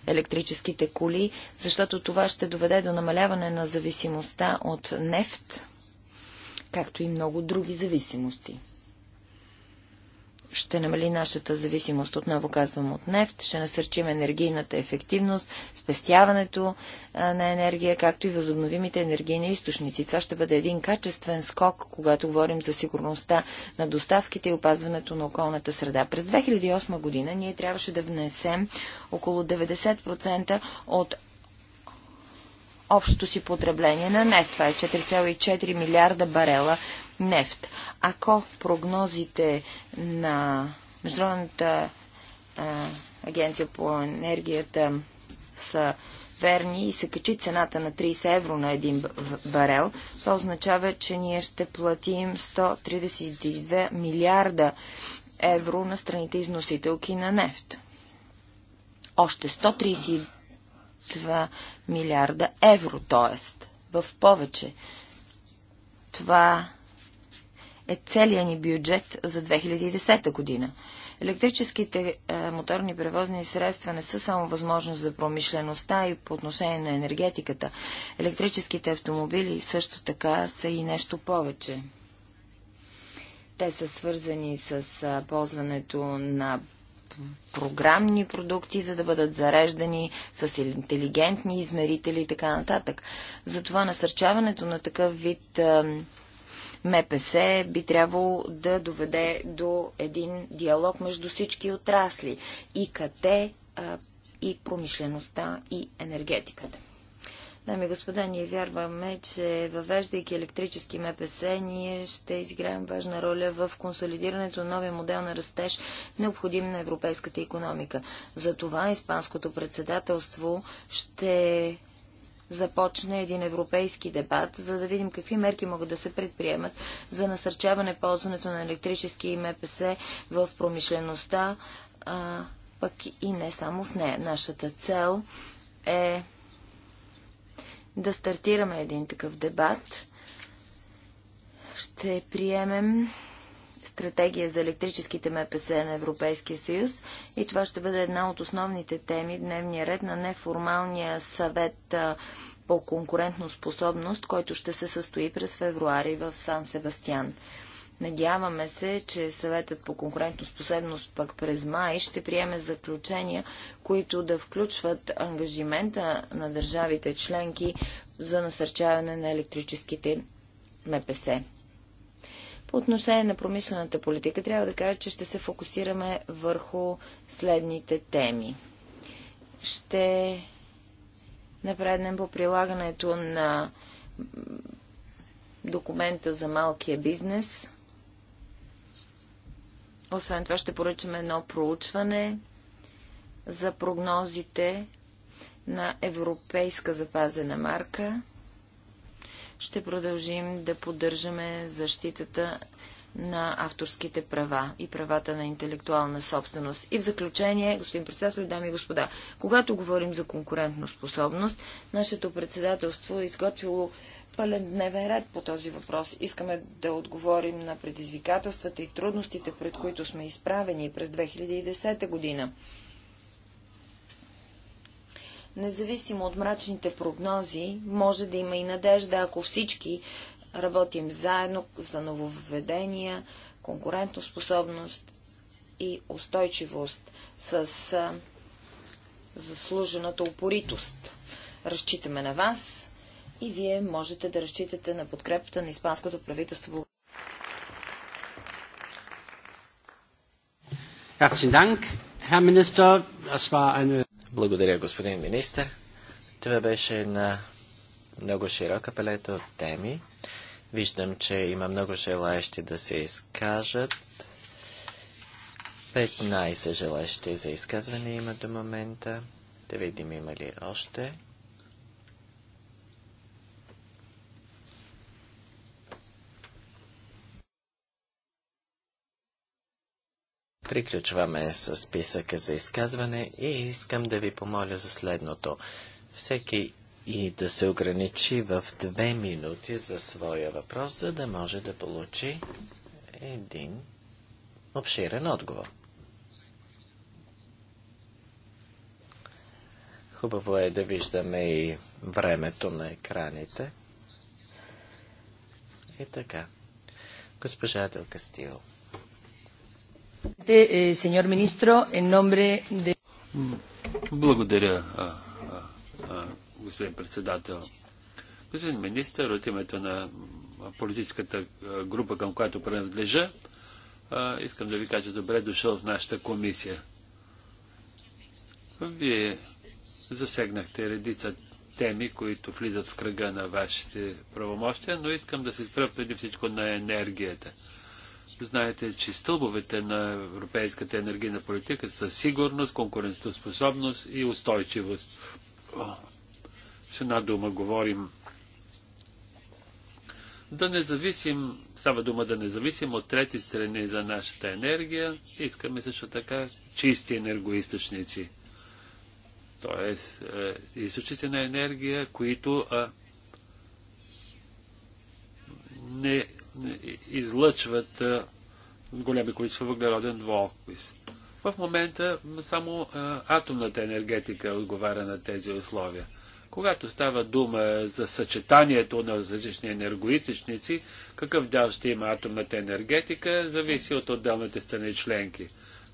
електрическите коли, защото това ще доведе до намаляване на зависимостта от нефт както и много други зависимости. Ще намали нашата зависимост, отново казвам, от нефт, ще насърчим енергийната ефективност, спестяването на енергия, както и възобновимите енергийни източници. Това ще бъде един качествен скок, когато говорим за сигурността на доставките и опазването на околната среда. През 2008 година ние трябваше да внесем около 90% от общото си потребление на нефт. Това е 4,4 милиарда барела нефт. Ако прогнозите на Международната агенция по енергията са верни и се качи цената на 30 евро на един барел, то означава, че ние ще платим 132 милиарда евро на страните износителки на нефт. Още 132 2 милиарда евро, т.е. в повече. Това е целият ни бюджет за 2010 година. Електрическите е, моторни превозни средства не са само възможност за промишлеността и по отношение на енергетиката. Електрическите автомобили също така са и нещо повече. Те са свързани с ползването на програмни продукти, за да бъдат зареждани с интелигентни измерители и така нататък. Затова насърчаването на такъв вид МПС би трябвало да доведе до един диалог между всички отрасли и къде и промишлеността и енергетиката. Дами и господа, ние вярваме, че въвеждайки електрически МПС, ние ще изиграем важна роля в консолидирането на новия модел на растеж, необходим на европейската економика. За това Испанското председателство ще започне един европейски дебат, за да видим какви мерки могат да се предприемат за насърчаване ползването на електрически МПС в промишлеността, а, пък и не само в нея. Нашата цел е да стартираме един такъв дебат. Ще приемем стратегия за електрическите МПС на Европейския съюз и това ще бъде една от основните теми в дневния ред на неформалния съвет по конкурентно способност, който ще се състои през февруари в Сан Себастьян. Надяваме се, че съветът по конкурентоспособност пък през май ще приеме заключения, които да включват ангажимента на държавите членки за насърчаване на електрическите МПС. По отношение на промишлената политика, трябва да кажа, че ще се фокусираме върху следните теми. Ще напреднем по прилагането на документа за малкия бизнес – освен това ще поръчаме едно проучване за прогнозите на европейска запазена марка. Ще продължим да поддържаме защитата на авторските права и правата на интелектуална собственост. И в заключение, господин председател, дами и господа, когато говорим за конкурентно способност, нашето председателство е изготвило пълен дневен ред по този въпрос. Искаме да отговорим на предизвикателствата и трудностите, пред които сме изправени през 2010 година. Независимо от мрачните прогнози, може да има и надежда, ако всички работим заедно за нововведения, конкурентоспособност и устойчивост с заслужената упоритост. Разчитаме на вас и вие можете да разчитате на подкрепата на испанското правителство. Благодаря, господин министр. Това беше една много широка палета от теми. Виждам, че има много желаещи да се изкажат. 15 желащи за изказване има до момента. Да видим има ли още. Приключваме с списъка за изказване и искам да ви помоля за следното. Всеки и да се ограничи в две минути за своя въпрос, за да може да получи един обширен отговор. Хубаво е да виждаме и времето на екраните. И така. Госпожа Дел Eh, Благодаря, господин председател. Господин министр, от името на политическата група, към която принадлежа, искам да ви кажа добре дошъл в нашата комисия. Вие засегнахте редица теми, които влизат в кръга на вашите правомощия, но искам да се спра преди всичко на енергията. Знаете, че стълбовете на европейската енергийна политика са сигурност, конкурентоспособност и устойчивост. С една дума говорим. Да не зависим, става дума да не зависим от трети страни за нашата енергия. Искаме също така чисти енергоисточници. Тоест, е, източници на енергия, които а, не излъчват големи количества въглероден двуокис. В момента само атомната енергетика отговаря на тези условия. Когато става дума за съчетанието на различни енергоистичници, какъв дял ще има атомната енергетика, зависи от отделните страни членки.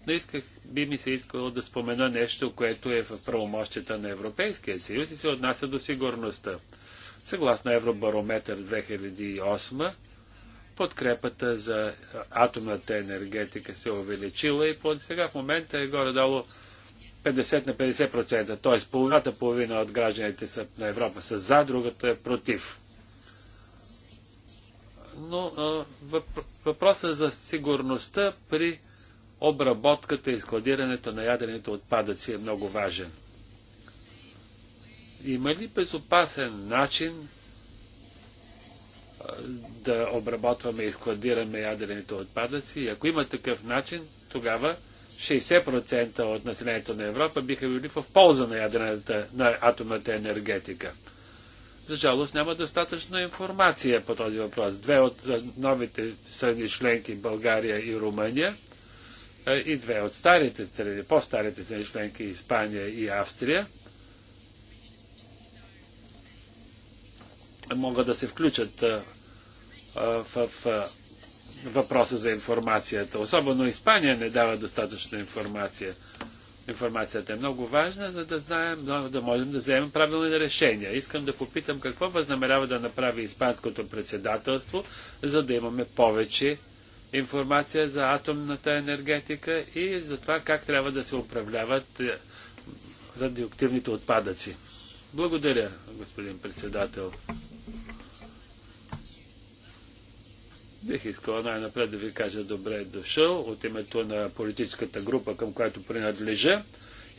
Но исках, би ми се искало да спомена нещо, което е в правомощията на Европейския съюз и се отнася до сигурността. Съгласно Евробарометър 2008, подкрепата за атомната енергетика се увеличила и под сега в момента е горе-долу 50 на 50%, т.е. половината половина от гражданите са, на Европа са за, другата е против. Но въпросът за сигурността при обработката и складирането на ядрените отпадъци е много важен. Има ли безопасен начин да обработваме и складираме ядрените отпадъци. И ако има такъв начин, тогава 60% от населението на Европа биха били в полза на, ядрената, на атомната енергетика. За жалост няма достатъчно информация по този въпрос. Две от новите съдни членки България и Румъния и две от старите страни, по-старите страни членки Испания и Австрия – могат да се включат в въпроса за информацията. Особено Испания не дава достатъчно информация. Информацията е много важна, за да знаем, да можем да вземем правилни решения. Искам да попитам какво възнамерява да направи Испанското председателство, за да имаме повече информация за атомната енергетика и за това как трябва да се управляват е, радиоактивните отпадъци. Благодаря, господин председател. бих искала най-напред да ви кажа добре дошъл от името на политическата група, към която принадлежа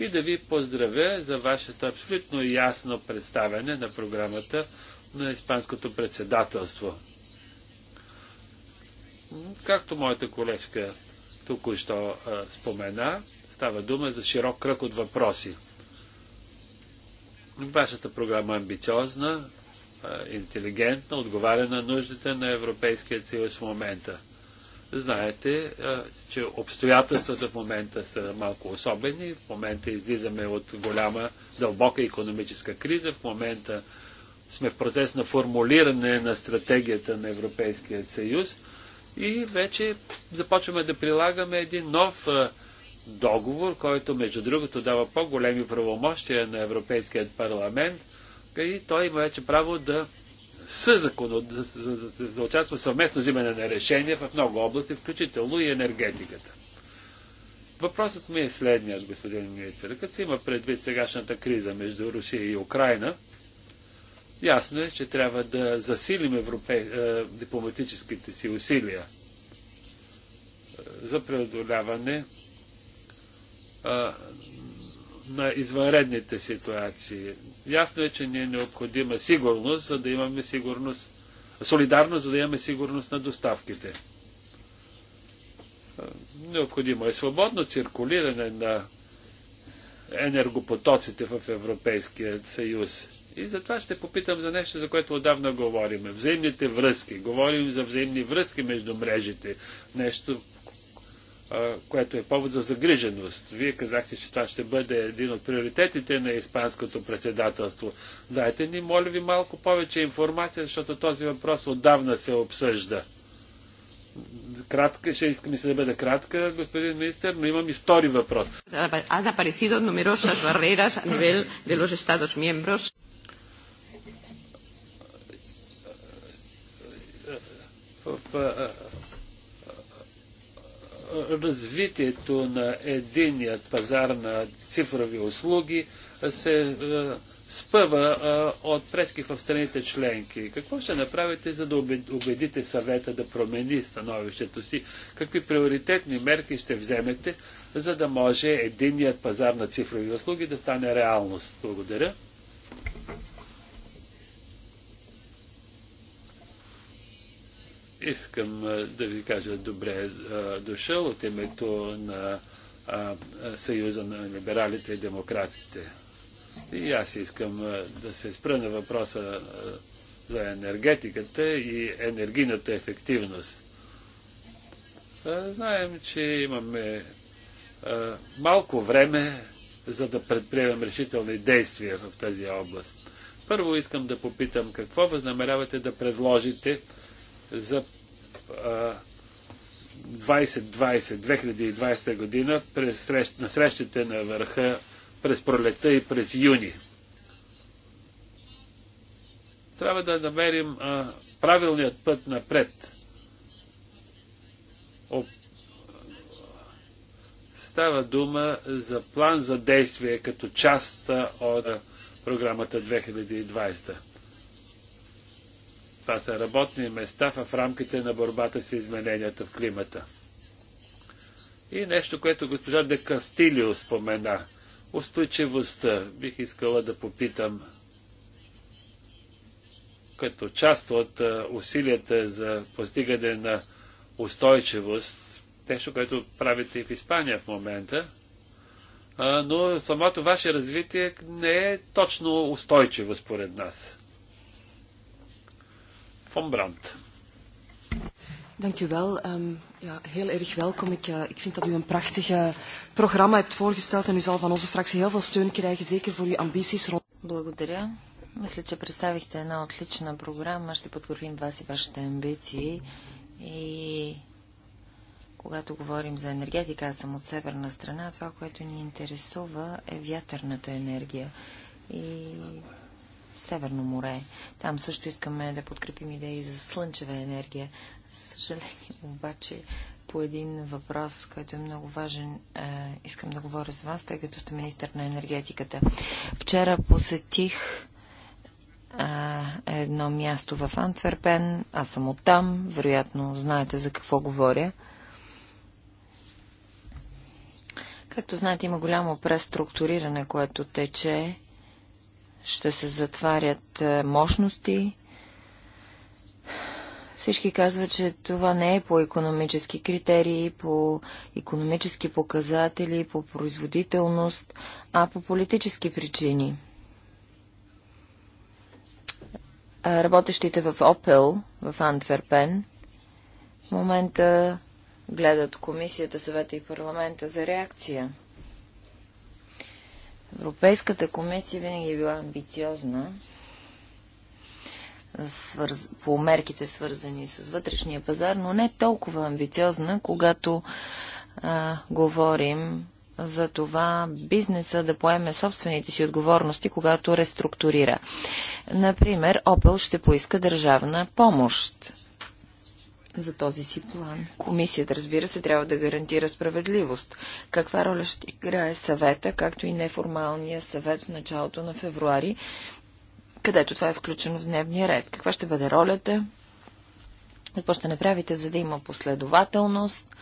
и да ви поздравя за вашето абсолютно ясно представяне на програмата на Испанското председателство. Както моята колежка току-що спомена, става дума за широк кръг от въпроси. Вашата програма е амбициозна, интелигентна, отговаря на нуждите на Европейския съюз в момента. Знаете, че обстоятелствата в момента са малко особени. В момента излизаме от голяма, дълбока економическа криза. В момента сме в процес на формулиране на стратегията на Европейския съюз и вече започваме да прилагаме един нов договор, който между другото дава по-големи правомощия на Европейският парламент – и той има вече право да съзаконо, да, да, да, да участва съвместно взимане на решения в много области, включително и енергетиката. Въпросът ми е следният, господин министр. Като се има предвид сегашната криза между Русия и Украина, ясно е, че трябва да засилим европе... Е, дипломатическите си усилия е, за преодоляване е, на извънредните ситуации. Ясно е, че ни е необходима сигурност, за да имаме сигурност, солидарност, за да имаме сигурност на доставките. Е, необходимо е свободно циркулиране на енергопотоците в Европейския съюз. И затова ще попитам за нещо, за което отдавна говорим. Взаимните връзки. Говорим за взаимни връзки между мрежите. Нещо, което е повод за загриженост. Вие казахте, че това ще бъде един от приоритетите на Испанското председателство. Дайте ни, моля ви, малко повече информация, защото този въпрос отдавна се обсъжда. Кратка, ще искам се да бъда кратка, господин министр, но имам и втори въпрос. В, развитието на единият пазар на цифрови услуги се е, спъва е, от пречки в страните членки. Какво ще направите, за да убедите съвета да промени становището си? Какви приоритетни мерки ще вземете, за да може единият пазар на цифрови услуги да стане реалност? Благодаря. искам да ви кажа добре дошъл от името на Съюза на либералите и демократите. И аз искам да се спра на въпроса за енергетиката и енергийната ефективност. Знаем, че имаме малко време, за да предприемем решителни действия в тази област. Първо искам да попитам какво възнамерявате да предложите за 2020-2020 година през срещ, на срещите на върха през пролета и през юни. Трябва да намерим а, правилният път напред. О, става дума за план за действие като част от програмата 2020. Това са работни места в рамките на борбата с измененията в климата. И нещо, което госпожа Де Кастилио спомена. Устойчивостта. Бих искала да попитам като част от усилията за постигане на устойчивост, нещо, което правите и в Испания в момента, но самото ваше развитие не е точно устойчиво според нас. Van Brandt. Dank u wel. Um, ja, heel erg welkom. Ik, uh, ik vind dat u een prachtig programma hebt voorgesteld en u zal van onze fractie heel veel steun krijgen, zeker voor uw ambities. rond. Благодаря. Мисля, че представихте една отлична програма. Ще подкрепим вас и вашите амбиции. И когато говорим за енергетика, аз съм от северна страна, това, което ни интересува е вятърната енергия и Северно море. Там също искаме да подкрепим идеи за слънчева енергия. Съжаление, обаче по един въпрос, който е много важен. Е, искам да говоря с вас, тъй като сте министър на енергетиката. Вчера посетих е, едно място в Антверпен. Аз съм оттам. Вероятно знаете за какво говоря. Както знаете, има голямо преструктуриране, което тече ще се затварят е, мощности. Всички казват, че това не е по економически критерии, по економически показатели, по производителност, а по политически причини. Работещите в Опел, в Антверпен, в момента гледат комисията, съвета и парламента за реакция. Европейската комисия винаги е била амбициозна свърз... по мерките свързани с вътрешния пазар, но не толкова амбициозна, когато а, говорим за това бизнеса да поеме собствените си отговорности, когато реструктурира. Например, Опел ще поиска държавна помощ за този си план. Комисията, разбира се, трябва да гарантира справедливост. Каква роля ще играе съвета, както и неформалния съвет в началото на февруари, където това е включено в дневния ред? Каква ще бъде ролята? Какво ще направите, за да има последователност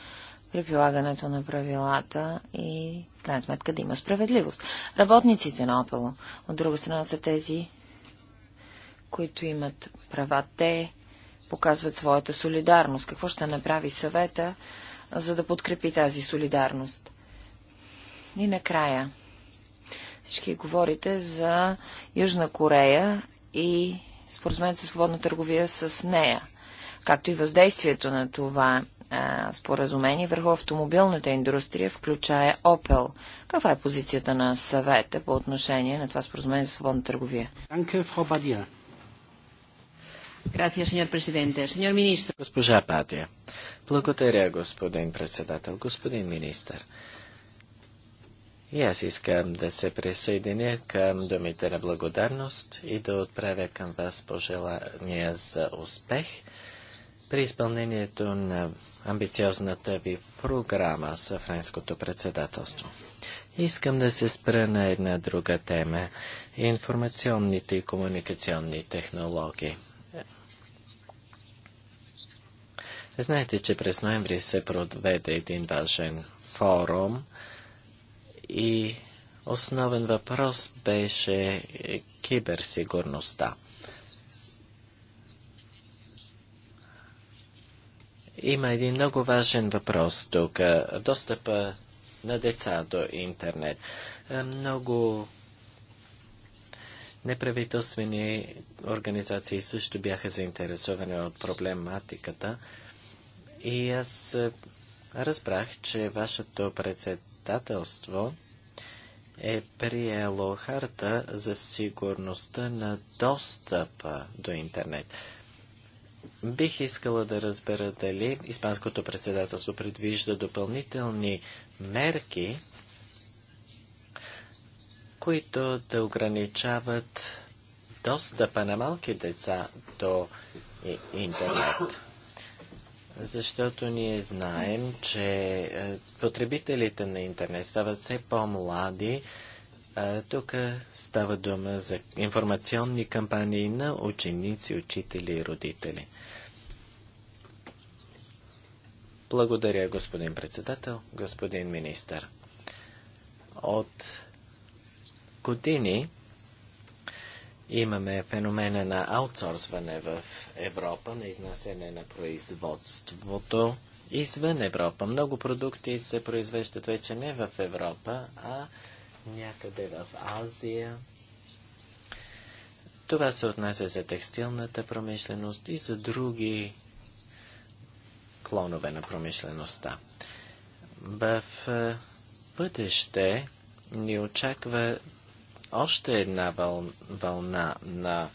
при прилагането на правилата и в крайна сметка да има справедливост? Работниците на Опело, от друга страна, са тези, които имат права. Те показват своята солидарност. Какво ще направи съвета, за да подкрепи тази солидарност? И накрая. Всички говорите за Южна Корея и споразумението за свободна търговия с нея, както и въздействието на това споразумение върху автомобилната индустрия, включая Opel. Каква е позицията на съвета по отношение на това споразумение за свободна търговия? Данке, Бадия. Gracias, señor presidente. Señor Госпожа Патия. Благодаря, господин председател. Господин министр. И аз искам да се присъединя към думите на благодарност и да отправя към вас пожелания за успех при изпълнението на амбициозната ви програма за френското председателство. Искам да се спра на една друга тема – информационните и комуникационни технологии. Знаете, че през ноември се проведе един важен форум и основен въпрос беше киберсигурността. Има един много важен въпрос тук. Достъпа на деца до интернет. Е, много неправителствени организации също бяха заинтересовани от проблематиката. И аз разбрах, че вашето председателство е приело харта за сигурността на достъпа до интернет. Бих искала да разбера дали Испанското председателство предвижда допълнителни мерки, които да ограничават достъпа на малки деца до интернет защото ние знаем, че е, потребителите на интернет стават все по-млади. Е, тук става дума за информационни кампании на ученици, учители и родители. Благодаря, господин председател, господин министър. От години Имаме феномена на аутсорсване в Европа, на изнасяне на производството извън Европа. Много продукти се произвеждат вече не в Европа, а някъде в Азия. Това се отнася за текстилната промишленост и за други клонове на промишлеността. В е, бъдеще ни очаква още една въл... вълна на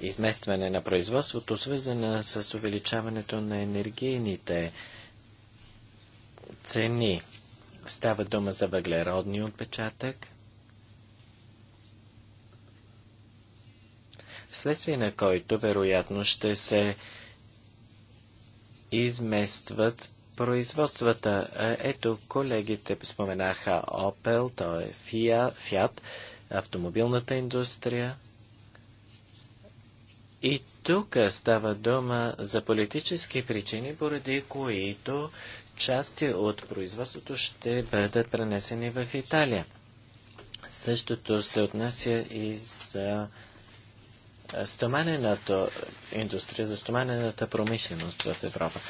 изместване на производството, свързана с увеличаването на енергийните цени. Става дума за въглеродни отпечатък, вследствие на който вероятно ще се изместват производствата. Е, ето, колегите споменаха Opel, то е Fiat, автомобилната индустрия. И тук става дума за политически причини, поради които части от производството ще бъдат пренесени в Италия. Същото се отнася и за стоманената индустрия, за стоманената промишленост в Европа.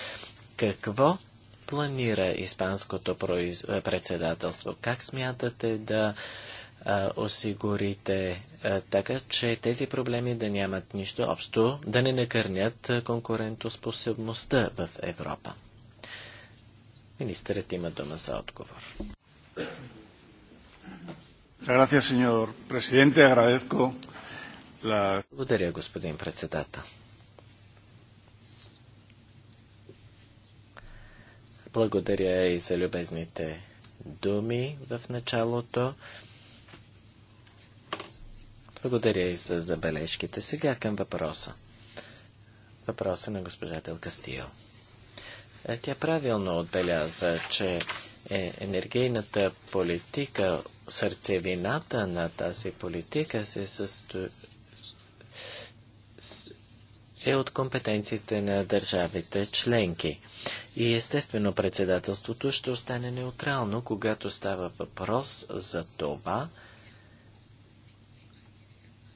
Какво планира Испанското председателство? Как смятате да осигурите така, че тези проблеми да нямат нищо общо, да не накърнят конкурентоспособността в Европа. Министърът има дума за отговор. Благодаря, господин председател. Благодаря и за любезните думи в началото. Благодаря и за забележките. Сега към въпроса. Въпроса на госпожа Делкастио. Е, тя правилно отбеляза, че е енергийната политика, сърцевината на тази политика се състо... е от компетенциите на държавите членки. И естествено председателството ще остане неутрално, когато става въпрос за това,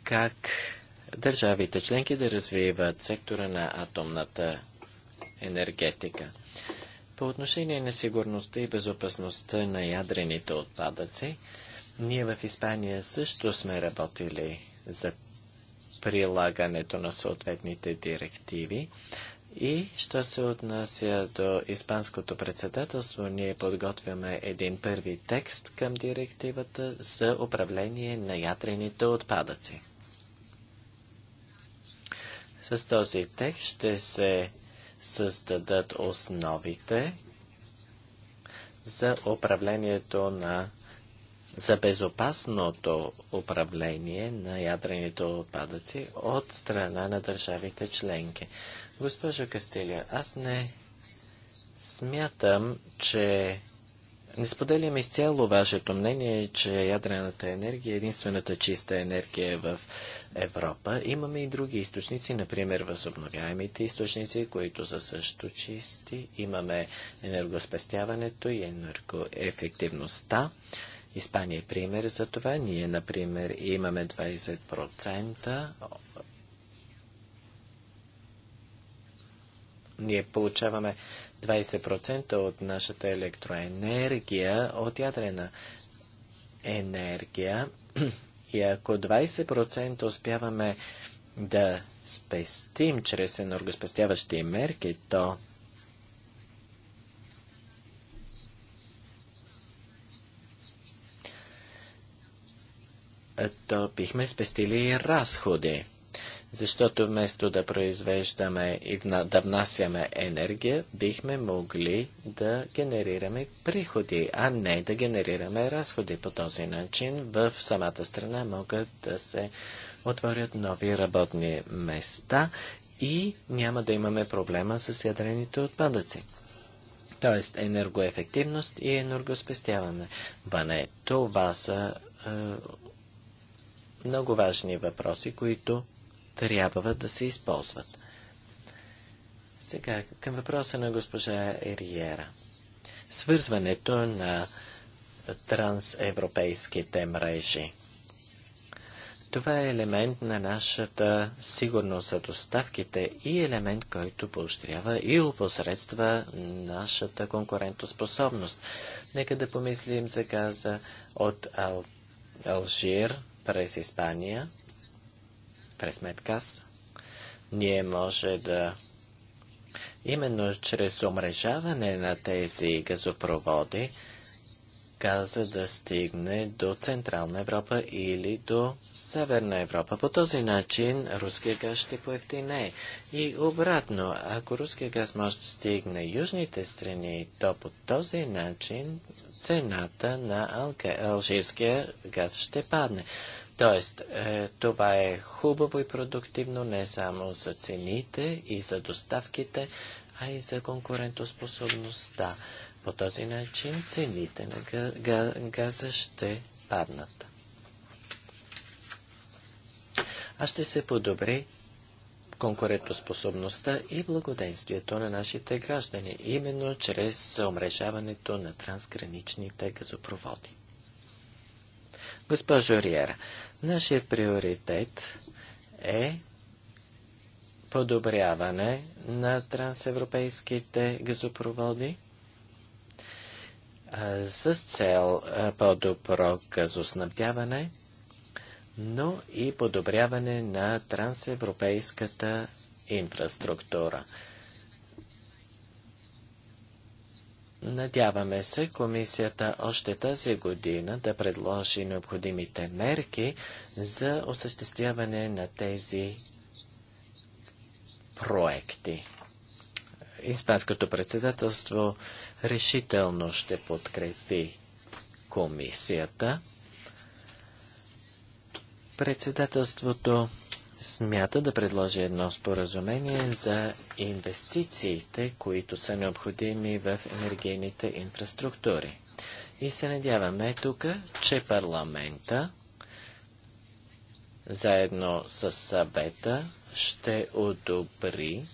как държавите членки да развиват сектора на атомната енергетика. По отношение на сигурността и безопасността на ядрените отпадъци, ние в Испания също сме работили за прилагането на съответните директиви. И, що се отнася до Испанското председателство, ние подготвяме един първи текст към директивата за управление на ядрените отпадъци. С този текст ще се създадат основите за управлението на за безопасното управление на ядрените отпадъци от страна на държавите членки. Госпожо Кастилия, аз не смятам, че не споделям изцяло вашето мнение, че ядрената енергия е единствената чиста енергия в Европа. Имаме и други източници, например възобновяемите източници, които са също чисти. Имаме енергоспестяването и енергоефективността. Испания е пример за това. Ние, например, имаме 20% ние получаваме 20% от нашата електроенергия, от ядрена енергия. И ако 20% успяваме да спестим чрез енергоспестяващи мерки, то то бихме спестили разходи защото вместо да произвеждаме и да внасяме енергия, бихме могли да генерираме приходи, а не да генерираме разходи. По този начин в самата страна могат да се отворят нови работни места и няма да имаме проблема с ядрените отпадъци. Тоест енергоефективност и енергоспестяване. Бане, това са е, много важни въпроси, които трябва да се използват. Сега към въпроса на госпожа Ериера. Свързването на трансевропейските мрежи. Това е елемент на нашата сигурност за доставките и елемент, който поощрява и опосредства нашата конкурентоспособност. Нека да помислим сега за от Ал... Алжир през Испания през Медкас, ние може да именно чрез омрежаване на тези газопроводи каза да стигне до Централна Европа или до Северна Европа. По този начин руския газ ще поевтине. И обратно, ако руския газ може да стигне южните страни, то по този начин цената на алжирския газ ще падне. Тоест, е, това е хубаво и продуктивно не само за цените и за доставките, а и за конкурентоспособността. По този начин цените на газа ще паднат. А ще се подобри конкурентоспособността и благоденствието на нашите граждани, именно чрез умрежаването на трансграничните газопроводи. Госпожо Риера, нашия приоритет е подобряване на трансевропейските газопроводи с цел по-добро газоснабдяване, но и подобряване на трансевропейската инфраструктура. Надяваме се комисията още тази година да предложи необходимите мерки за осъществяване на тези проекти. Испанското председателство решително ще подкрепи комисията. Председателството смята да предложи едно споразумение за инвестициите, които са необходими в енергийните инфраструктури. И се надяваме тук, че парламента заедно с съвета ще одобри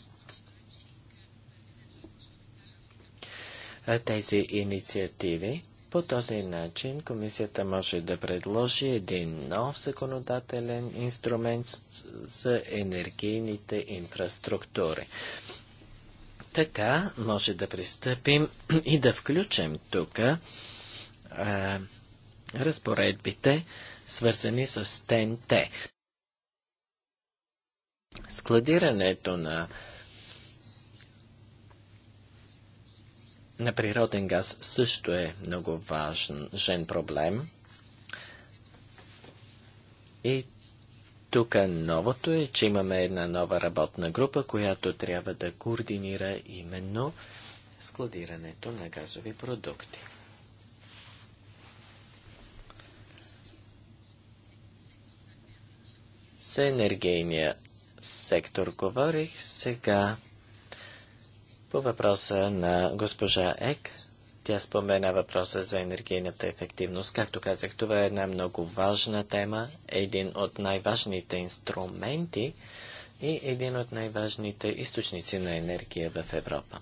тези инициативи по този начин комисията може да предложи един нов законодателен инструмент за енергийните инфраструктури. Така може да пристъпим и да включим тук разпоредбите, свързани с ТНТ. Складирането на на природен газ също е много важен проблем. И тук новото е, че имаме една нова работна група, която трябва да координира именно складирането на газови продукти. С енергийния сектор говорих, сега по въпроса на госпожа Ек, тя спомена въпроса за енергийната ефективност. Както казах, това е една много важна тема, един от най-важните инструменти и един от най-важните източници на енергия в Европа.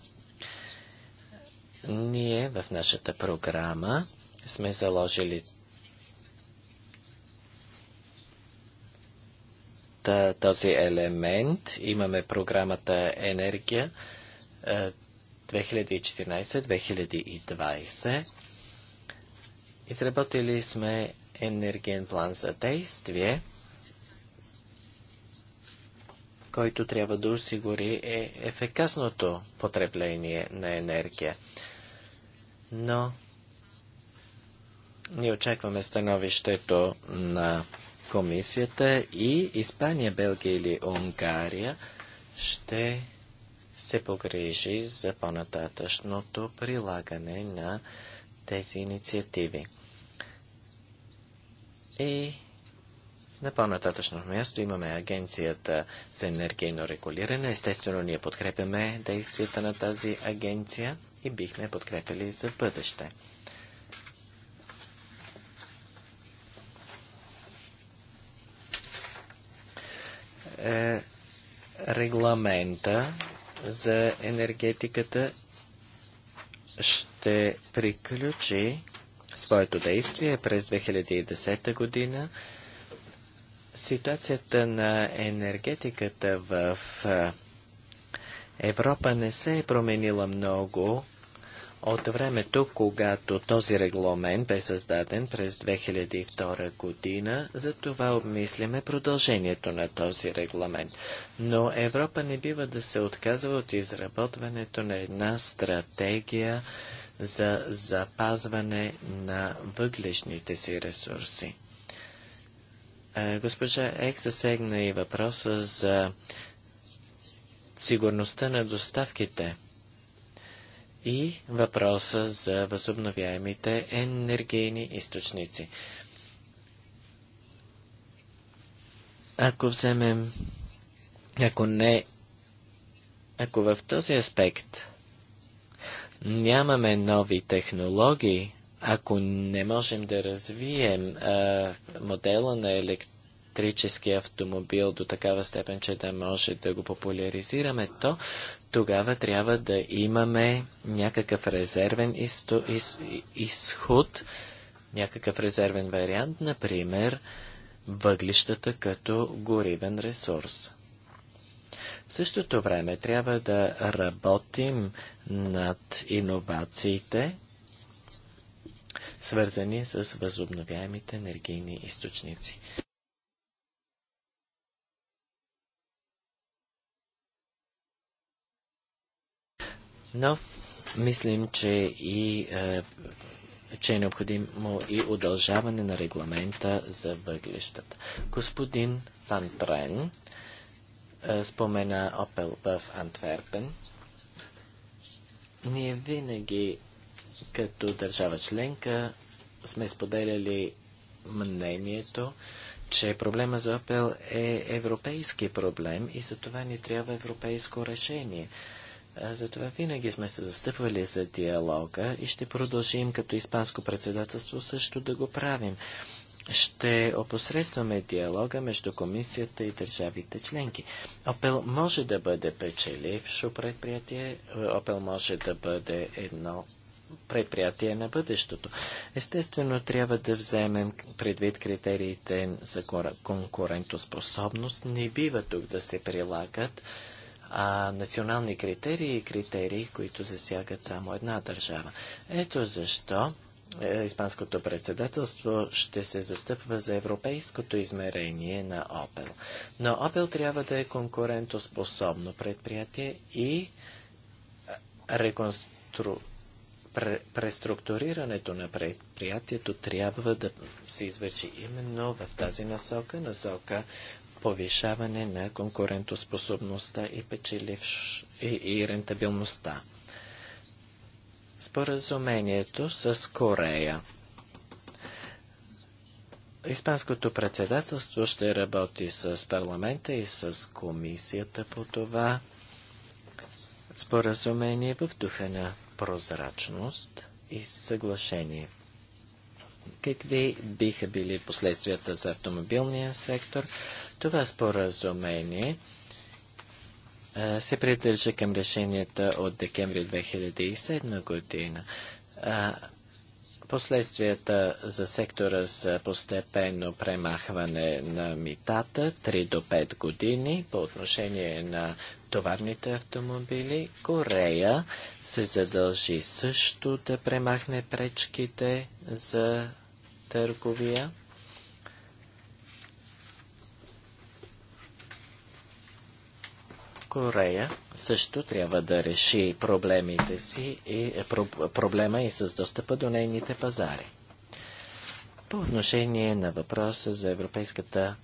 Ние в нашата програма сме заложили този елемент. Имаме програмата Енергия 2014-2020. Е, Изработили сме енергиен план за действие, който трябва да осигури е ефекасното потребление на енергия. Но ние очакваме становището на комисията и Испания, Белгия или Унгария ще се погрижи за по-нататъчното прилагане на тези инициативи. И на по-нататъчно място имаме Агенцията за енергийно регулиране. Естествено, ние подкрепяме действията на тази агенция и бихме подкрепили за бъдеще. Е, регламента за енергетиката ще приключи своето действие през 2010 година. Ситуацията на енергетиката в Европа не се е променила много от времето, когато този регламент бе създаден през 2002 година, за това обмисляме продължението на този регламент. Но Европа не бива да се отказва от изработването на една стратегия за запазване на въглешните си ресурси. Е, госпожа Ек засегна и въпроса за сигурността на доставките – и въпроса за възобновяемите енергийни източници. Ако вземем, ако не, ако в този аспект нямаме нови технологии, ако не можем да развием а, модела на електрически автомобил до такава степен, че да може да го популяризираме, то тогава трябва да имаме някакъв резервен изто, из, изход, някакъв резервен вариант, например въглищата като горивен ресурс. В същото време трябва да работим над иновациите, свързани с възобновяемите енергийни източници. Но мислим, че и е, че е необходимо и удължаване на регламента за въглищата. Господин Фан Трен е, спомена Опел в Антверпен. Ние винаги като държава членка сме споделяли мнението, че проблема за Опел е европейски проблем и за това ни трябва европейско решение. Затова винаги сме се застъпвали за диалога и ще продължим като испанско председателство също да го правим. Ще опосредстваме диалога между комисията и държавите членки. Опел може да бъде печелившо предприятие, Опел може да бъде едно предприятие на бъдещето. Естествено, трябва да вземем предвид критериите за конкурентоспособност. Не бива тук да се прилагат а национални критерии и критерии, които засягат само една държава. Ето защо е, Испанското председателство ще се застъпва за европейското измерение на Опел. Но Опел трябва да е конкурентоспособно предприятие и е, реконстру... преструктурирането на предприятието трябва да се извърши именно в тази насока, насока повишаване на конкурентоспособността и, печеливш... и, и рентабилността. Споразумението с Корея. Испанското председателство ще работи с парламента и с комисията по това споразумение в духа на прозрачност и съглашение какви биха били последствията за автомобилния сектор. Това споразумение се придържа към решенията от декември 2007 година. последствията за сектора са постепенно премахване на митата 3 до 5 години по отношение на товарните автомобили. Корея се задължи също да премахне пречките за търговия. Корея също трябва да реши проблемите си и е, проблема и с достъпа до нейните пазари. По отношение на въпроса за европейската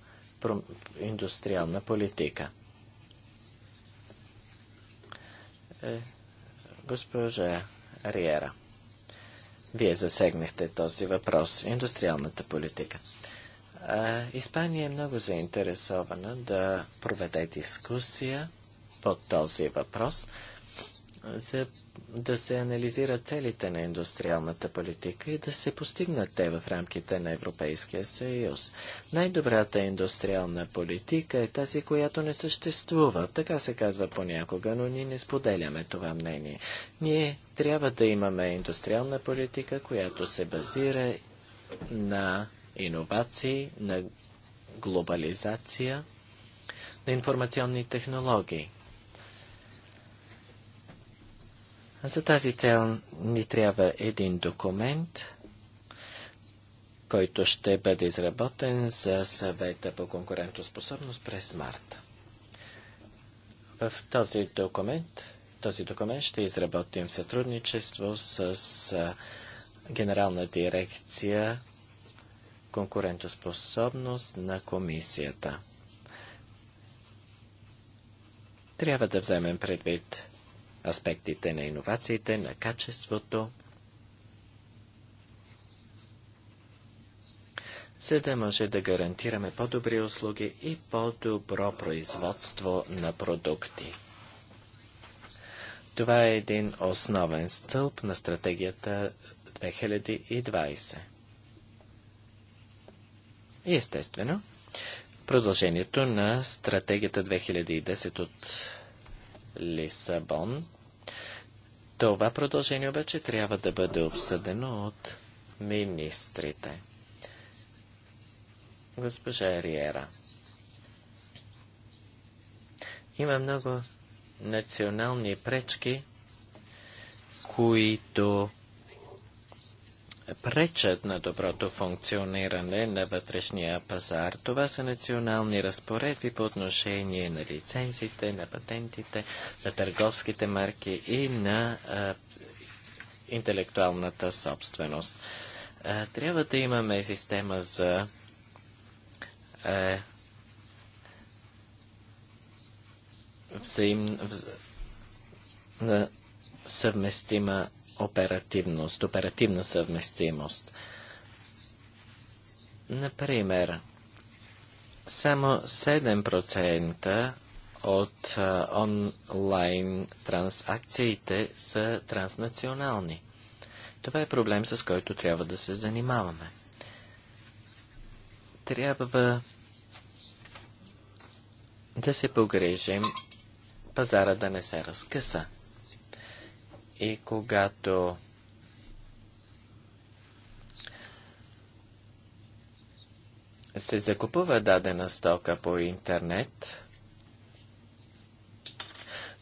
индустриална политика. Е, госпожа Риера. Вие засегнахте този въпрос. Индустриалната политика. А, Испания е много заинтересована да проведе дискусия по този въпрос за да се анализират целите на индустриалната политика и да се постигнат те в рамките на Европейския съюз. Най-добрата индустриална политика е тази, която не съществува. Така се казва понякога, но ние не споделяме това мнение. Ние трябва да имаме индустриална политика, която се базира на иновации, на глобализация, на информационни технологии. За тази цел ни трябва един документ, който ще бъде изработен за съвета по конкурентоспособност през март. В този документ, този документ ще изработим в сътрудничество с Генерална дирекция конкурентоспособност на комисията. Трябва да вземем предвид аспектите на иновациите, на качеството, за да може да гарантираме по-добри услуги и по-добро производство на продукти. Това е един основен стълб на стратегията 2020. И естествено, продължението на стратегията 2010 от Лисабон това продължение обаче трябва да бъде обсъдено от министрите. Госпожа Риера. Има много национални пречки, които пречат на доброто функциониране на вътрешния пазар. Това са национални разпоредби по отношение на лицензите, на патентите, на търговските марки и на а, интелектуалната собственост. А, трябва да имаме система за а, взаим, вз, на съвместима оперативност, оперативна съвместимост. Например, само 7% от онлайн трансакциите са транснационални. Това е проблем, с който трябва да се занимаваме. Трябва да се погрежим пазара да не се разкъса и когато се закупува дадена стока по интернет,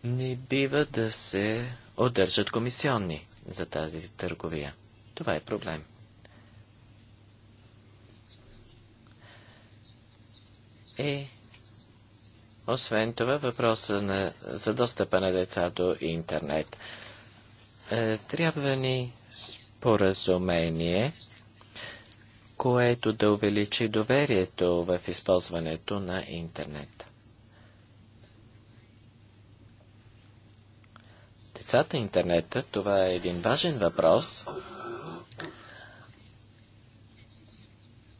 не бива да се одържат комисионни за тази търговия. Това е проблем. Е, освен това, въпроса на, за достъпа на деца до интернет. Е, трябва ни споразумение, което да увеличи доверието в използването на интернет. Децата интернета, това е един важен въпрос.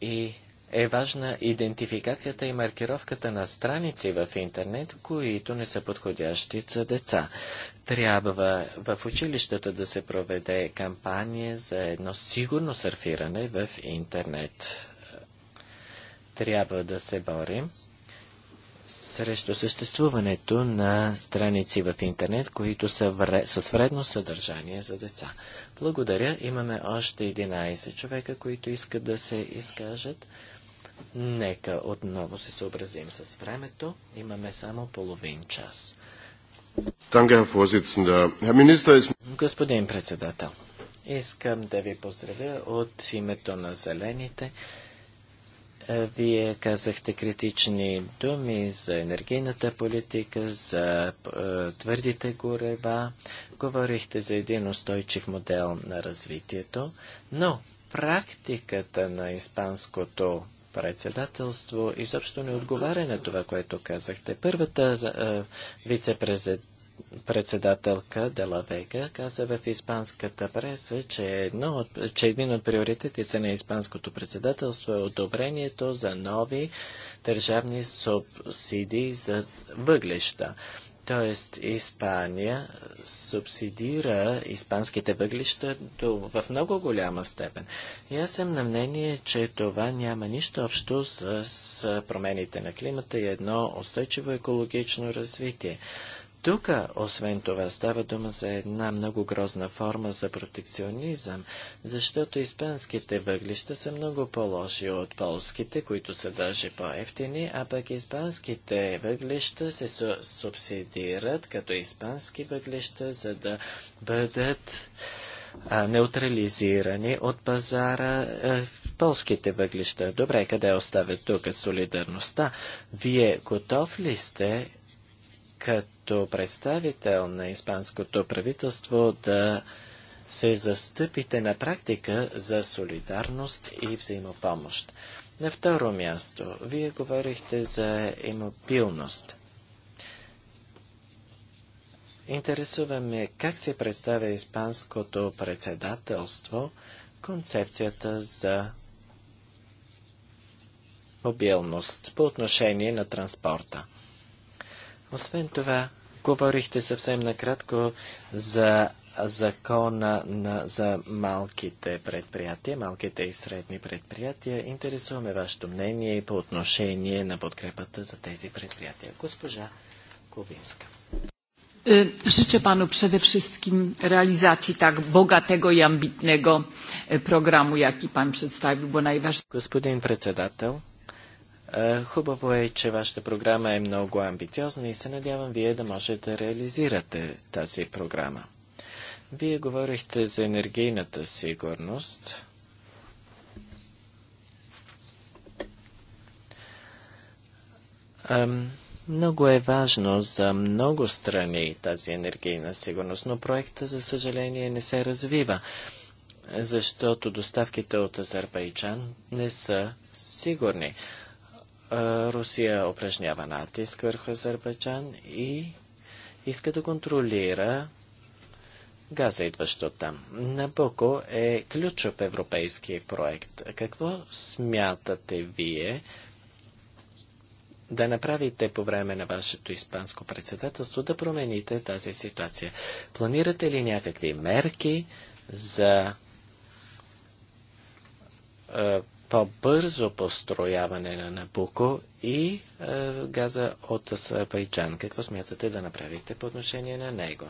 И е важна идентификацията и маркировката на страници в интернет, които не са подходящи за деца. Трябва в училищата да се проведе кампания за едно сигурно сърфиране в интернет. Трябва да се борим срещу съществуването на страници в интернет, които са вре... с вредно съдържание за деца. Благодаря. Имаме още 11 човека, които искат да се изкажат. Нека отново се съобразим с времето. Имаме само половин час. Господин председател, искам да ви поздравя от името на Зелените. Е, вие казахте критични думи за енергийната политика, за е, твърдите горева. Говорихте за един устойчив модел на развитието, но практиката на испанското председателство изобщо не отговаря на това, което казахте. Първата вице-председателка Дела Вега каза в испанската преса, че, едно от, че един от приоритетите на испанското председателство е одобрението за нови държавни субсидии за въглеща. Тоест, Испания субсидира испанските въглища до, в много голяма степен. И аз съм на мнение, че това няма нищо общо с, с промените на климата и едно устойчиво екологично развитие. Тук, освен това, става дума за една много грозна форма за протекционизъм, защото испанските въглища са много по-лоши от полските, които са даже по-ефтини, а пък испанските въглища се субсидират като испански въглища, за да бъдат а, неутрализирани от пазара а, полските въглища. Добре, къде оставят тук солидарността? Вие готов ли сте като представител на испанското правителство да се застъпите на практика за солидарност и взаимопомощ. На второ място, вие говорихте за имобилност. ме как се представя испанското председателство концепцията за мобилност по отношение на транспорта. Освен това, говорихте съвсем накратко за закона на, за малките предприятия, малките и средни предприятия. Интересуваме вашето мнение и по отношение на подкрепата за тези предприятия. Госпожа Ковинска. Е, Życzę panu przede wszystkim realizacji tak bogatego i ambitnego e, programu, jaki pan przedstawił, bo najważniejsze... Gospodin Precedatel, е, хубаво е, че вашата програма е много амбициозна и се надявам вие да можете да реализирате тази програма. Вие говорихте за енергийната сигурност. много е важно за много страни тази енергийна сигурност, но проекта, за съжаление, не се развива, защото доставките от Азербайджан не са сигурни. Русия упражнява натиск върху Азербайджан и иска да контролира газа, идващ от там. Набоко е ключов европейски проект. Какво смятате вие да направите по време на вашето испанско председателство, да промените тази ситуация? Планирате ли някакви мерки за по-бързо построяване на Набуко и е, газа от Азербайджан. Какво смятате да направите по отношение на него?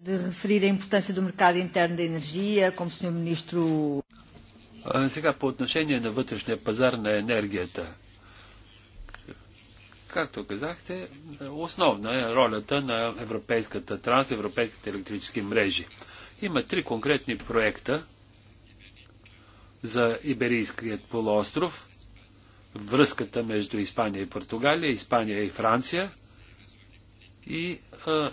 Да referir a до do интерна interno енергия, energia, como o Сега по отношение на вътрешния пазар на енергията. Както казахте, основна е ролята на европейската, трансевропейските електрически мрежи. Има три конкретни проекта, за Иберийският полуостров, връзката между Испания и Португалия, Испания и Франция и а,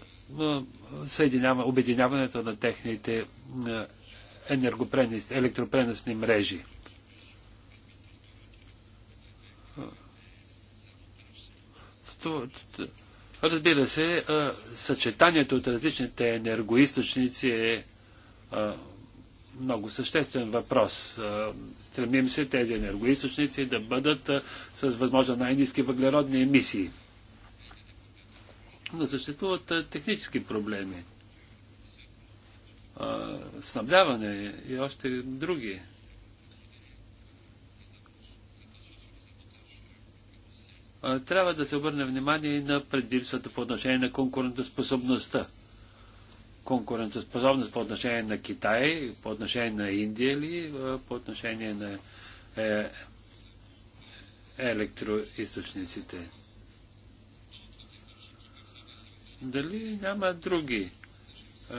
обединяването на техните а, електропреносни мрежи. Разбира се, съчетанието от различните енергоисточници е много съществен въпрос. Стремим се тези енергоисточници да бъдат с възможно най-низки въглеродни емисии. Но съществуват технически проблеми. Снабдяване и още други. Трябва да се обърне внимание и на предимствата по отношение на конкурентоспособността конкурентоспособност по отношение на Китай, по отношение на Индия или по отношение на е, електроизточниците? Дали няма други е,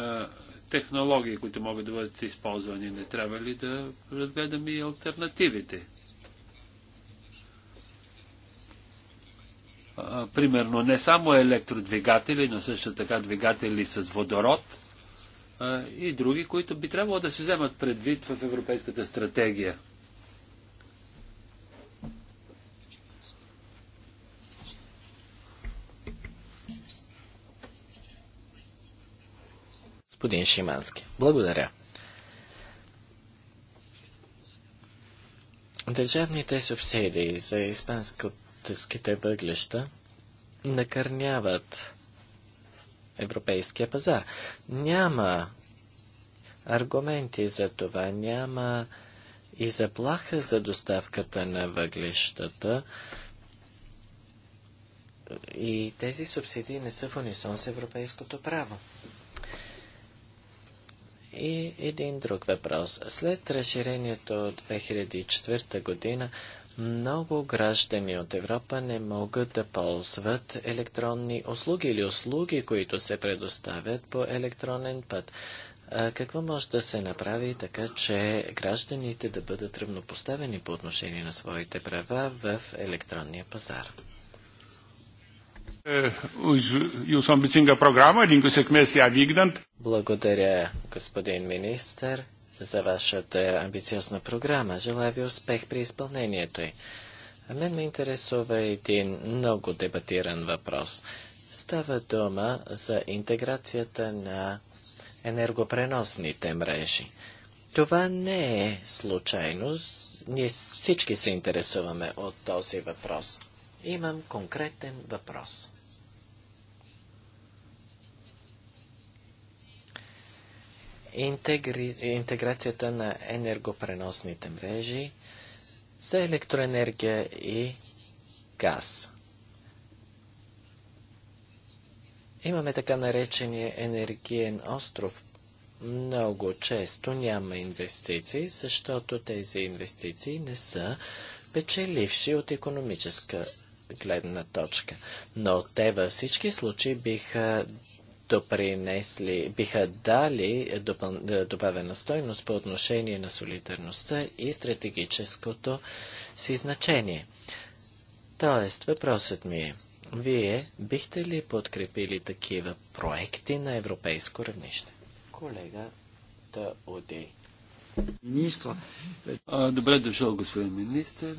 технологии, които могат да бъдат използвани? Не трябва ли да разгледаме и альтернативите? примерно не само електродвигатели, но също така двигатели с водород а, и други, които би трябвало да се вземат предвид в Европейската стратегия. господин Шимански. Благодаря. Държавните субсидии за испанското тъските въглища накърняват европейския пазар. Няма аргументи за това, няма и заплаха за доставката на въглищата. И тези субсидии не са в унисон с европейското право. И един друг въпрос. След разширението от 2004 година, много граждани от Европа не могат да ползват електронни услуги или услуги, които се предоставят по електронен път. А, какво може да се направи така, че гражданите да бъдат равнопоставени по отношение на своите права в електронния пазар? Е, Благодаря, господин министър за вашата амбициозна програма. Желая ви успех при изпълнението й. А мен ме интересува един много дебатиран въпрос. Става дума за интеграцията на енергопреносните мрежи. Това не е случайност. Ние всички се интересуваме от този въпрос. Имам конкретен въпрос. Интегри... интеграцията на енергопреносните мрежи за електроенергия и газ. Имаме така наречения енергиен остров. Много често няма инвестиции, защото тези инвестиции не са печеливши от економическа гледна точка. Но те във всички случаи биха допринесли, биха дали добавена стойност по отношение на солидарността и стратегическото си значение. Тоест, въпросът ми е, вие бихте ли подкрепили такива проекти на европейско равнище? Колега Тауди. Добре дошъл, господин министр.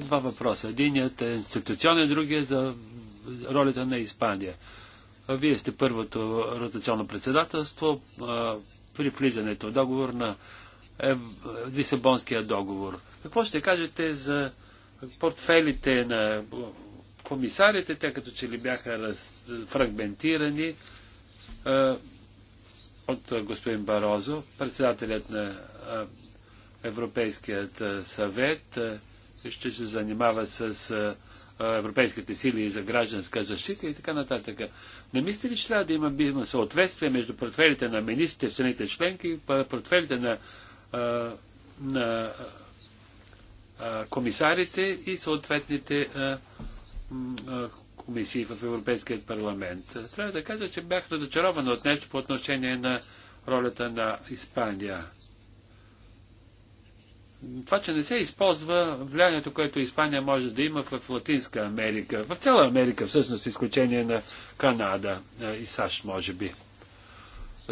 Два въпроса. Единият е институционен, другият е за ролята на Испания. Вие сте първото ротационно председателство при влизането в договор на Лисабонския договор. Какво ще кажете за портфелите на комисарите, тъй като че ли бяха раз... фрагментирани е, от господин Барозо, председателят на е, Европейският съвет, е, ще се занимава с европейските сили за гражданска защита и така нататък. Не мислите ли, че трябва да има, съответствие между портфелите на министрите в страните членки и портфелите на, а, на а, комисарите и съответните а, комисии в Европейският парламент? Трябва да кажа, че бях разочарован от нещо по отношение на ролята на Испания това, че не се използва влиянието, което Испания може да има в Латинска Америка, в цяла Америка всъщност, изключение на Канада и САЩ, може би.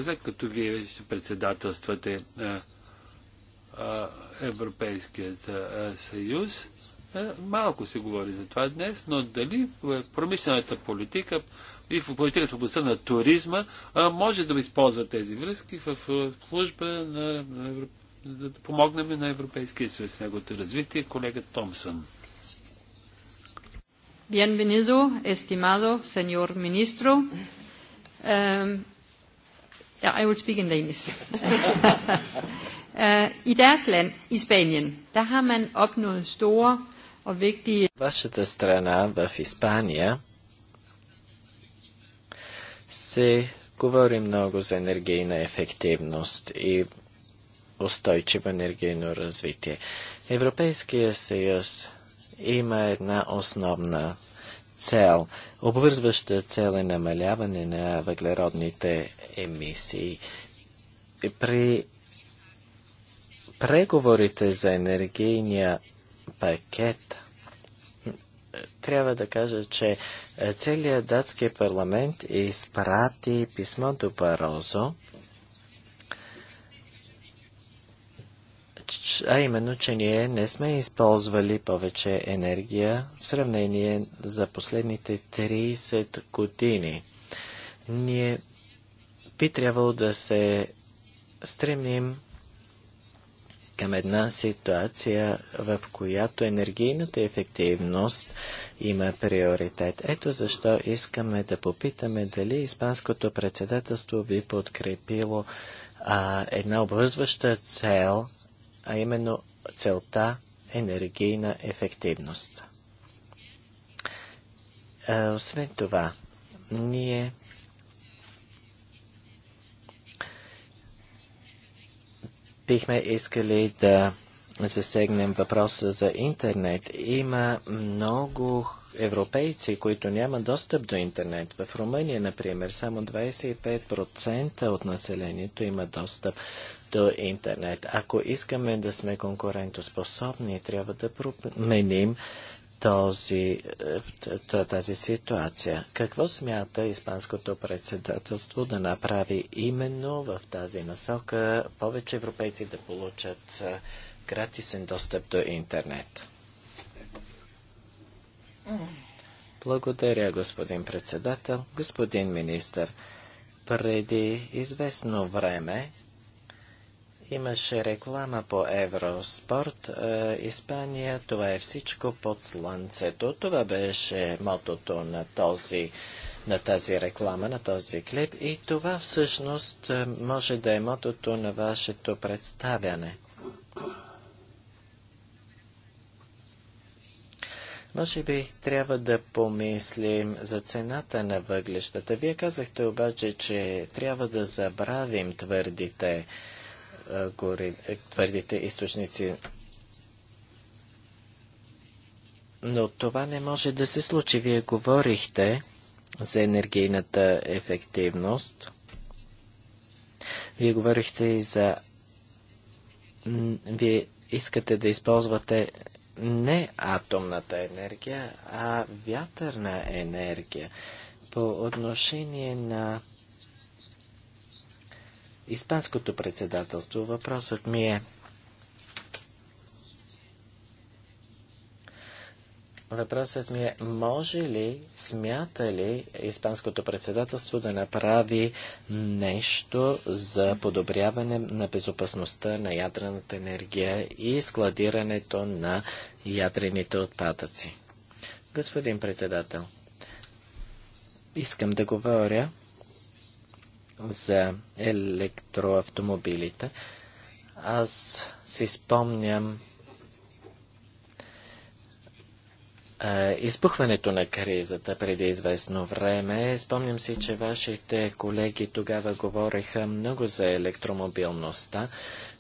След като вие ще председателствате Европейският съюз, малко се говори за това днес, но дали в промишлената политика и в политиката в областта на туризма може да използва тези връзки в служба на Европейския за да помогнем на Европейския съюз с неговото развитие. Колега Томсън. Bienvenido, estimado señor ministro. Um, yeah, I will speak in Danish. uh, I deres land, i Spanien, der har man opnået store og vigtige... Вашата страна в Испания se говори много za енергийна ефективност i устойчиво енергийно развитие. Европейския съюз има една основна цел. Обвързваща цел е намаляване на въглеродните емисии. При преговорите за енергийния пакет трябва да кажа, че целият датски парламент изпрати писмо до Барозо а именно, че ние не сме използвали повече енергия в сравнение за последните 30 години. Ние би трябвало да се стремим към една ситуация, в която енергийната ефективност има приоритет. Ето защо искаме да попитаме дали Испанското председателство би подкрепило а, една обвързваща цел а именно целта енергийна ефективност. Освен това, ние бихме искали да засегнем въпроса за интернет. Има много европейци, които няма достъп до интернет. В Румъния, например, само 25% от населението има достъп до интернет. Ако искаме да сме конкурентоспособни, трябва да променим този, е, тази ситуация. Какво смята Испанското председателство да направи именно в тази насока повече европейци да получат е, гратисен достъп до интернет? Благодаря, господин председател. Господин министр, преди известно време Имаше реклама по Евроспорт, е, Испания, това е всичко под слънцето. Това беше мотото на, този, на тази реклама, на този клип и това всъщност е, може да е мотото на вашето представяне. Може би трябва да помислим за цената на въглещата. Вие казахте обаче, че трябва да забравим твърдите гори, е, твърдите източници. Но това не може да се случи. Вие говорихте за енергийната ефективност. Вие говорихте и за... Вие искате да използвате не атомната енергия, а вятърна енергия. По отношение на Испанското председателство въпросът ми е Въпросът ми е, може ли, смята ли Испанското председателство да направи нещо за подобряване на безопасността на ядрената енергия и складирането на ядрените отпадъци? Господин председател, искам да говоря за електроавтомобилите. Аз си спомням избухването на кризата преди известно време. Спомням си, че вашите колеги тогава говориха много за електромобилността.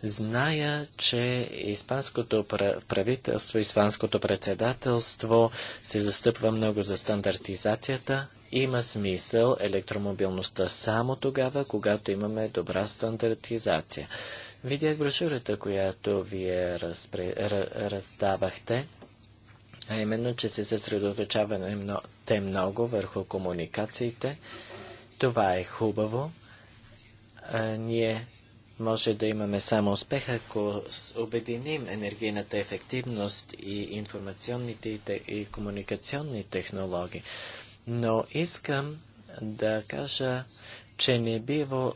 Зная, че испанското правителство, испанското председателство се застъпва много за стандартизацията има смисъл електромобилността само тогава, когато имаме добра стандартизация. Видях брошурата, която вие разпре... раздавахте, а именно, че се те много върху комуникациите. Това е хубаво. А, ние може да имаме само успех, ако обединим енергийната ефективност и информационните и, те... и комуникационни технологии но искам да кажа, че не бива,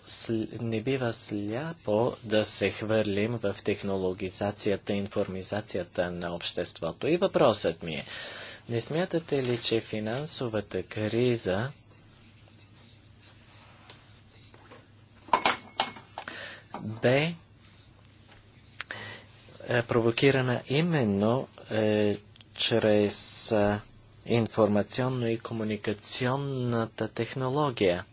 не бива сляпо да се хвърлим в технологизацията, информизацията на обществото. И въпросът ми е, не смятате ли, че финансовата криза бе е, провокирана именно е, чрез е, информационно и комуникационната технология.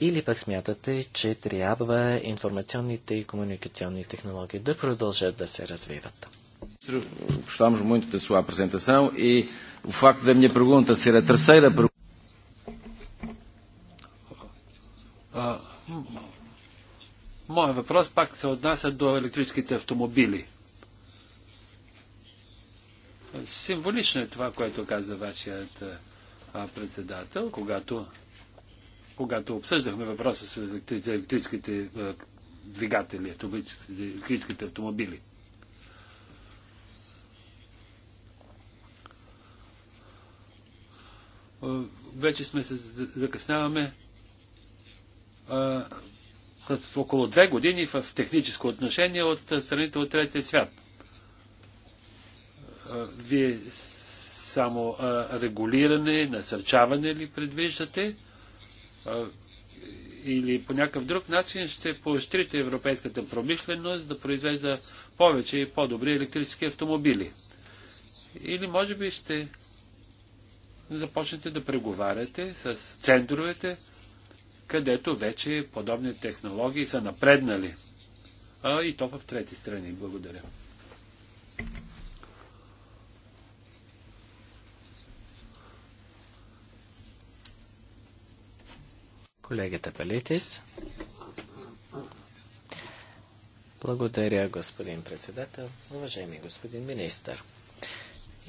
Или пък смятате, че трябва информационните и комуникационни технологии да продължат да се развиват? Gostávamos моите слова sua apresentação e o facto da minha pergunta Моят въпрос пак се отнася до електрическите автомобили. Символично е това, което каза вашият председател, когато, когато обсъждахме въпроса с електрическите двигатели, електрическите автомобили. Вече сме се закъсняваме а, около две години в техническо отношение от страните от третия свят. Вие само регулиране, насърчаване ли предвиждате? Или по някакъв друг начин ще поощрите европейската промишленост да произвежда повече и по-добри електрически автомобили? Или може би ще започнете да преговаряте с центровете, където вече подобни технологии са напреднали. А и то в трети страни. Благодаря. Колегата Палитис. Благодаря, господин председател. Уважаеми господин министър,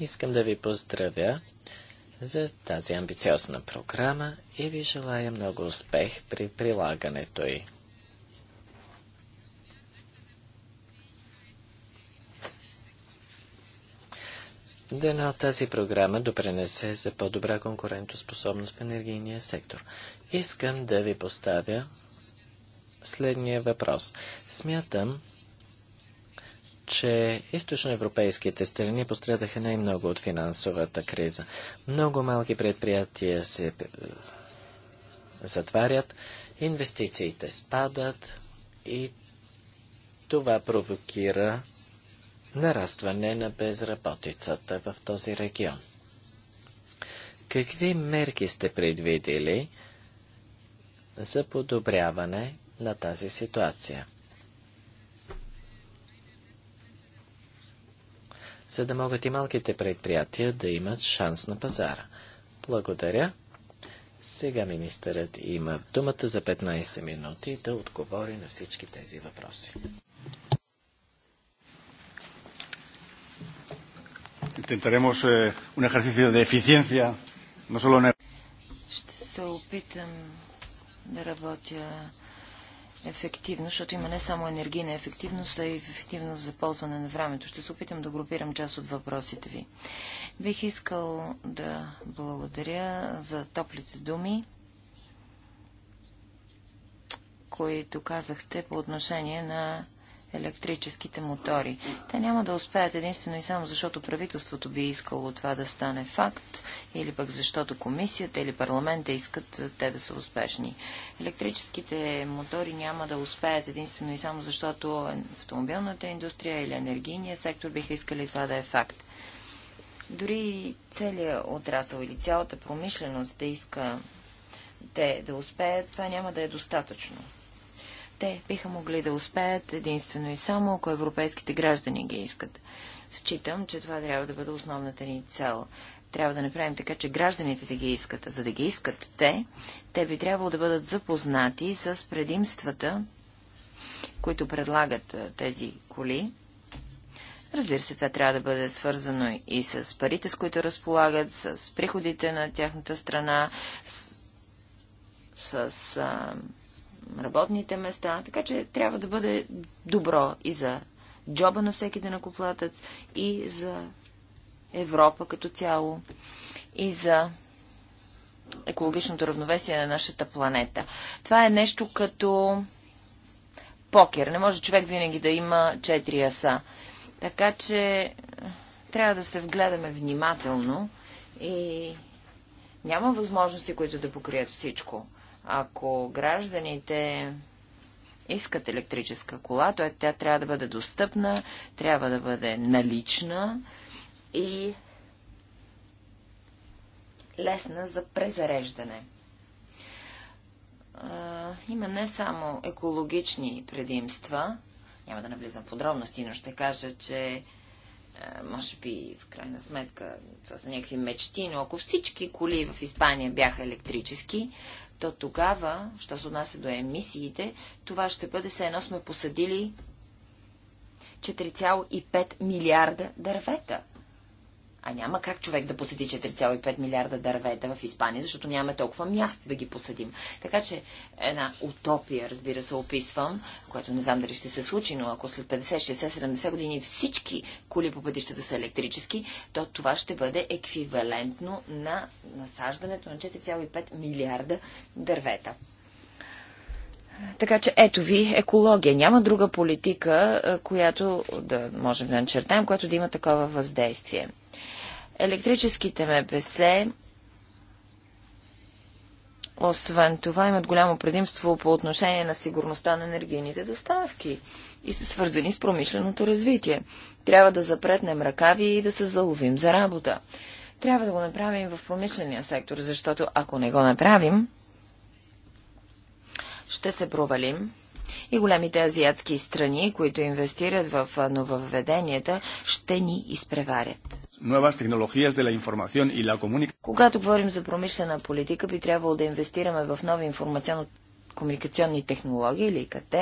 искам да ви поздравя за тази амбициозна програма и ви желая много успех при прилагането й. Дано тази програма допренесе за по-добра конкурентоспособност в енергийния сектор. Искам да ви поставя следния въпрос. Смятам, че източноевропейските страни пострадаха най-много от финансовата криза. Много малки предприятия се е, затварят, инвестициите спадат и това провокира нарастване на безработицата в този регион. Какви мерки сте предвидели за подобряване на тази ситуация? За да могат и малките предприятия да имат шанс на пазара. Благодаря. Сега министърът има думата за 15 минути да отговори на всички тези въпроси. Intentaremos eh, un ejercicio de eficiencia, no solo en... Ще се опитам да работя ефективно, защото има не само енергийна ефективност, а и ефективност за ползване на времето. Ще се опитам да групирам част от въпросите ви. Бих искал да благодаря за топлите думи, които казахте по отношение на електрическите мотори. Те няма да успеят единствено и само защото правителството би искало това да стане факт, или пък защото комисията или парламента искат те да са успешни. Електрическите мотори няма да успеят единствено и само защото автомобилната индустрия или енергийния сектор биха искали това да е факт. Дори целият отрасъл или цялата промишленост да иска те да успеят, това няма да е достатъчно. Те биха могли да успеят единствено и само, ако европейските граждани ги искат. Считам, че това трябва да бъде основната ни цел. Трябва да направим така, че гражданите да ги искат. За да ги искат те, те би трябвало да бъдат запознати с предимствата, които предлагат тези коли. Разбира се, това трябва да бъде свързано и с парите, с които разполагат, с приходите на тяхната страна, с, с а, работните места, така че трябва да бъде добро и за джоба на всеки денакоплатец, и за Европа като цяло, и за екологичното равновесие на нашата планета. Това е нещо като покер. Не може човек винаги да има четири аса. Така че е, трябва да се вгледаме внимателно и няма възможности, които да покрият всичко. Ако гражданите искат електрическа кола, то е, тя трябва да бъде достъпна, трябва да бъде налична и лесна за презареждане. Има не само екологични предимства, няма да навлизам подробности, но ще кажа, че може би в крайна сметка това са някакви мечти, но ако всички коли в Испания бяха електрически, то тогава, що се отнася до емисиите, това ще бъде се едно сме посадили 4,5 милиарда дървета. А няма как човек да посети 4,5 милиарда дървета в Испания, защото нямаме толкова място да ги посадим. Така че една утопия, разбира се, описвам, което не знам дали ще се случи, но ако след 50, 60, 70 години всички кули по пътищата са електрически, то това ще бъде еквивалентно на насаждането на 4,5 милиарда дървета. Така че ето ви екология. Няма друга политика, която да можем да начертаем, която да има такова въздействие. Електрическите МПС, освен това, имат голямо предимство по отношение на сигурността на енергийните доставки и са свързани с промишленото развитие. Трябва да запретнем ръкави и да се заловим за работа. Трябва да го направим в промишления сектор, защото ако не го направим, ще се провалим и големите азиатски страни, които инвестират в нововведенията, ще ни изпреварят nuevas tecnologías de la información y la comunicación. Когато говорим за промишлена политика, би трябвало да инвестираме в нови информационно комуникационни технологии или ИКТ,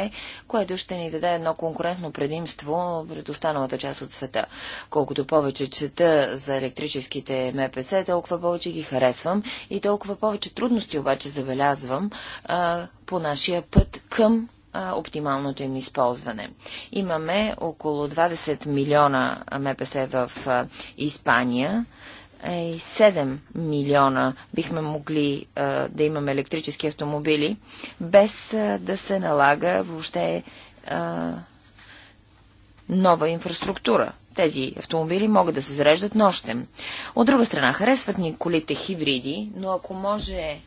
което ще ни даде едно конкурентно предимство пред останалата част от света. Колкото повече чета за електрическите МПС, толкова повече ги харесвам и толкова повече трудности обаче забелязвам а, по нашия път към оптималното им използване. Имаме около 20 милиона МПС в Испания е, Испания. 7 милиона бихме могли да имаме електрически автомобили, без да се налага въобще нова инфраструктура. Тези автомобили могат да се зареждат нощем. От друга страна, харесват ни колите хибриди, но ако може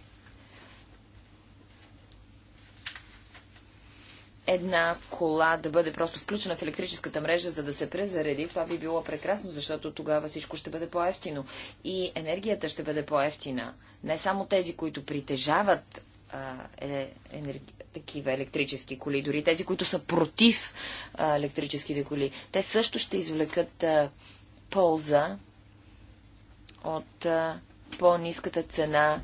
една кола да бъде просто включена в електрическата мрежа, за да се презареди, това би било прекрасно, защото тогава всичко ще бъде по-ефтино. И енергията ще бъде по-ефтина. Не само тези, които притежават а, е, енерги... такива електрически коли, дори тези, които са против а, електрическите коли, те също ще извлекат а, полза от по-низката цена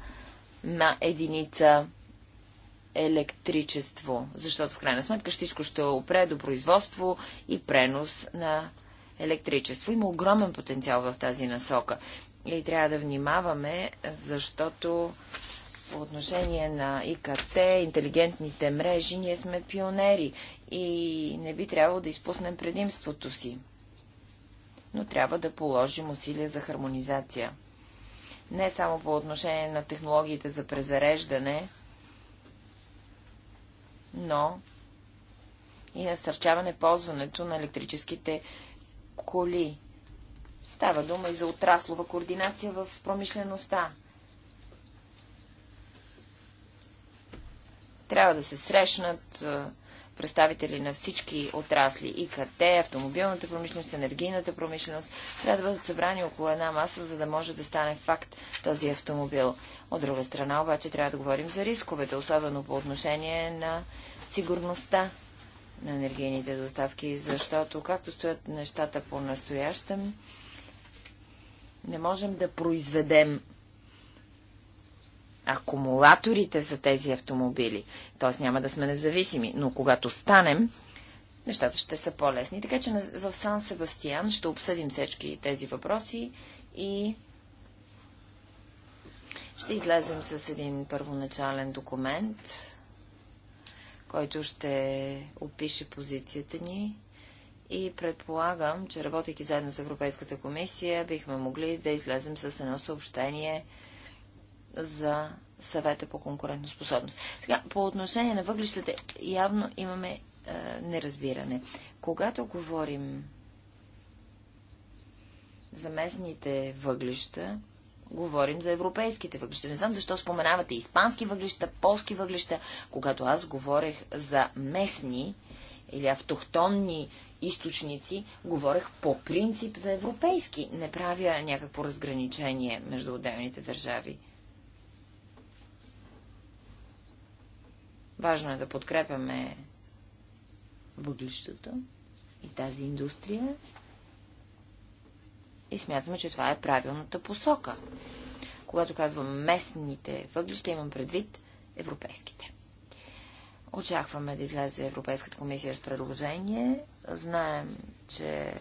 на единица електричество, защото в крайна сметка всичко ще опре до производство и пренос на електричество. Има огромен потенциал в тази насока и трябва да внимаваме, защото по отношение на ИКТ, интелигентните мрежи, ние сме пионери и не би трябвало да изпуснем предимството си. Но трябва да положим усилия за хармонизация. Не само по отношение на технологиите за презареждане, но и насърчаване ползването на електрическите коли. Става дума и за отраслова координация в промишлеността. Трябва да се срещнат е, представители на всички отрасли и КТ, автомобилната промишленост, енергийната промишленост, трябва да бъдат събрани около една маса, за да може да стане факт този автомобил. От друга страна обаче трябва да говорим за рисковете, особено по отношение на сигурността на енергийните доставки, защото както стоят нещата по настоящем, не можем да произведем акумулаторите за тези автомобили. Т.е. няма да сме независими, но когато станем, нещата ще са по-лесни. Така че в Сан Себастиан ще обсъдим всички тези въпроси и ще излезем с един първоначален документ, който ще опише позицията ни и предполагам, че работейки заедно с Европейската комисия, бихме могли да излезем с едно съобщение за съвета по конкурентно способност. Сега, по отношение на въглищата, явно имаме е, неразбиране. Когато говорим за местните въглища, говорим за европейските въглища. Не знам защо споменавате испански въглища, полски въглища, когато аз говорех за местни или автохтонни източници, говорех по принцип за европейски. Не правя някакво разграничение между отделните държави. Важно е да подкрепяме въглищата и тази индустрия, и смятаме, че това е правилната посока. Когато казвам местните въглища, имам предвид европейските. Очакваме да излезе Европейската комисия с предложение. Знаем, че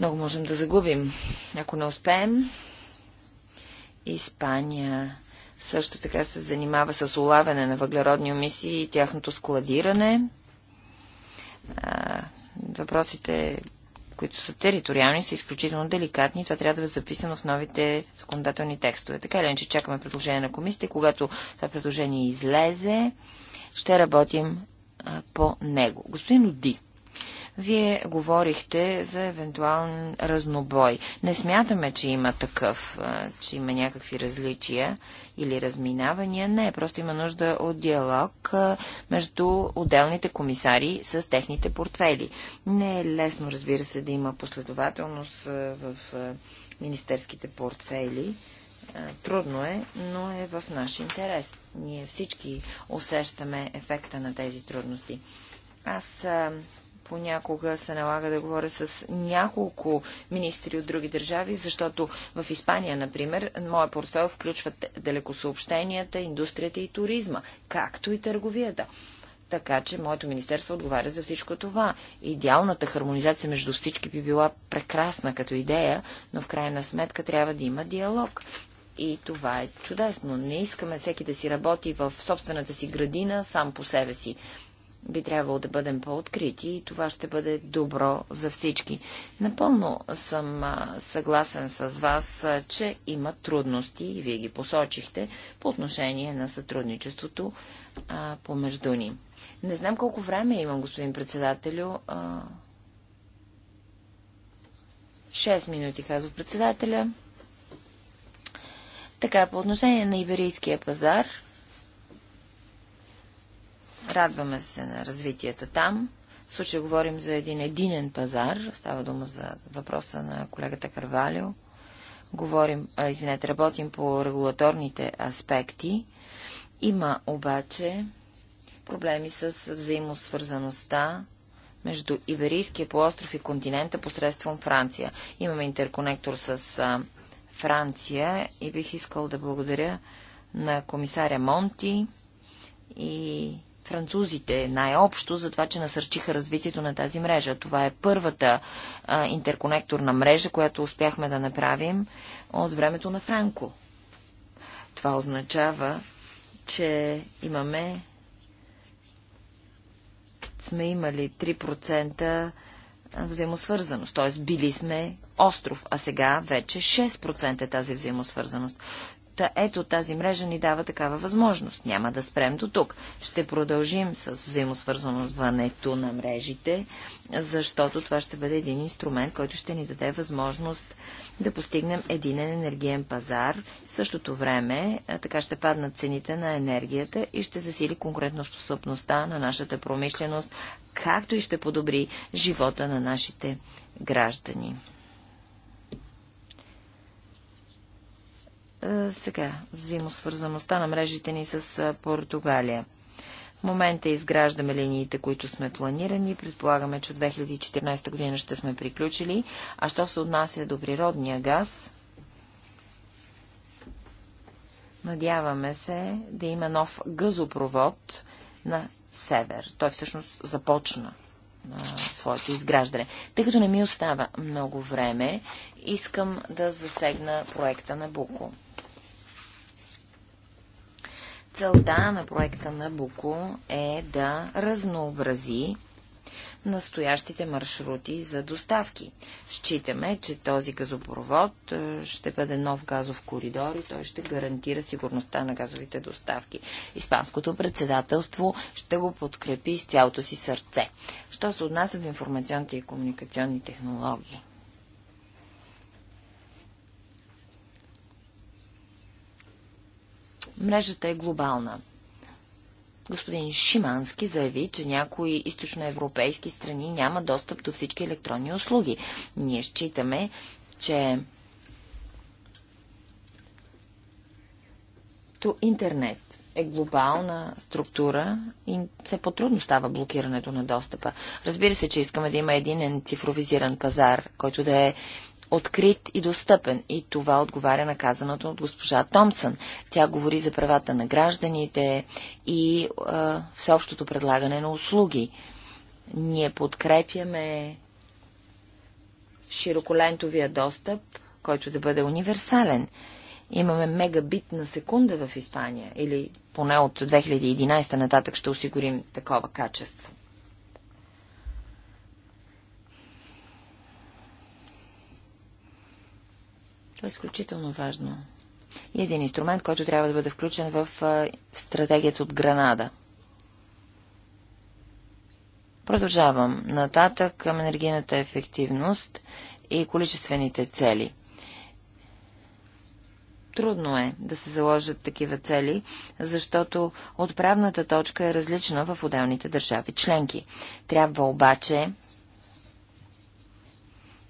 много можем да загубим, ако не успеем. Испания също така се занимава с улавяне на въглеродни емисии и тяхното складиране. Въпросите които са териториални, са изключително деликатни. Това трябва да е записано в новите законодателни текстове. Така или иначе чакаме предложение на комисията и когато това предложение излезе, ще работим а, по него. Господин Оди, вие говорихте за евентуален разнобой. Не смятаме, че има такъв, че има някакви различия или разминавания. Не, просто има нужда от диалог между отделните комисари с техните портфели. Не е лесно, разбира се, да има последователност в министерските портфели. Трудно е, но е в наш интерес. Ние всички усещаме ефекта на тези трудности. Аз понякога се налага да говоря с няколко министри от други държави, защото в Испания, например, моя портфел включва далекосъобщенията, индустрията и туризма, както и търговията. Така че моето министерство отговаря за всичко това. Идеалната хармонизация между всички би била прекрасна като идея, но в крайна сметка трябва да има диалог. И това е чудесно. Не искаме всеки да си работи в собствената си градина сам по себе си. Би трябвало да бъдем по-открити и това ще бъде добро за всички. Напълно съм съгласен с вас, че има трудности, и вие ги посочихте, по отношение на сътрудничеството а, помежду ни. Не знам колко време имам, господин председателю. А... 6 минути, казва председателя. Така, по отношение на иберийския пазар, Радваме се на развитията там. В случая говорим за един единен пазар. Става дума за въпроса на колегата Карвалио. Говорим, а, извинете, работим по регулаторните аспекти. Има обаче проблеми с взаимосвързаността между Иверийския полуостров и континента посредством Франция. Имаме интерконектор с а, Франция и бих искал да благодаря на комисаря Монти и французите най-общо за това, че насърчиха развитието на тази мрежа. Това е първата а, интерконекторна мрежа, която успяхме да направим от времето на Франко. Това означава, че имаме сме имали 3% взаимосвързаност, т.е. били сме остров, а сега вече 6% е тази взаимосвързаност. Та ето тази мрежа ни дава такава възможност. Няма да спрем до тук. Ще продължим с взаимосвързаностването на мрежите, защото това ще бъде един инструмент, който ще ни даде възможност да постигнем един енергиен пазар. В същото време така ще паднат цените на енергията и ще засили конкурентоспособността на нашата промишленост, както и ще подобри живота на нашите граждани. Сега, взаимосвързаността на мрежите ни с Португалия. В момента изграждаме линиите, които сме планирани. Предполагаме, че от 2014 година ще сме приключили. А що се отнася до природния газ, надяваме се да има нов газопровод на север. Той всъщност започна а, своето изграждане. Тъй като не ми остава много време, искам да засегна проекта на Буко. Целта на проекта на Буко е да разнообрази настоящите маршрути за доставки. Считаме, че този газопровод е, ще бъде нов газов коридор и той ще гарантира сигурността на газовите доставки. Испанското председателство ще го подкрепи с цялото си сърце. Що се отнася до информационните и комуникационни технологии? Мрежата е глобална. Господин Шимански заяви, че някои източноевропейски страни няма достъп до всички електронни услуги. Ние считаме, че То интернет е глобална структура и все по-трудно става блокирането на достъпа. Разбира се, че искаме да има един цифровизиран пазар, който да е открит и достъпен. И това отговаря на казаното от госпожа Томсън. Тя говори за правата на гражданите и а, всеобщото предлагане на услуги. Ние подкрепяме широколентовия достъп, който да бъде универсален. Имаме мегабит на секунда в Испания или поне от 2011 нататък ще осигурим такова качество. Това е изключително важно. И един инструмент, който трябва да бъде включен в стратегията от Гранада. Продължавам нататък към енергийната ефективност и количествените цели. Трудно е да се заложат такива цели, защото отправната точка е различна в отделните държави членки. Трябва обаче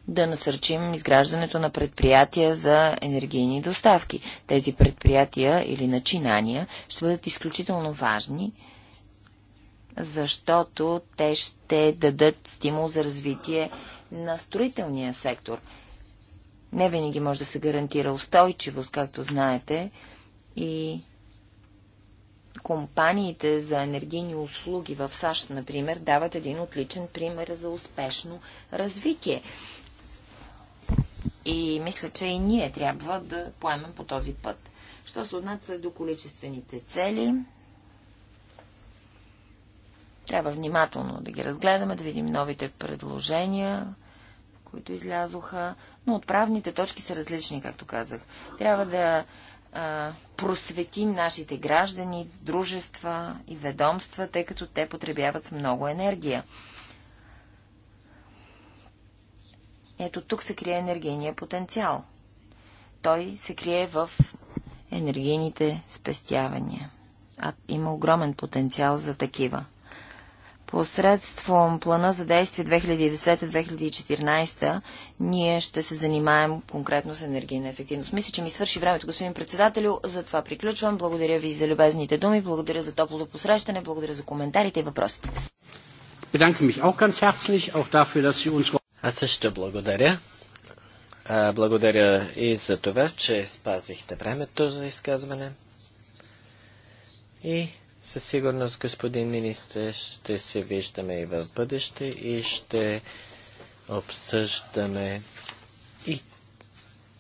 да насърчим изграждането на предприятия за енергийни доставки. Тези предприятия или начинания ще бъдат изключително важни, защото те ще дадат стимул за развитие на строителния сектор. Не винаги може да се гарантира устойчивост, както знаете, и компаниите за енергийни услуги в САЩ, например, дават един отличен пример за успешно развитие. И мисля, че и ние трябва да поемем по този път. Що се отнася до количествените цели, трябва внимателно да ги разгледаме, да видим новите предложения, които излязоха, но отправните точки са различни, както казах. Трябва да а, просветим нашите граждани, дружества и ведомства, тъй като те потребяват много енергия. Ето тук се крие енергийния потенциал. Той се крие в енергийните спестявания. А има огромен потенциал за такива. Посредством плана за действие 2010-2014 ние ще се занимаем конкретно с енергийна ефективност. Мисля, че ми свърши времето, господин председателю. За това приключвам. Благодаря ви за любезните думи, благодаря за топлото посрещане, благодаря за коментарите и въпросите. Аз също благодаря. А, благодаря и за това, че спазихте времето за изказване. И със сигурност, господин министр, ще се виждаме и в бъдеще и ще обсъждаме и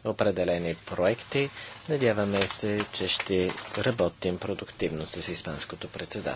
определени проекти. Надяваме се, че ще работим продуктивно с Испанското председателство.